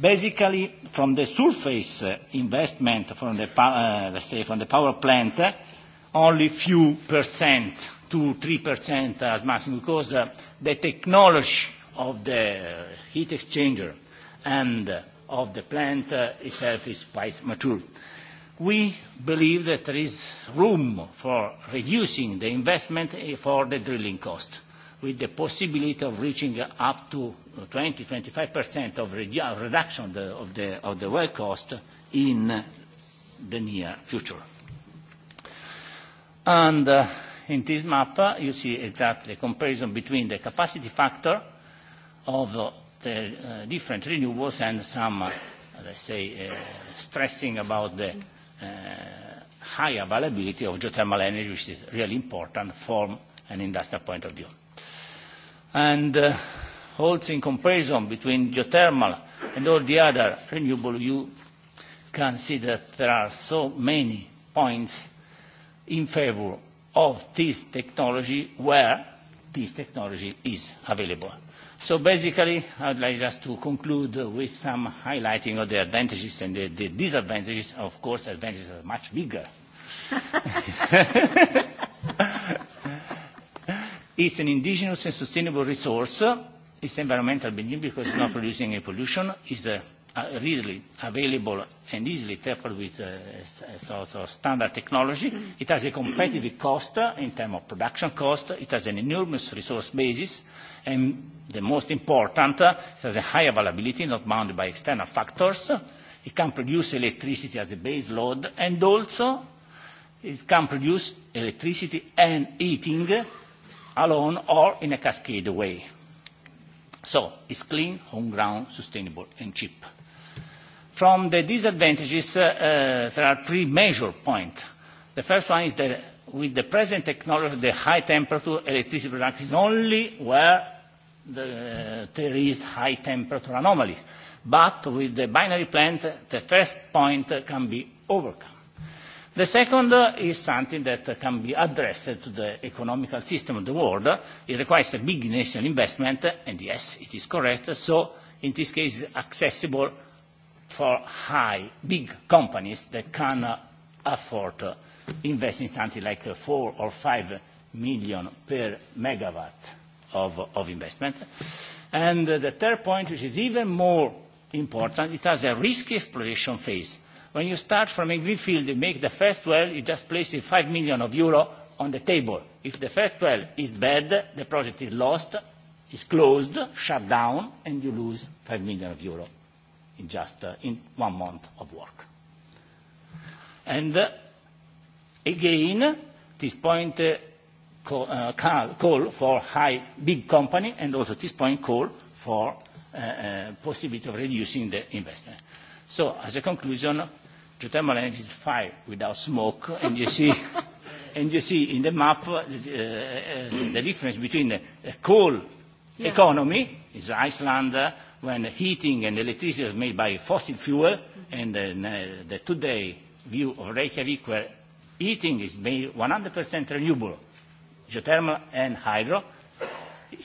Basically, from the surface investment from the, let's say, from the power plant, only few percent 2-3% as maximum because the technology of the heat exchanger and of the plant itself is quite mature. We believe that there is room for reducing the investment for the drilling cost with the possibility of reaching up to 20-25% of reduction of the well cost in the near future. And in this map, you see exactly a comparison between the capacity factor of the different renewables and some, let's say, stressing about the high availability of geothermal energy, which is really important from an industrial point of view. And also in comparison between geothermal and all the other renewable, you can see that there are so many points in favor of this technology where this technology is available. So basically, I would like just to conclude with some highlighting of the advantages and the disadvantages. Of course, advantages are much bigger. It's an indigenous and sustainable resource. It's environmental because it's not producing any pollution. It's a readily available and easily tapered with sort of standard technology. It has a competitive cost in terms of production cost. It has an enormous resource basis. And the most important, it has a high availability, not bounded by external factors. It can produce electricity as a base load. And also, it can produce electricity and heating alone or in a cascade way. So it's clean, home ground, sustainable, and cheap. From the disadvantages, there are three major points. The first one is that with the present technology, the high temperature electricity production is only where there is high temperature anomalies. But with the binary plant, the first point can be overcome. The second is something that can be addressed to the economical system of the world. It requires a big national investment, and yes, it is correct. So in this case, accessible for high, big companies that can afford to invest in something like 4 or 5 million per megawatt of investment. And the third point, which is even more important, it has a risky exploration phase. When you start from a green field, you make the first well, you just place 5 million of euro on the table. If the first well is bad, the project is lost, is closed, shut down, and you lose 5 million of euro in just in one month of work. And again, this point call for high big company and also this point call for possibility of reducing the investment. So as a conclusion, geothermal energy is fire without smoke and you see and you see in the map the difference between the coal economy is Iceland when heating and electricity is made by fossil fuel, and the today view of Reykjavik, where heating is made 100% renewable, geothermal and hydro,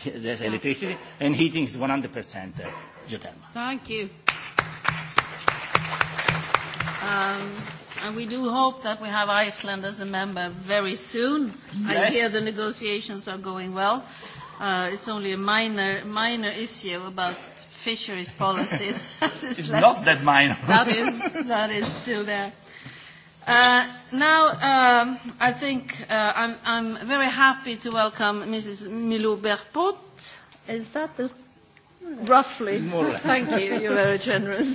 there's electricity, and heating is 100% geothermal. Thank you. And we do hope that we have Iceland as a member very soon. I hear the negotiations are going well. It's only a minor minor issue about fisheries policy. It's not that minor. That is, that is still there. Uh Now, um I think I'm I'm very happy to welcome Mrs. Milou Berpot. Is that the roughly? Thank you. You're very generous.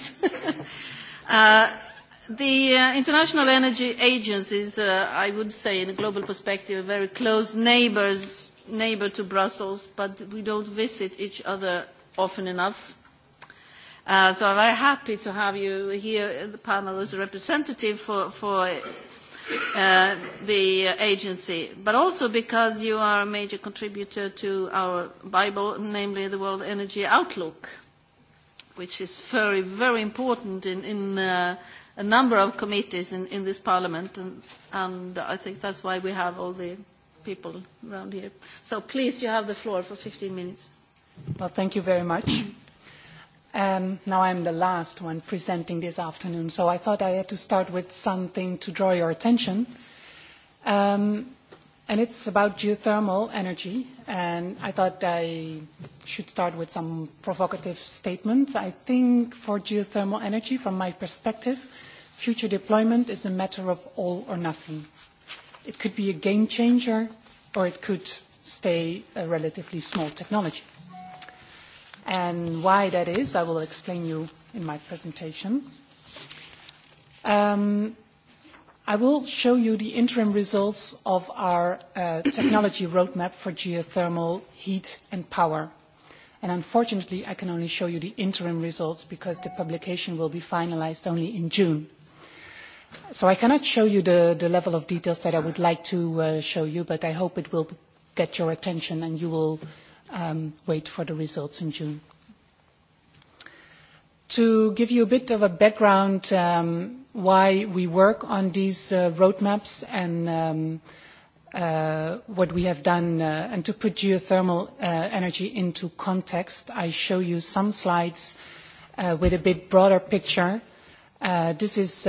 The International Energy Agency is, I would say, in a global perspective, a very close neighbor to Brussels, but we don't visit each other often enough. So I'm very happy to have you here in the panel as a representative for the agency, but also because you are a major contributor to our Bible, namely the World Energy Outlook, which is very, very important in a number of committees in this Parliament, and I think that's why we have all the people around here. So please, you have the floor for 15 minutes. Well, thank you very much. Now I'm the last one presenting this afternoon, so I thought I had to start with something to draw your attention. And it's about geothermal energy, and I thought I should start with some provocative statements. I think for geothermal energy, from my perspective, future deployment is a matter of all or nothing. It could be a game changer, or it could stay a relatively small technology and why that is, I will explain you in my presentation. I will show you the interim results of our technology roadmap for geothermal heat and power. And unfortunately, I can only show you the interim results because the publication will be finalized only in June. So I cannot show you the level of details that I would like to show you, but I hope it will get your attention and you will wait for the results in June. To give you a bit of a background why we work on these roadmaps and what we have done and to put geothermal energy into context, I show you some slides with a bit broader picture. This is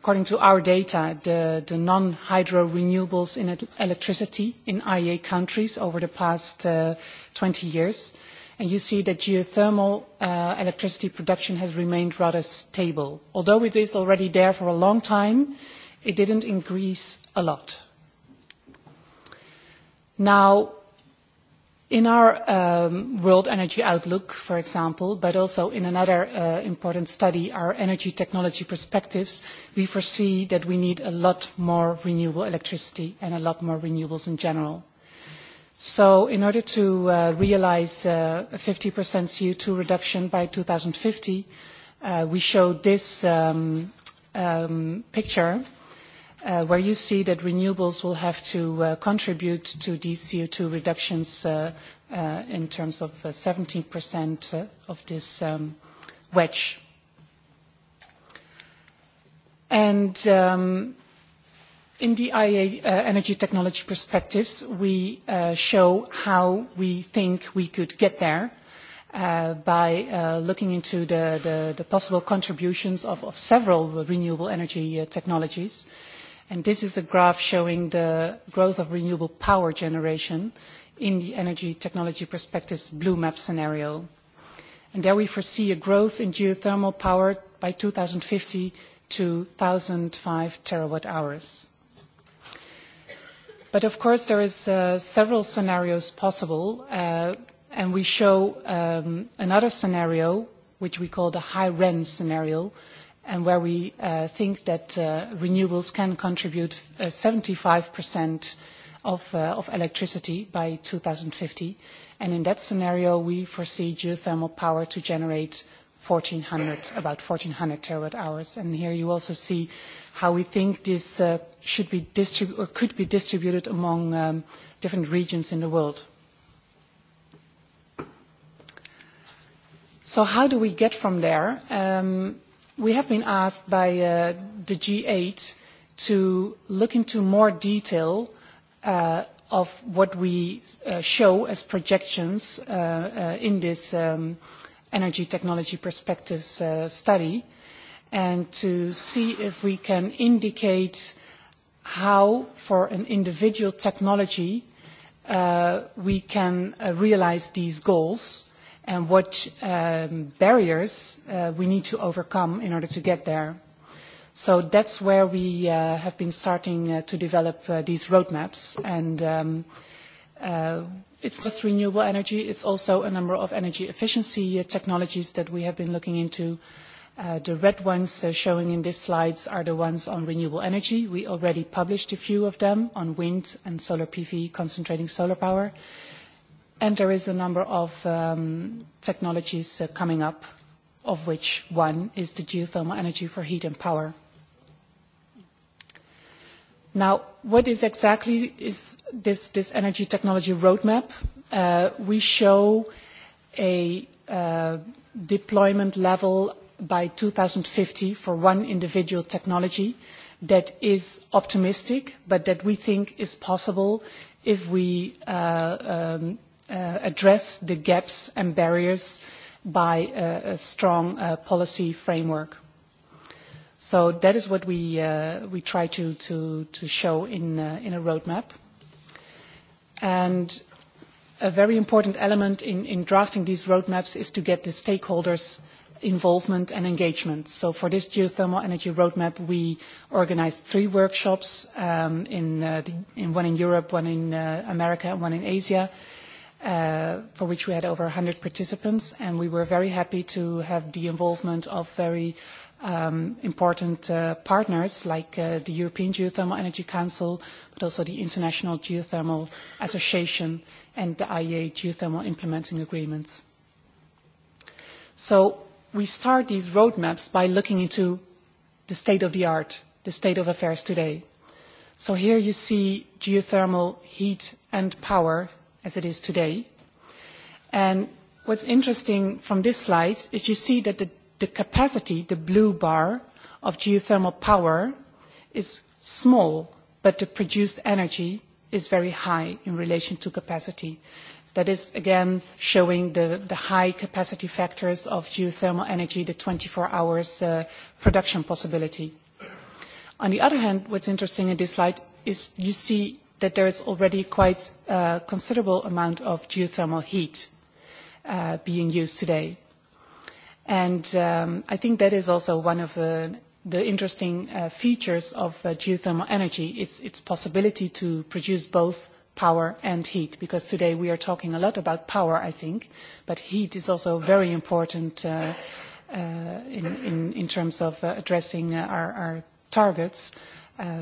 according to our data, the non-hydro renewables in electricity in IEA countries over the past 20 years, and you see that geothermal electricity production has remained rather stable. Although it is already there for a long time, it didn't increase a lot. Now, In our World Energy Outlook, for example, but also in another important study, our energy technology perspectives, we foresee that we need a lot more renewable electricity and a lot more renewables in general. So in order to realize a 50% CO2 reduction by 2050, we show this picture where you see that renewables will have to contribute to these CO2 reductions in terms of 17% of this wedge. And in the IEA energy technology perspectives, we show how we think we could get there by looking into the possible contributions of several renewable energy technologies this is a graph showing the growth of renewable power generation in the Energy Technology Perspectives Blue Map scenario. there we foresee a growth in geothermal power by 2050 to 1,005 terawatt-hours. But of course, there is several scenarios possible, and we show another scenario, which we call the high REN scenario, and where we think that renewables can contribute 75% of electricity by 2050. And in that scenario, we foresee geothermal power to generate 1,400, about 1,400 terawatt-hours. And here you also see how we think this should be could be distributed among different regions in the world. So how do we get from there? we have been asked by the G8 to look into more detail of what we show as projections in this energy technology perspectives study and to see if we can indicate how for an individual technology we can realize these goals and what barriers we need to overcome in order to get there. So that's where we have been starting to develop these roadmaps. And it's just renewable energy. It's also a number of energy efficiency technologies that we have been looking into. The red ones showing in these slides are the ones on renewable energy. We already published a few of them on wind and solar PV, concentrating solar power. And there is a number of technologies coming up, of which one is the geothermal energy for heat and power. Now, what is exactly is this energy technology roadmap? We show a deployment level by 2050 for one individual technology that is optimistic, but that we think is possible if we address the gaps and barriers by a strong policy framework. So that is what we we try to to to show in in a roadmap. And a very important element in in drafting these roadmaps is to get the stakeholders' involvement and engagement. So for this geothermal energy roadmap, we organized three workshops, in one in Europe, one in America, and one in Asia for which we had over 100 participants, and we were very happy to have the involvement of very important partners like the European Geothermal Energy Council, but also the International Geothermal Association and the IEA Geothermal Implementing Agreement. So we start these roadmaps by looking into the state of the art, the state of affairs today. So here you see geothermal heat and power as it is today. And what's interesting from this slide is you see that the capacity, the blue bar, of geothermal power is small, but the produced energy is very high in relation to capacity. That is, again, showing the high capacity factors of geothermal energy, the 24 hours production possibility. On the other hand, what's interesting in this slide is you see that there is already quite a considerable amount of geothermal heat being used today. And I think that is also one of the interesting features of geothermal energy, its possibility to produce both power and heat, because today we are talking a lot about power, I think, but heat is also very important in terms of addressing our targets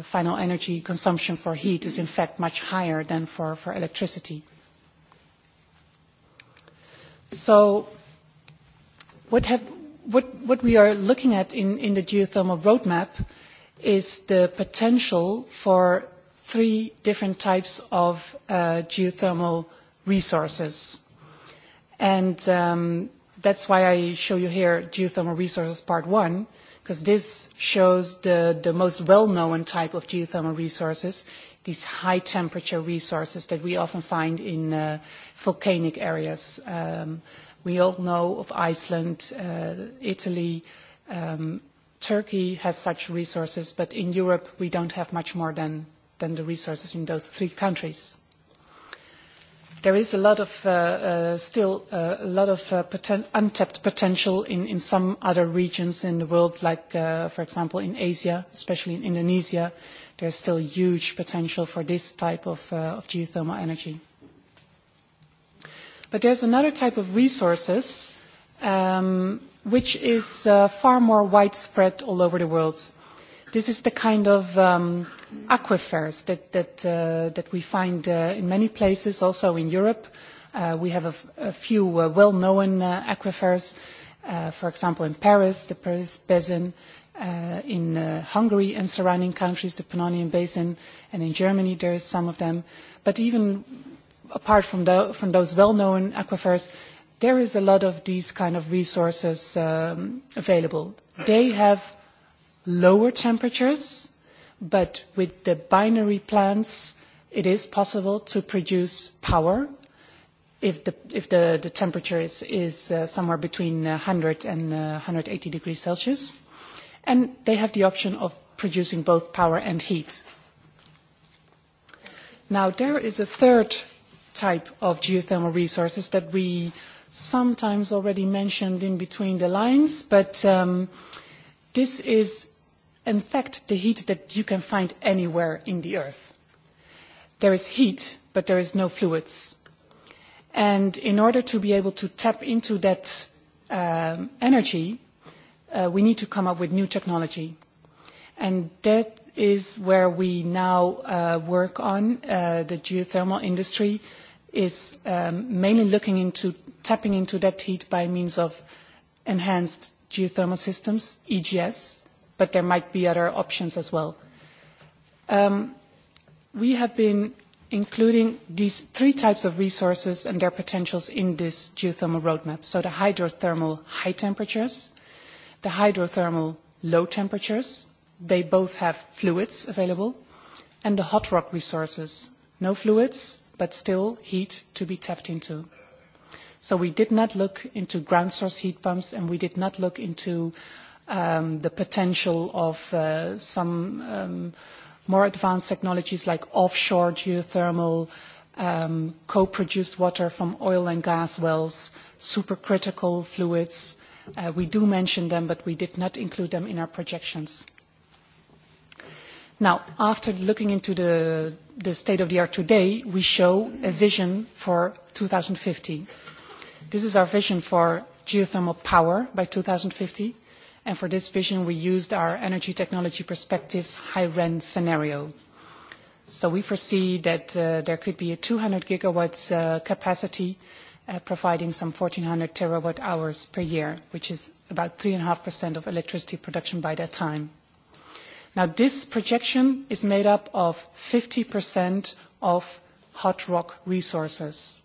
final energy consumption for heat is in fact much higher than for electricity. So what we are looking at in the geothermal roadmap is the potential for three different types of geothermal resources. And that's why I show you here geothermal resources part one because this shows the, the most well-known type of geothermal resources, these high-temperature resources that we often find in volcanic areas. We all know of Iceland, Italy, Turkey has such resources, but in Europe we don't have much more than the resources in those three countries. There is a lot of still a lot of untapped potential in some other regions in the world, like for example in Asia, especially in Indonesia. there is still huge potential for this type of geothermal energy. But there's another type of resources which is far more widespread all over the world. This is the kind of aquifers that we find in many places, also in Europe. We have a few well-known aquifers, for example, in Paris, the Paris Basin, in Hungary and surrounding countries, the Pannonian Basin, and in Germany there is some of them. But even apart from those well-known aquifers, there is a lot of these kind of resources available. They have lower temperatures, but with the binary plants, it is possible to produce power if the temperature is somewhere between 100 and 180 degrees Celsius. And they have the option of producing both power and heat. Now, there is a third type of geothermal resources that we sometimes already mentioned in between the lines, but this is in fact the heat that you can find anywhere in the earth. There is heat, but there is no fluids. And in order to be able to tap into that energy, we need to come up with new technology. And that is where we now work on. The geothermal industry is mainly looking into tapping into that heat by means of enhanced geothermal systems, EGS, but there might be other options as well. We have been including these three types of resources and their potentials in this geothermal roadmap. So the hydrothermal high temperatures, the hydrothermal low temperatures, they both have fluids available, and the hot rock resources, no fluids, but still heat to be tapped into. So we did not look into ground source heat pumps, and we did not look into the potential of some more advanced technologies like offshore geothermal, co-produced water from oil and gas wells, supercritical fluids. We do mention them, but we did not include them in our projections. Now, after looking into the state of the art today, we show a vision for 2050. This is our vision for geothermal power by 2050 and for this vision we used our energy technology perspectives high rent scenario. So we foresee that there could be a 200 gigawatts capacity providing some 1,400 terawatt hours per year, which is about 3.5% of electricity production by that time. Now this projection is made up of 50% of hot rock resources.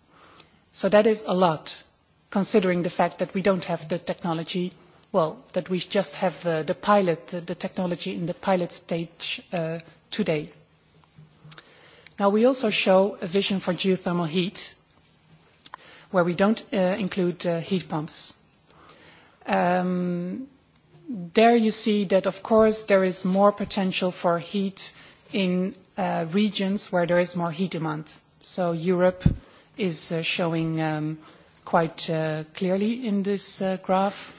So that is a lot, considering the fact that we don't have the technology well, that we just have the pilot, the technology in the pilot stage today. Now, we also show a vision for geothermal heat, where we don't include heat pumps. There you see that, of course, there is more potential for heat in regions where there is more heat demand. So Europe is showing quite clearly in this graph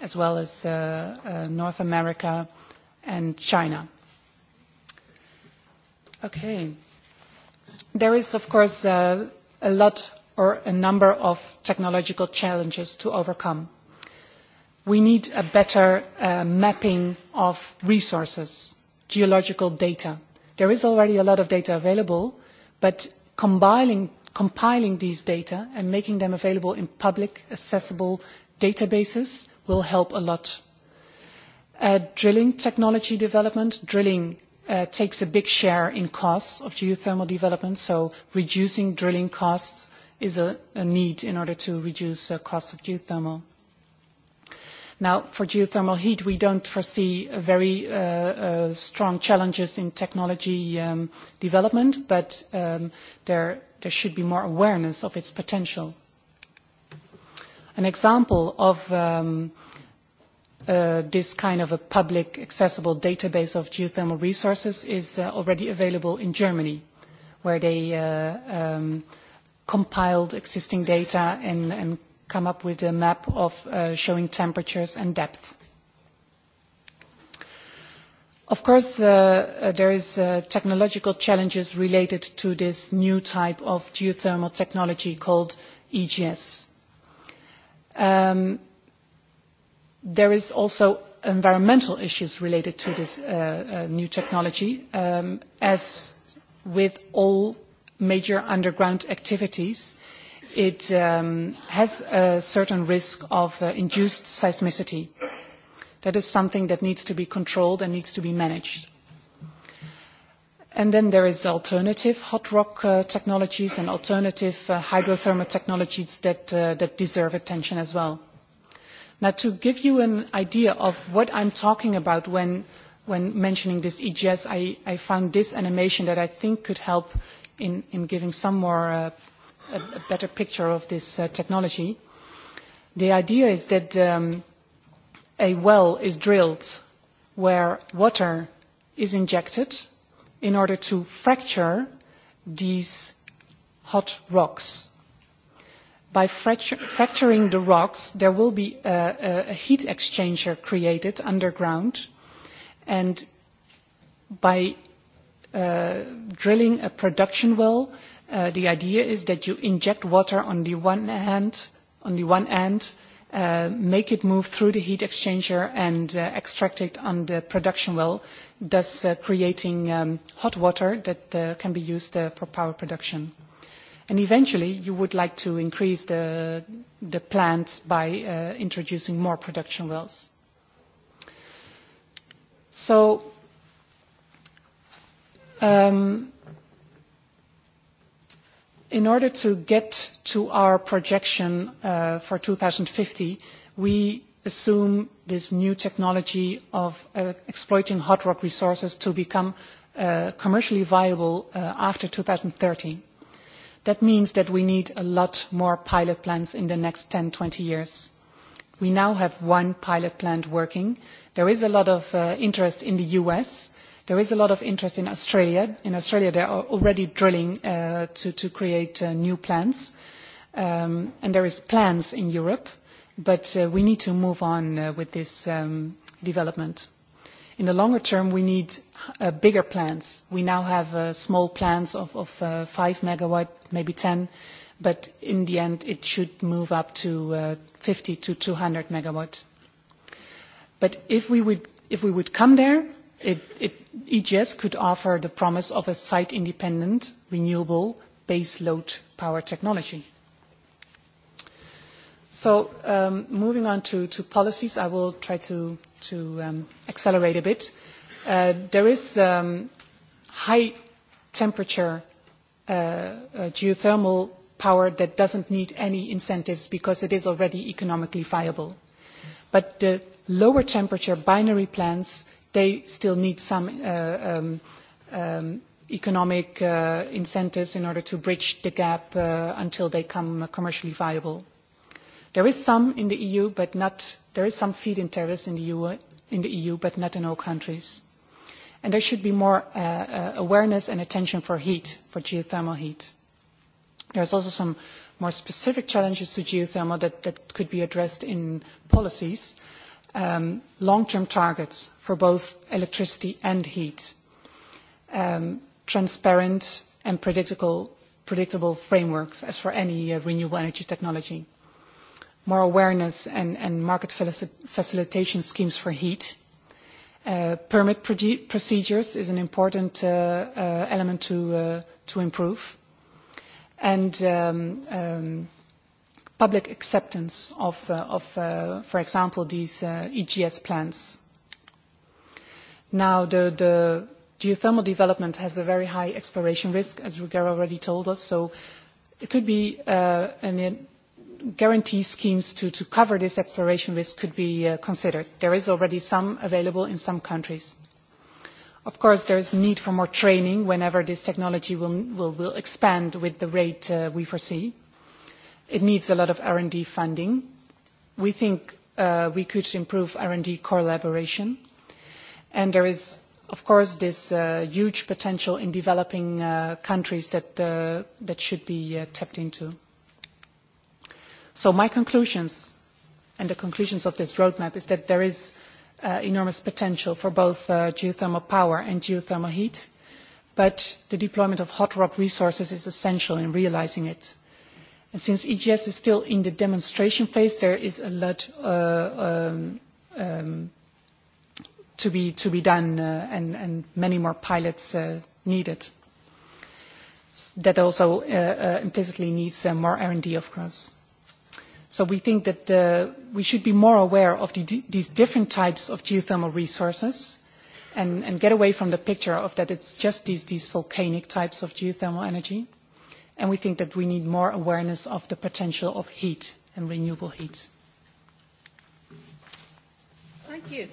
as well as North America and China. Okay. There is, of course, a lot or a number of technological challenges to overcome. We need a better mapping of resources, geological data. There is already a lot of data available, but compiling these data and making them available in public, accessible databases will help a lot. Drilling technology development. Drilling takes a big share in costs of geothermal development, so reducing drilling costs is a need in order to reduce the cost of geothermal. Now, for geothermal heat, we don't foresee very strong challenges in technology development, but there should be more awareness of its potential. An example of this kind of a public accessible database of geothermal resources is already available in Germany, where they compiled existing data and come up with a map of showing temperatures and depth. Of course, there is technological challenges related to this new type of geothermal technology called EGS. There is also environmental issues related to this new technology, as with all major underground activities, it has a certain risk of induced seismicity. That is something that needs to be controlled and needs to be managed. And then there is alternative hot rock technologies and alternative hydrothermal technologies that deserve attention as well. Now, to give you an idea of what I'm talking about when mentioning this EGS, I found this animation that I think could help in giving some more a better picture of this technology. The idea is that a well is drilled where water is injected in order to fracture these hot rocks. By fracturing the rocks, there will be a heat exchanger created underground, and by drilling a production well, the idea is that you inject water on the one hand, on the one end, make it move through the heat exchanger and extract it on the production well, thus creating hot water that can be used for power production. And eventually, you would like to increase the plant by introducing more production wells. So in order to get to our projection for 2050, we assume this new technology of exploiting hot rock resources to become commercially viable after 2030. That means that we need a lot more pilot plants in the next 10, 20 years. We now have one pilot plant working. There is a lot of interest in the US. There is a lot of interest in Australia. In Australia, they are already drilling to create new plants. And there is plans in Europe. But we need to move on with this development. In the longer term, we need bigger plants. We now have small plants of 5 megawatt, maybe 10, but in the end it should move up to 50 to 200 megawatt. But if we would come there, EGS could offer the promise of a site-independent, renewable, base-load power technology. So moving on to policies, I will try to accelerate a bit. There is high temperature geothermal power that doesn't need any incentives because it is already economically viable. But the lower temperature binary plants, they still need some economic incentives in order to bridge the gap until they come commercially viable. There is some in the EU, but not, there is some feed-in tariffs in the EU, but not in all countries and there should be more awareness and attention for heat, for geothermal heat. There's also some more specific challenges to geothermal that could be addressed in policies, long-term targets for both electricity and heat, transparent and predictable frameworks, as for any renewable energy technology, more awareness and market facilitation schemes for heat, Permit procedures is an important element to improve. And public acceptance of, for example, these EGS plans. Now, the geothermal development has a very high exploration risk, as Ruger already told us, so it could be an guarantee schemes to cover this exploration risk could be considered. There is already some available in some countries. Of course, there is need for more training whenever this technology will expand with the rate we foresee. It needs a lot of R&D funding. We think we could improve R&D collaboration. And there is, of course, this huge potential in developing countries that should be tapped into. So my conclusions and the conclusions of this roadmap is that there is enormous potential for both geothermal power and geothermal heat, but the deployment of hot rock resources is essential in realising it. And since EGS is still in the demonstration phase, there is a lot to be done and many more pilots needed. That also implicitly needs more R&D, of course. So we think that we should be more aware of these different types of geothermal resources and get away from the picture of that it's just these volcanic types of geothermal energy. And we think that we need more awareness of the potential of heat and renewable heat. Thank you.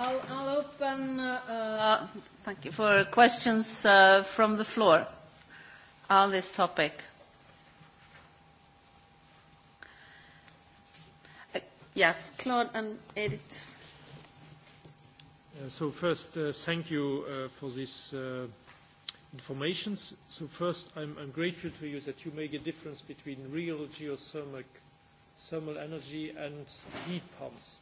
I'll open. Thank you for questions from the floor on this topic. Yes, Claude and Edith. So first, thank you for this information. So first, I'm grateful to you that you make a difference between real geothermal thermal energy and heat pumps,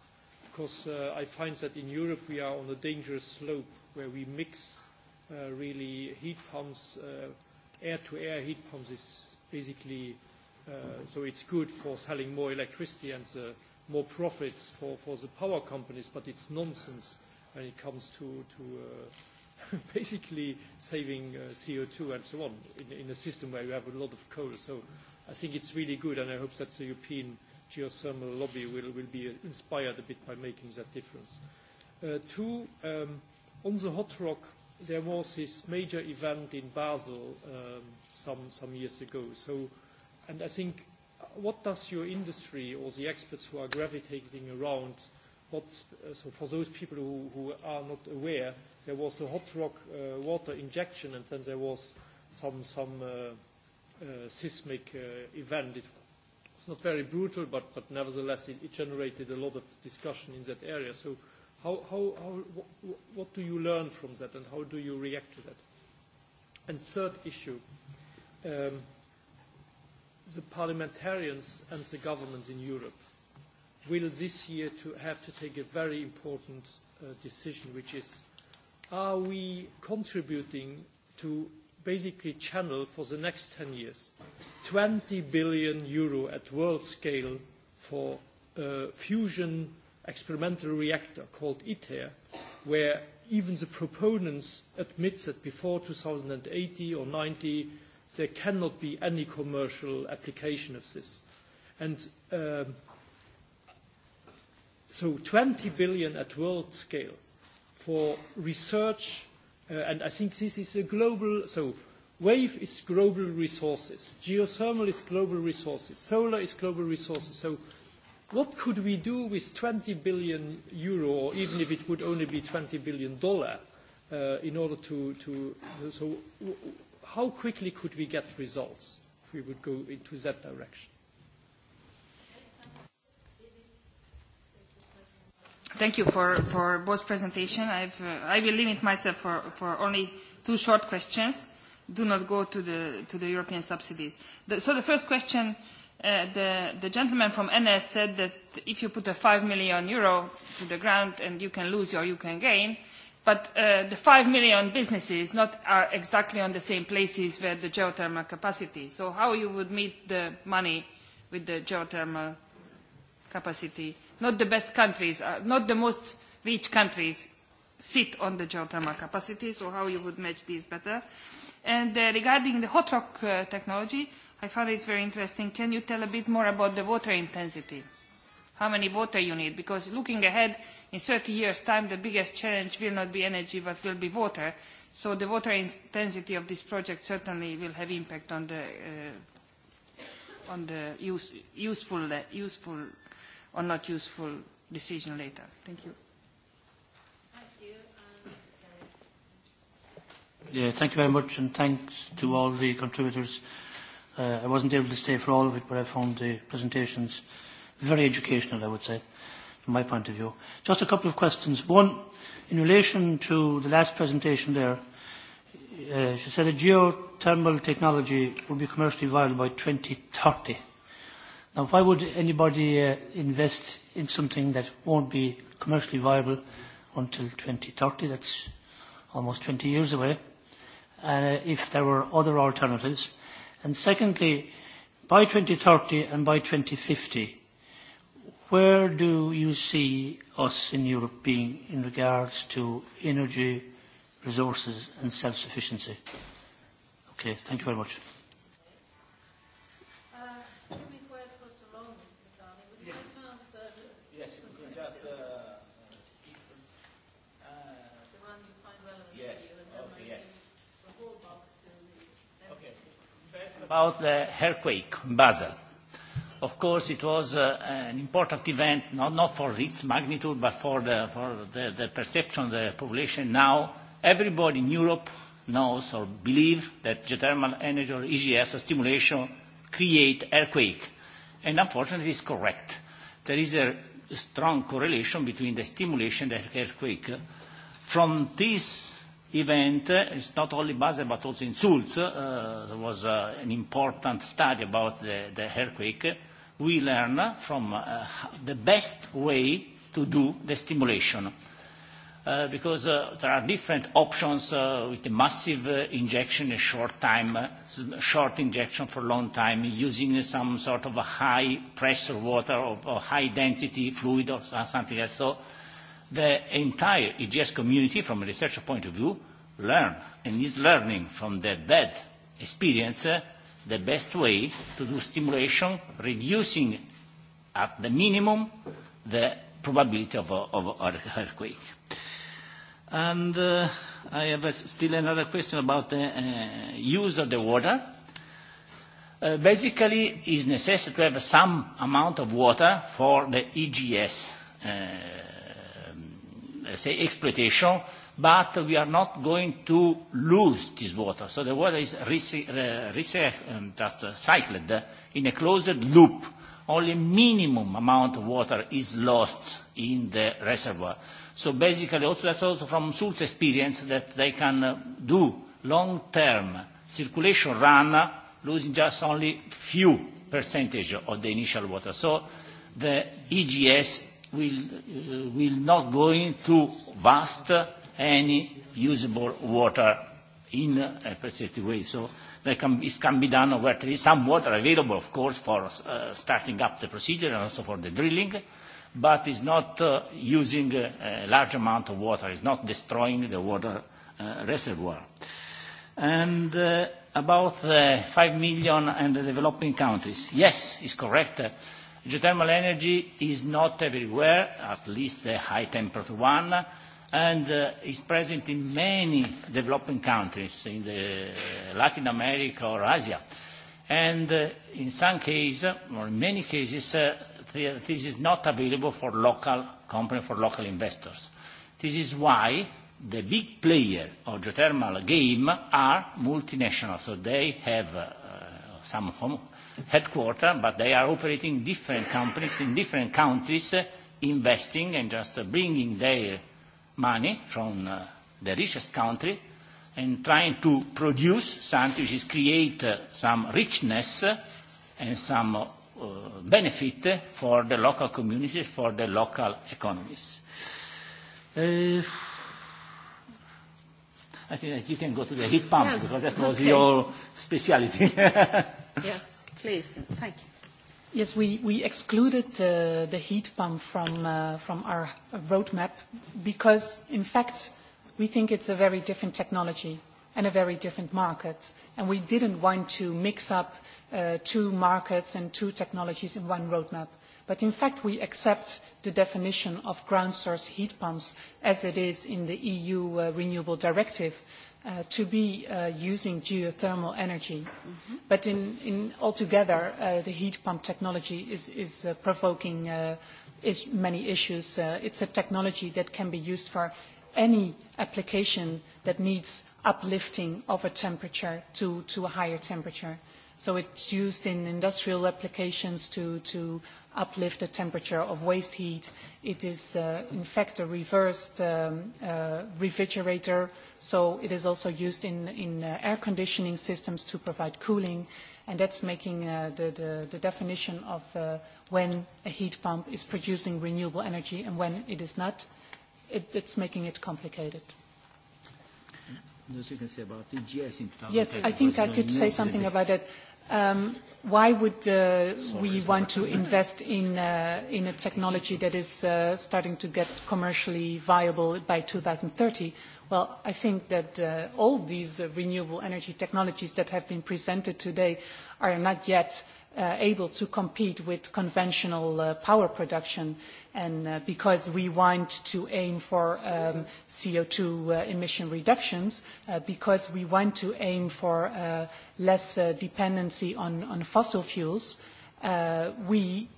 because I find that in Europe we are on a dangerous slope where we mix really heat pumps air-to-air heat pumps is basically, so it's good for selling more electricity and more profits for the power companies, but it's nonsense when it comes to basically saving CO2 and so on in a system where you have a lot of coal. So I think it's really good, and I hope that the European geothermal lobby will be inspired a bit by making that difference. Two, on the hot rock there was this major event in Basel some some years ago. So, and I think, what does your industry or the experts who are gravitating around, what so for those people who who are not aware, there was a hot rock water injection and then there was some some seismic event. It was not very brutal, but but nevertheless it generated a lot of discussion in that area. So. How how what do you learn from that and how do you react to that? And third issue, the parliamentarians and the governments in Europe will this year have to take a very important decision, which is, are we contributing to basically channel for the next 10 years 20 billion euro at world scale for fusion experimental reactor called ITER, where even the proponents admit that before 2080 or 90 there cannot be any commercial application of this. And so 20 billion at world scale for research, and I think this is a global, so wave is global resources, geothermal is global resources, solar is global resources, so What could we do with 20 billion euro, or even if it would only be 20 billion dollar, in order to, so how quickly could we get results if we would go into that direction? Thank you for both presentations. I will limit myself for only two short questions. Do not go to the European subsidies. So the first question The gentleman from NS said that if you put a 5 million euro to the ground and you can lose or you can gain, but the 5 million businesses not are exactly on the same places where the geothermal capacity. So how you would meet the money with the geothermal capacity? Not the best countries, not the most rich countries sit on the geothermal capacity, so how you would match these better. And regarding the hot rock technology, I found it very interesting. Can you tell a bit more about the water intensity? How many water you need? Because looking ahead, in 30 years' time, the biggest challenge will not be energy, but will be water. So the water intensity of this project certainly will have impact on the on the useful, useful or not useful decision later. Thank you. Yeah, thank you very much, and thanks to all the contributors. I wasn't able to stay for all of it, but I found the presentations very educational, I would say, from my point of view. Just a couple of questions. One, in relation to the last presentation there, uh, she said that geothermal technology will be commercially viable by 2030. Now, why would anybody uh, invest in something that won't be commercially viable until 2030? That's almost 20 years away if there were other alternatives. And secondly, by 2030 and by 2050, where do you see us in Europe being in regards to energy, resources and self-sufficiency? Okay, thank you very much. about the earthquake in Basel. Of course, it was an important event, not for its magnitude, but for the perception of the population. Now, everybody in Europe knows or believes that geothermal energy or EGS stimulation create earthquake. And unfortunately, it's correct. There is a strong correlation between the stimulation and the earthquake. From this event. It's not only Basel, but also in Sulz. There was an important study about the earthquake. We learn from the best way to do the stimulation, because there are different options with the massive injection, a short time, short injection for long time, using some sort of a high pressure water or high density fluid or something else. So the entire EGS community, from a research point of view, learn and is learning from the bad experience the best way to do stimulation, reducing at the minimum the probability of a earthquake. And I have still another question about the use of the water. Basically, it is necessary to have some amount of water for the EGS say, exploitation, but we are not going to lose this water. So the water is cycled in a closed loop. Only minimum amount of water is lost in the reservoir. So basically, also that's also from Sul's experience that they can do long-term circulation run, losing just only few percentage of the initial water. So the EGS will will not go into vast any usable water in a specific way. So that can, this can be done where there is some water available, of course, for starting up the procedure and also for the drilling, but it's not using a large amount of water. It's not destroying the water reservoir. And about the 5 million and the developing countries. Yes, it's correct Geothermal energy is not everywhere, at least the high temperature one, and is present in many developing countries in Latin America or Asia. And in some cases, or in many cases, this is not available for local companies, for local investors. This is why the big player of geothermal game are multinational, so they have some headquarters, but they are operating different companies in different countries, investing and just bringing their money from the richest country and trying to produce something which is create some richness and some benefit for the local communities, for the local economies. I think that you can go to the heat pump because that was your speciality. Yes. Please, thank Yes, we excluded the heat pump from our roadmap because, in fact, we think it's a very different technology and a very different market. And we didn't want to mix up two markets and two technologies in one roadmap. But, in fact, we accept the definition of ground source heat pumps as it is in the EU Renewable Directive to be using geothermal energy. But in altogether, the heat pump technology is provoking many issues. It's a technology that can be used for any application that needs uplifting of a temperature to a higher temperature. So it's used in industrial applications to uplift the temperature of waste heat. It is, in fact, a reversed refrigerator, so it is also used in air conditioning systems to provide cooling, and that's making the definition of when a heat pump is producing renewable energy and when it is not. It's making it complicated. Yes, I think I could say something about it. Why would we want to invest in a technology that is starting to get commercially viable by 2030? Well, I think that all these renewable energy technologies that have been presented today are not yet able to compete with conventional power production and because we want to aim for CO2 emission reductions, because we want to aim for less dependency on fossil fuels, we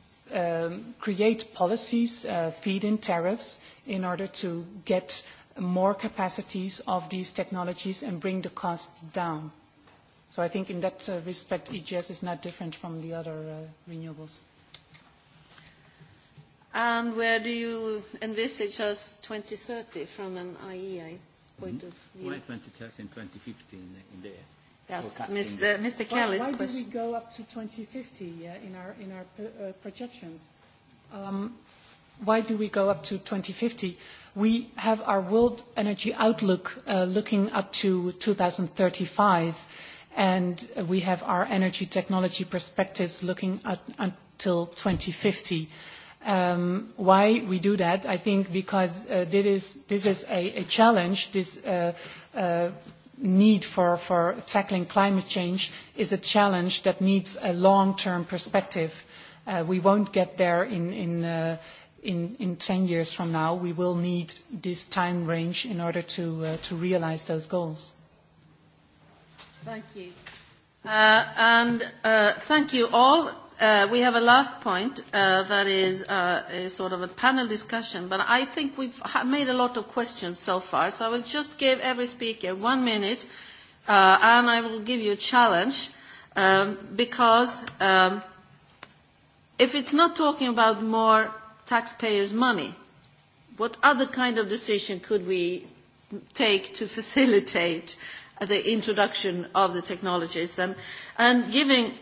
create policies, feed-in tariffs, in order to get more capacities of these technologies and bring the costs down. So I think in that respect, EGS is not different from the other renewables. And where do you envisage us 2030 from an IEA point of view? Why 2030 and 2050 in there? Yes, Mr. Mr. Kelly's question. Why do we go up to 2050 in our in our projections? Why do we go up to 2050? We have our World Energy Outlook looking up to 2035 and we have our energy technology perspectives looking until 2050. Why we do that? I think because this is a challenge, this need for tackling climate change is a challenge that needs a long-term perspective. We won't get there in 10 years from now. We will need this time range in order to realize those goals. Thank you. And thank you all. We have a last point that is a sort of a panel discussion, but I think we've made a lot of questions so far, so I will just give every speaker one minute, and I will give you a challenge, because if it's not talking about more taxpayers' money, what other kind of decision could we take to facilitate the introduction of the technologies. And giving,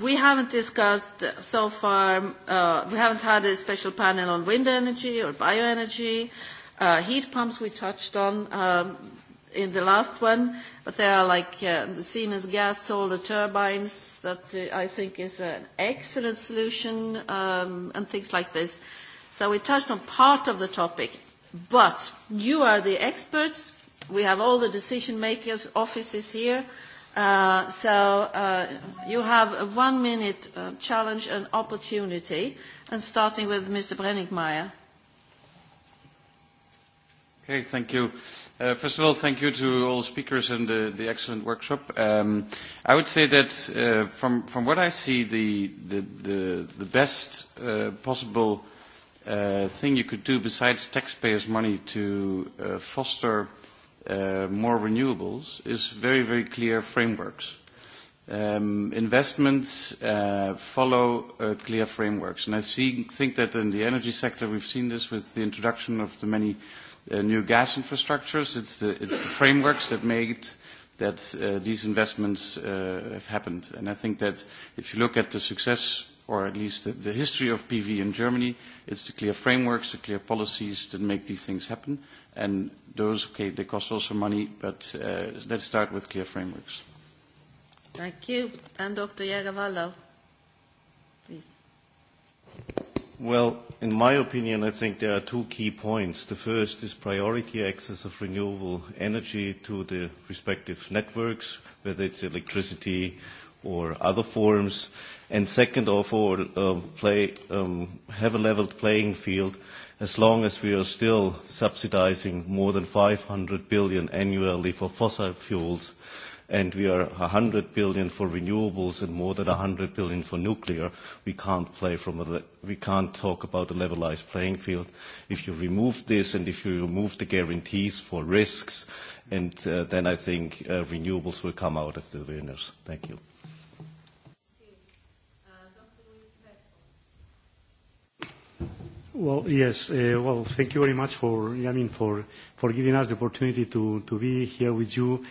we haven't discussed so far, we haven't had a special panel on wind energy or bioenergy. Heat pumps we touched on in the last one, but there are like the Siemens gas solar turbines that I think is an excellent solution and things like this. So we touched on part of the topic, but you are the experts We have all the decision makers' offices here. So you have a one-minute challenge and opportunity, and starting with Mr. Brenningmeier. Okay, thank you. First of all, thank you to all speakers and the excellent workshop. I would say that from what I see, the best possible thing you could do besides taxpayers' money to foster more renewables is very, very clear frameworks. Investments follow clear frameworks. And I think that in the energy sector, we've seen this with the introduction of the many new gas infrastructures. It's the frameworks that made that these investments have happened. And I think that if you look at the success or at least the history of PV in Germany, it's the clear frameworks, the clear policies that make these things happen. And those, okay, they cost also money, but let's start with clear frameworks. Thank you. And Dr. Jagavallo, please. Well, in my opinion, I think there are two key points. The first is priority access of renewable energy to the respective networks, whether it's electricity or other forms. And second of all, play, have a leveled playing field as long as we are still subsidizing more than 500 billion annually for fossil fuels and we are 100 billion for renewables and more than 100 billion for nuclear, we can't play from a, we can't talk about a levelized playing field. If you remove this and if you remove the guarantees for risks, and then I think renewables will come out of the winners. Thank you. Well, yes. Well, thank you very much for, I mean, for for giving us the opportunity to to be here with you.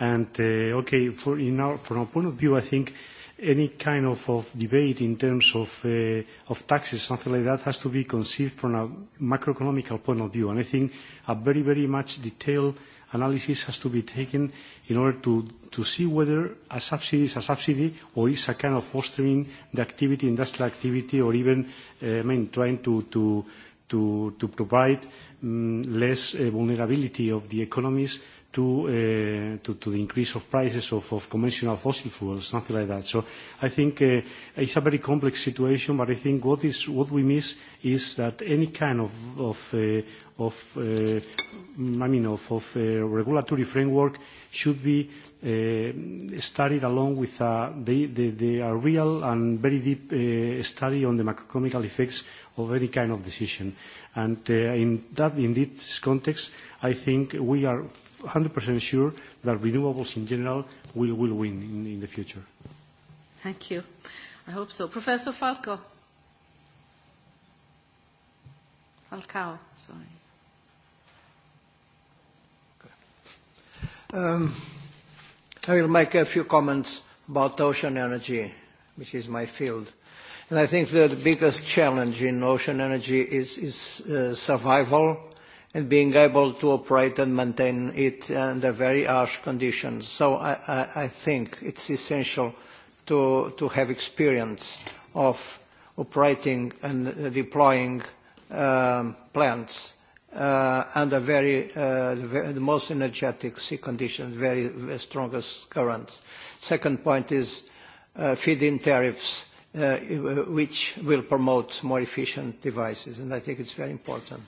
And okay, for in our from our point of view, I think any kind of of debate in terms of of taxes, something like that, has to be conceived from a macroeconomical point of view. And I think a very, very much detailed analysis has to be taken in order to see whether a subsidy is a subsidy or is a kind of fostering the activity, industrial activity, or even, I trying to provide less vulnerability of the economies to the increase of prices of conventional fossil fuels, something like that. So I think it's a very complex situation, but I think what what we miss is that any kind of of of regulatory framework should be studied along with a real and very deep study on the macroeconomic effects of any kind of decision. And in that, in this context, I think we are 100% sure that renewables in general will win in the future. Thank you. I hope so. Professor Falco. Falcao, sorry. I will make a few comments about ocean energy, which is my field. And I think the biggest challenge in ocean energy is, survival and being able to operate and maintain it under very harsh conditions. So I, I, I think it's essential to have experience of operating and deploying plants under very the most energetic sea conditions, very strongest currents. Second point is feed-in tariffs, which will promote more efficient devices, and I think it's very important.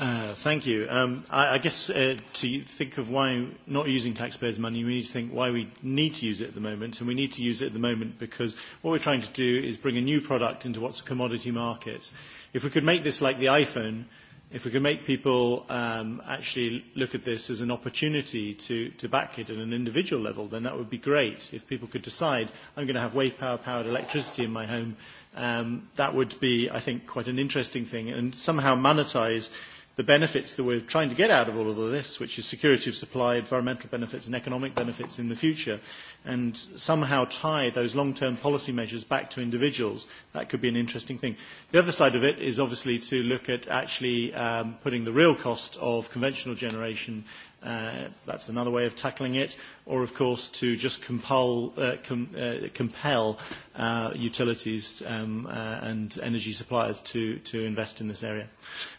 Thank you. I guess to think of why not using taxpayers' money, we need to think why we need to use it at the moment, and we need to use it at the moment because what we're trying to do is bring a new product into what's a commodity market. If we could make this like the iPhone, if we could make people actually look at this as an opportunity to back it at an individual level, then that would be great. If people could decide, I'm going to have wave power powered electricity in my home, that would be, I think, quite an interesting thing, and somehow monetize the benefits that we're trying to get out of all of this, which is security of supply, environmental benefits and economic benefits in the future, and somehow tie those long-term policy measures back to individuals, that could be an interesting thing. The other side of it is obviously to look at actually putting the real cost of conventional generation That's another way of tackling it. Or, of course, to just compel utilities and energy suppliers to invest in this area,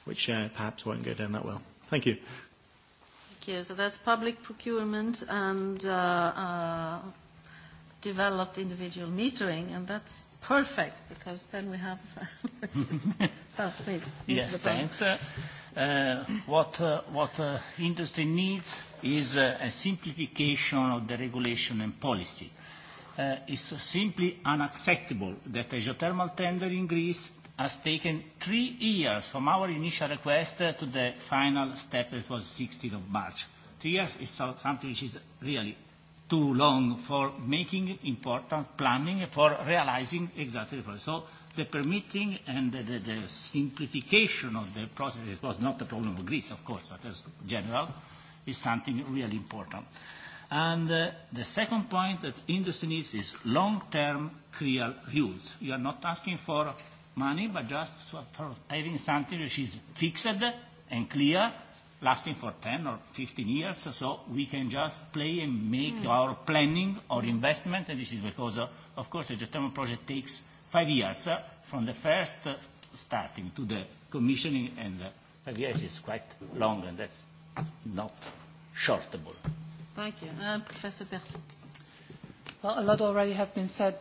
which perhaps won't go down that well. Thank you. Thank you. So that's public procurement and developed individual metering, and that's perfect because then we have. Yes, thanks. What industry needs is a simplification of the regulation and policy. It's simply unacceptable that the geothermal tender in Greece has taken three years from our initial request to the final step that was 16th of March. Three years is something which is really too long for making important planning for realizing exactly the project. So the permitting and the, simplification of the process, was not the problem of Greece, of course, but as general, is something really important. And the second point that industry needs is long-term clear rules. You are not asking for money, but just for having something which is fixed and clear, lasting for 10 or 15 years, so we can just play and make our planning or investment, and this is because, of course, the geothermal project takes five years from the first starting to the commissioning and five years is quite long and that's not shortable. Thank you. Professor Bertou. Well, a lot already has been said.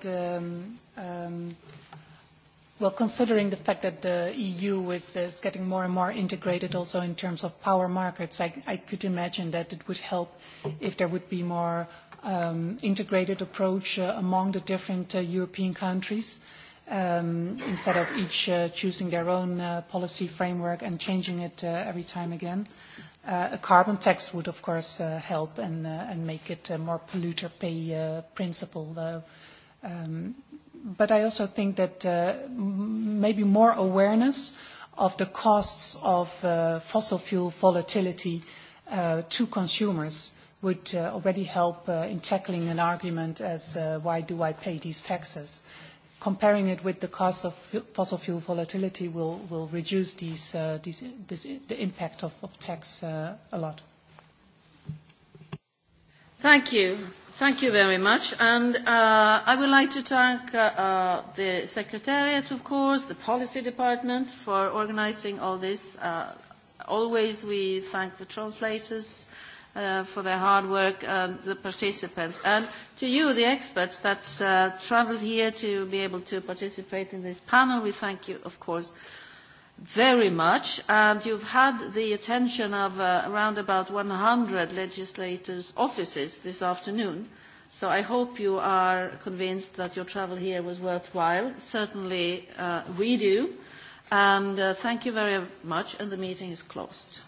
Well, considering the fact that the EU is getting more and more integrated also in terms of power markets, I could imagine that it would help if there would be more integrated approach among the different European countries instead of each choosing their own policy framework and changing it every time again. A carbon tax would, of course, help and make it a more polluter pay principle. But I also think that maybe more awareness of the costs of fossil fuel volatility to consumers would already help in tackling an argument as why do I pay these taxes comparing it with the cost of fossil fuel volatility will will reduce these the impact of tax a lot. Thank you. Thank you very much. And I would like to thank the Secretariat, of course, the Policy Department for organizing all this. Always we thank the translators for their hard work, the participants. And to you, the experts that travelled here to be able to participate in this panel, we thank you, of course, very much. And you've had the attention of around about 100 legislators' offices this afternoon. So I hope you are convinced that your travel here was worthwhile. Certainly we do. And thank you very much. And the meeting is closed.